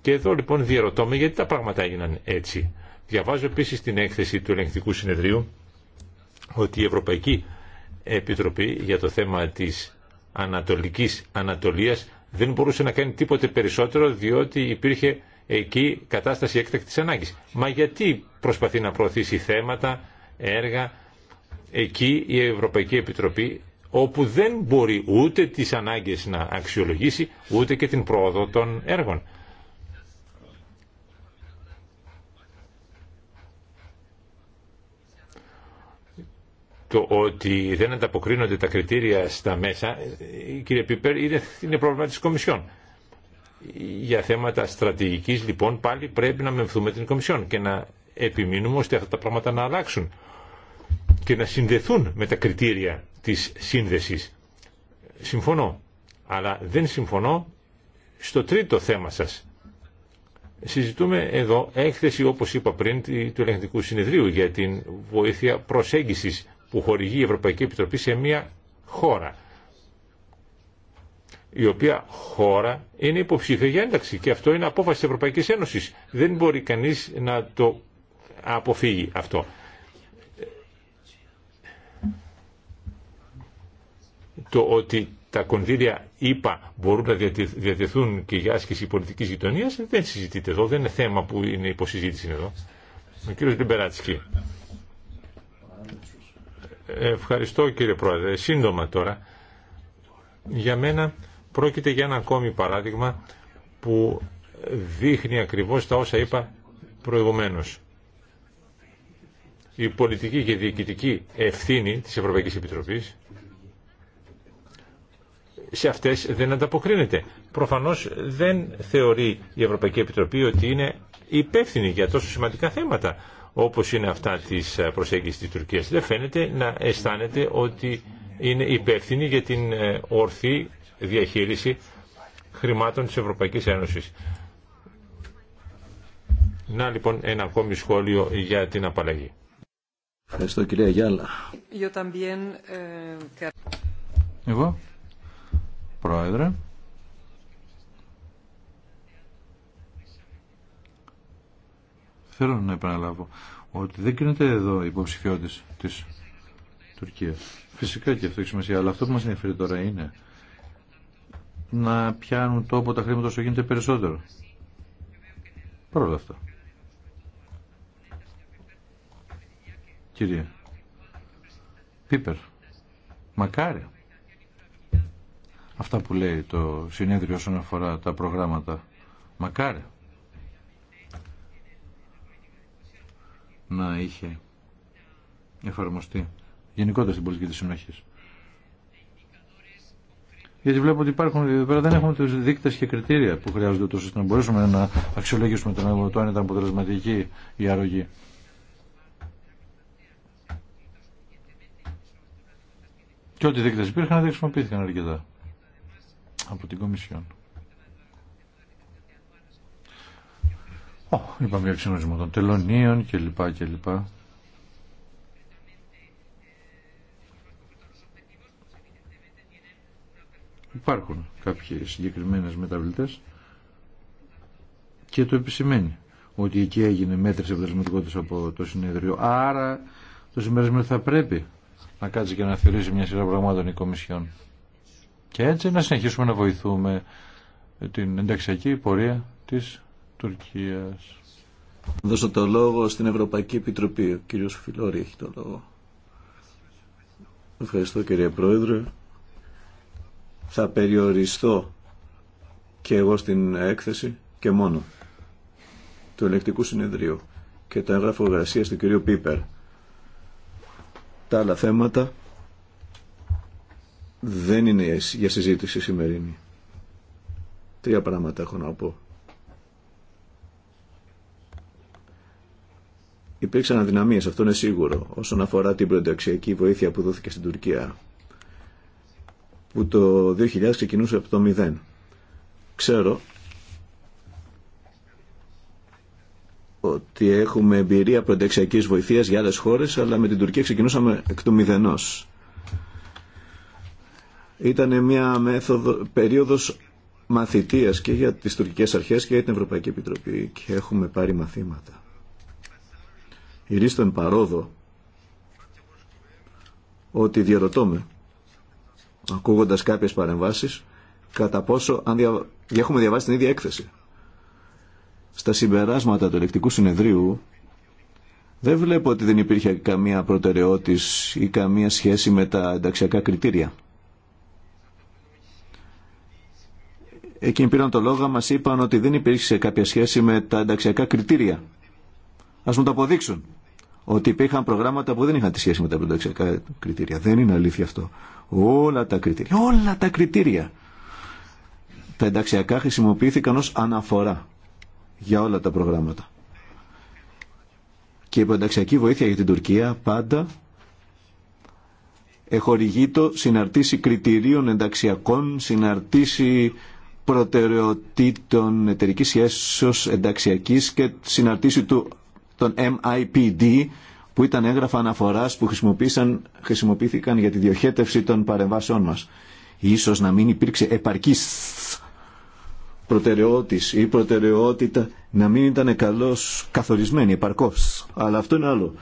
Και εδώ λοιπόν διαρωτώ με γιατί τα πράγματα έγιναν έτσι. Διαβάζω επίση την έκθεση του ελεγκτικού συνεδρίου ότι η Ευρωπαϊκή Επιτροπή για το θέμα της Ανατολικής Ανατολίας δεν μπορούσε να κάνει τίποτε περισσότερο διότι υπήρχε εκεί κατάσταση έκτακτης ανάγκης. Μα γιατί προσπαθεί να προωθήσει θέματα, έργα εκεί η Ευρωπαϊκή Επιτροπή όπου δεν μπορεί ούτε τις ανάγκες να αξιολογήσει ούτε και την πρόοδο των έργων. το ότι δεν ανταποκρίνονται τα κριτήρια στα μέσα, κύριε Πίπερ, είναι, πρόβλημα της Κομισιόν. Για θέματα στρατηγικής, λοιπόν, πάλι πρέπει να μεμφθούμε την Κομισιόν και να επιμείνουμε ώστε αυτά τα πράγματα να αλλάξουν και να συνδεθούν με τα κριτήρια της σύνδεσης. Συμφωνώ, αλλά δεν συμφωνώ στο τρίτο θέμα σας. Συζητούμε εδώ έκθεση, όπως είπα πριν, του ελεγχτικού συνεδρίου για την βοήθεια προσέγγισης που χορηγεί η Ευρωπαϊκή Επιτροπή σε μια χώρα η οποία χώρα είναι υποψήφια για ένταξη και αυτό είναι απόφαση της Ευρωπαϊκής Ένωσης. Δεν μπορεί κανείς να το αποφύγει αυτό. Το ότι τα κονδύλια ΙΠΑ μπορούν να διατεθούν και για άσκηση πολιτικής γειτονίας δεν συζητείται εδώ, δεν είναι θέμα που είναι υποσυζήτηση εδώ. Ο κύριο Λιμπεράτσκι. Ευχαριστώ κύριε Πρόεδρε. Σύντομα τώρα. Για μένα πρόκειται για ένα ακόμη παράδειγμα που δείχνει ακριβώς τα όσα είπα προηγουμένως. Η πολιτική και διοικητική ευθύνη της Ευρωπαϊκής Επιτροπής σε αυτές δεν ανταποκρίνεται. Προφανώς δεν θεωρεί η Ευρωπαϊκή Επιτροπή ότι είναι υπεύθυνη για τόσο σημαντικά θέματα όπως είναι αυτά της ε, προσέγγισης της Τουρκίας. Δεν φαίνεται να αισθάνεται ότι είναι υπεύθυνη για την ε, ορθή διαχείριση χρημάτων της Ευρωπαϊκής Ένωσης. Να λοιπόν ένα ακόμη σχόλιο για την απαλλαγή. Ευχαριστώ κυρία Γιάλα. Ε, Εγώ, πρόεδρε, Θέλω να επαναλάβω ότι δεν κρίνεται εδώ η υποψηφιότητα της Τουρκίας. Φυσικά και αυτό έχει σημασία, αλλά αυτό που μας ενδιαφέρει τώρα είναι να πιάνουν τόπο τα χρήματα όσο γίνεται περισσότερο. Παρ' αυτά. Κύριε Πίπερ, μακάρι αυτά που λέει το συνέδριο όσον αφορά τα προγράμματα. Μακάρι. να είχε εφαρμοστεί γενικότερα στην πολιτική της συνοχής. Γιατί βλέπω ότι υπάρχουν, εδώ δεν έχουμε του δείκτε και κριτήρια που χρειάζονται τόσο ώστε να μπορέσουμε να αξιολογήσουμε τον το αν ήταν αποτελεσματική η αρρωγή. Και ό,τι δείκτε υπήρχαν δεν χρησιμοποιήθηκαν αρκετά από την Κομισιόν. Oh, είπαμε για των τελωνίων και Υπάρχουν κάποιες συγκεκριμένες μεταβλητές και το επισημαίνει ότι εκεί έγινε μέτρηση αποτελεσματικότητας από το συνέδριο. Άρα το συμπέρασμα θα πρέπει να κάτσει και να θεωρήσει μια σειρά πραγμάτων η Κομισιόν. Και έτσι να συνεχίσουμε να βοηθούμε την ενταξιακή πορεία της Τουρκίας. Δώσω το λόγο στην Ευρωπαϊκή Επιτροπή. Ο κύριος Φιλόρη έχει το λόγο. Ευχαριστώ κύριε Πρόεδρε. Θα περιοριστώ και εγώ στην έκθεση και μόνο του ελεκτικού συνεδρίου και τα έγγραφα εργασία του κυρίου Πίπερ. Τα άλλα θέματα δεν είναι για συζήτηση σημερινή. Τρία πράγματα έχω να πω. υπήρξαν αδυναμίες, αυτό είναι σίγουρο, όσον αφορά την πρωτεξιακή βοήθεια που δόθηκε στην Τουρκία, που το 2000 ξεκινούσε από το 0. Ξέρω ότι έχουμε εμπειρία πρωτεξιακή βοηθείας για άλλες χώρες, αλλά με την Τουρκία ξεκινούσαμε εκ του μηδενός. Ήταν μια μέθοδο, περίοδος μαθητείας και για τις τουρκικές αρχές και για την Ευρωπαϊκή Επιτροπή και έχουμε πάρει μαθήματα ηρίστον παρόδο ότι διαρωτώμε ακούγοντας κάποιες παρεμβάσεις κατά πόσο αν δια... έχουμε διαβάσει την ίδια έκθεση. Στα συμπεράσματα του ελεκτικού συνεδρίου δεν βλέπω ότι δεν υπήρχε καμία προτεραιότης ή καμία σχέση με τα ενταξιακά κριτήρια. Εκείνοι πήραν το λόγο, μας είπαν ότι δεν υπήρχε κάποια σχέση με τα ενταξιακά κριτήρια. Ας μου το αποδείξουν ότι υπήρχαν προγράμματα που δεν είχαν τη σχέση με τα πενταξιακά κριτήρια. Δεν είναι αλήθεια αυτό. Όλα τα κριτήρια, όλα τα κριτήρια, τα ενταξιακά χρησιμοποιήθηκαν ως αναφορά για όλα τα προγράμματα. Και η πενταξιακή βοήθεια για την Τουρκία πάντα το συναρτήσει κριτηρίων ενταξιακών, συναρτήσει προτεραιοτήτων εταιρική σχέσεως ενταξιακής και συναρτήσει του των MIPD που ήταν έγγραφα αναφοράς που χρησιμοποιήθηκαν για τη διοχέτευση των παρεμβάσεών μα. Ίσως να μην υπήρξε επαρκής προτεραιότητα ή προτεραιότητα να μην ήταν καλώ καθορισμένη, επαρκώ. Αλλά αυτό είναι άλλο.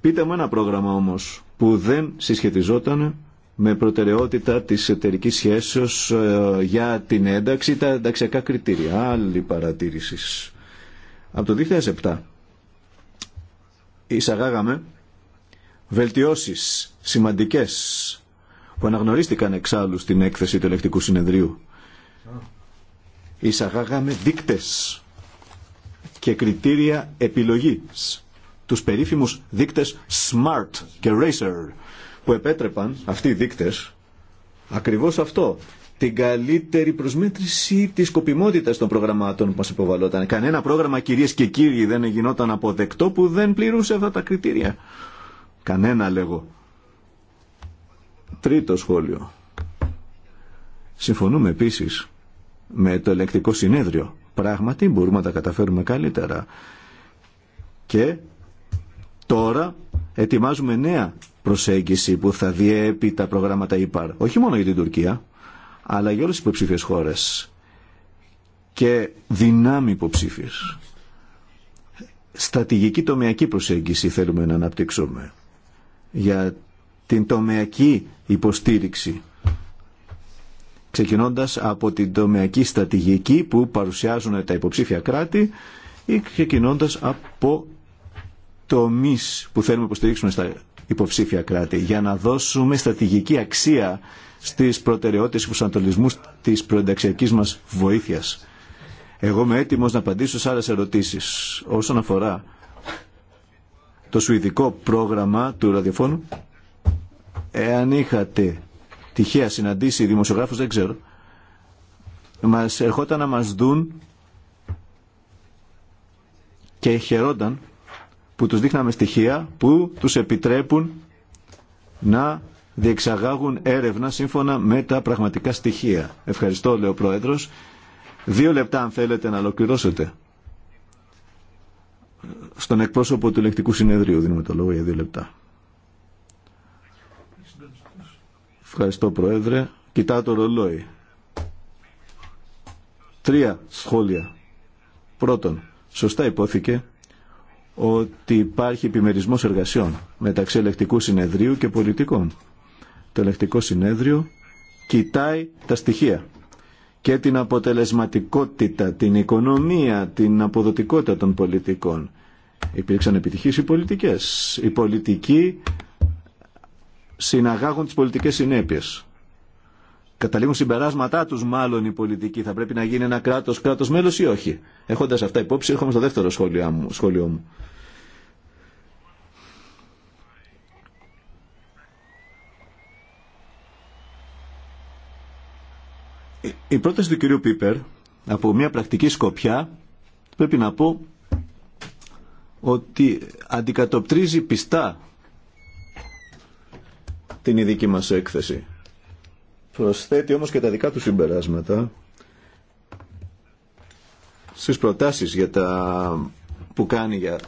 Πείτε μου ένα πρόγραμμα όμως που δεν συσχετιζόταν με προτεραιότητα της εταιρική σχέσεως ε, για την ένταξη τα ενταξιακά κριτήρια. Άλλη παρατήρηση. Από το 2007 εισαγάγαμε βελτιώσεις σημαντικές που αναγνωρίστηκαν εξάλλου στην έκθεση του ελεκτικού συνεδρίου. Εισαγάγαμε δίκτες και κριτήρια επιλογής. Τους περίφημους δίκτες SMART και RACER που επέτρεπαν αυτοί οι δείκτες ακριβώς αυτό την καλύτερη προσμέτρηση τη σκοπιμότητα των προγραμμάτων που μα υποβαλόταν. Κανένα πρόγραμμα, κυρίε και κύριοι, δεν γινόταν αποδεκτό που δεν πληρούσε αυτά τα κριτήρια. Κανένα, λέγω. Τρίτο σχόλιο. Συμφωνούμε επίση με το ελεκτικό συνέδριο. Πράγματι μπορούμε να τα καταφέρουμε καλύτερα. Και τώρα ετοιμάζουμε νέα προσέγγιση που θα διέπει τα προγράμματα ΥΠΑΡ. Όχι μόνο για την Τουρκία, αλλά για όλες τις υποψήφιες χώρες και δυνάμει υποψήφιες. Στατηγική τομεακή προσέγγιση θέλουμε να αναπτύξουμε για την τομεακή υποστήριξη ξεκινώντας από την τομεακή στατηγική που παρουσιάζουν τα υποψήφια κράτη ή ξεκινώντας από τομείς που θέλουμε να υποστηρίξουμε στα υποψήφια κράτη για να δώσουμε στατηγική αξία στις προτεραιότητες και αντολισμούς της προενταξιακή μας βοήθειας. Εγώ είμαι έτοιμος να απαντήσω σε άλλε ερωτήσεις όσον αφορά το σουηδικό πρόγραμμα του ραδιοφώνου. Εάν είχατε τυχαία συναντήσει δημοσιογράφου, δεν ξέρω, μας ερχόταν να μας δουν και χαιρόνταν που τους δείχναμε στοιχεία που τους επιτρέπουν να διεξαγάγουν έρευνα σύμφωνα με τα πραγματικά στοιχεία. Ευχαριστώ, λέει ο Πρόεδρος. Δύο λεπτά αν θέλετε να ολοκληρώσετε. Στον εκπρόσωπο του Ελεκτικού Συνεδρίου δίνουμε το λόγο για δύο λεπτά. Ευχαριστώ Πρόεδρε. Κοιτάω το ρολόι. Τρία σχόλια. Πρώτον, σωστά υπόθηκε ότι υπάρχει επιμερισμός εργασιών μεταξύ ελεκτικού συνεδρίου και πολιτικών. Το ελεκτικό συνέδριο κοιτάει τα στοιχεία και την αποτελεσματικότητα, την οικονομία, την αποδοτικότητα των πολιτικών. Υπήρξαν επιτυχίες οι πολιτικές. Οι πολιτικοί συναγάγουν τις πολιτικές συνέπειες. Καταλήγουν συμπεράσματά τους μάλλον οι πολιτικοί. Θα πρέπει να γίνει ένα κράτος, κράτος μέλος ή όχι. Έχοντας αυτά υπόψη, έρχομαι στο δεύτερο σχόλιο μου. Σχόλιο μου. Η πρόταση του κυρίου Πίπερ από μια πρακτική σκοπιά πρέπει να πω ότι αντικατοπτρίζει πιστά την ειδική μας έκθεση. Προσθέτει όμως και τα δικά του συμπεράσματα στις προτάσεις για τα που κάνει για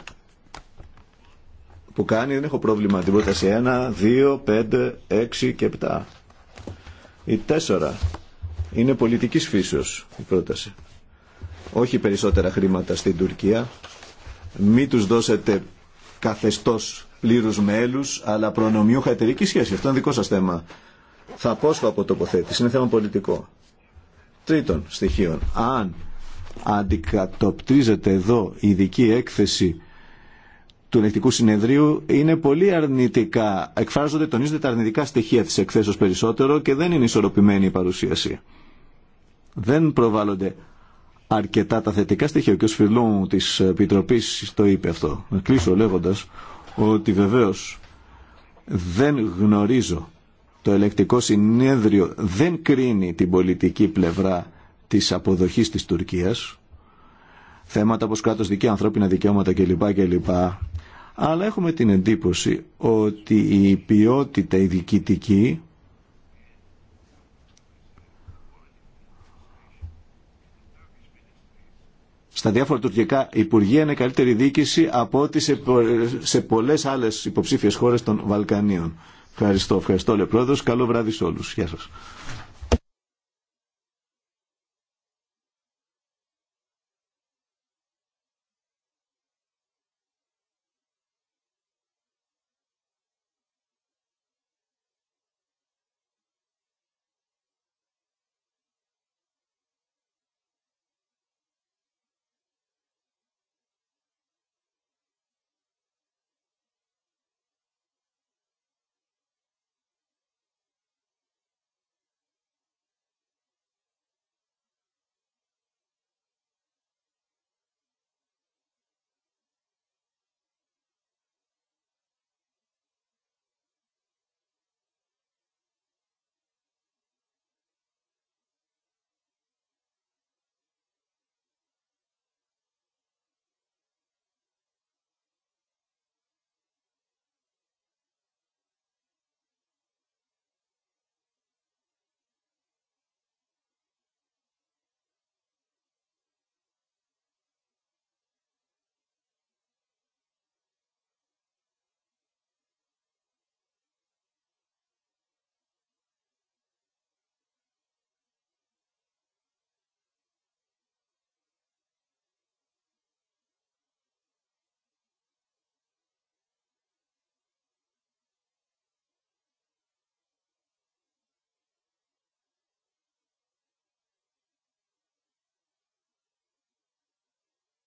που κάνει δεν έχω πρόβλημα την πρόταση 1, 2, 5, 6 και 7 ή 4 είναι πολιτικής φύσεως η πρόταση. Όχι περισσότερα χρήματα στην Τουρκία. Μη τους δώσετε καθεστώς πλήρους μέλους, αλλά προνομιούχα εταιρική σχέση. Αυτό είναι δικό σας θέμα. Θα πω από τοποθέτηση. Είναι θέμα πολιτικό. Τρίτον στοιχείο. Αν αντικατοπτρίζεται εδώ η ειδική έκθεση του ελεκτικού συνεδρίου είναι πολύ αρνητικά. Εκφράζονται, τονίζονται τα αρνητικά στοιχεία της εκθέσεως περισσότερο και δεν είναι ισορροπημένη η παρουσίαση δεν προβάλλονται αρκετά τα θετικά στοιχεία. ο κ. της Επιτροπής το είπε αυτό. Να κλείσω λέγοντας ότι βεβαίως δεν γνωρίζω το ελεκτικό συνέδριο δεν κρίνει την πολιτική πλευρά της αποδοχής της Τουρκίας θέματα όπως κράτος δικαίου, ανθρώπινα δικαιώματα κλπ. κλπ. Αλλά έχουμε την εντύπωση ότι η ποιότητα η διοικητική στα διάφορα τουρκικά υπουργεία είναι καλύτερη διοίκηση από ό,τι σε, σε πολλές άλλες υποψήφιες χώρες των Βαλκανίων. Ευχαριστώ, ευχαριστώ λέει Καλό βράδυ σε όλους. Γεια σας.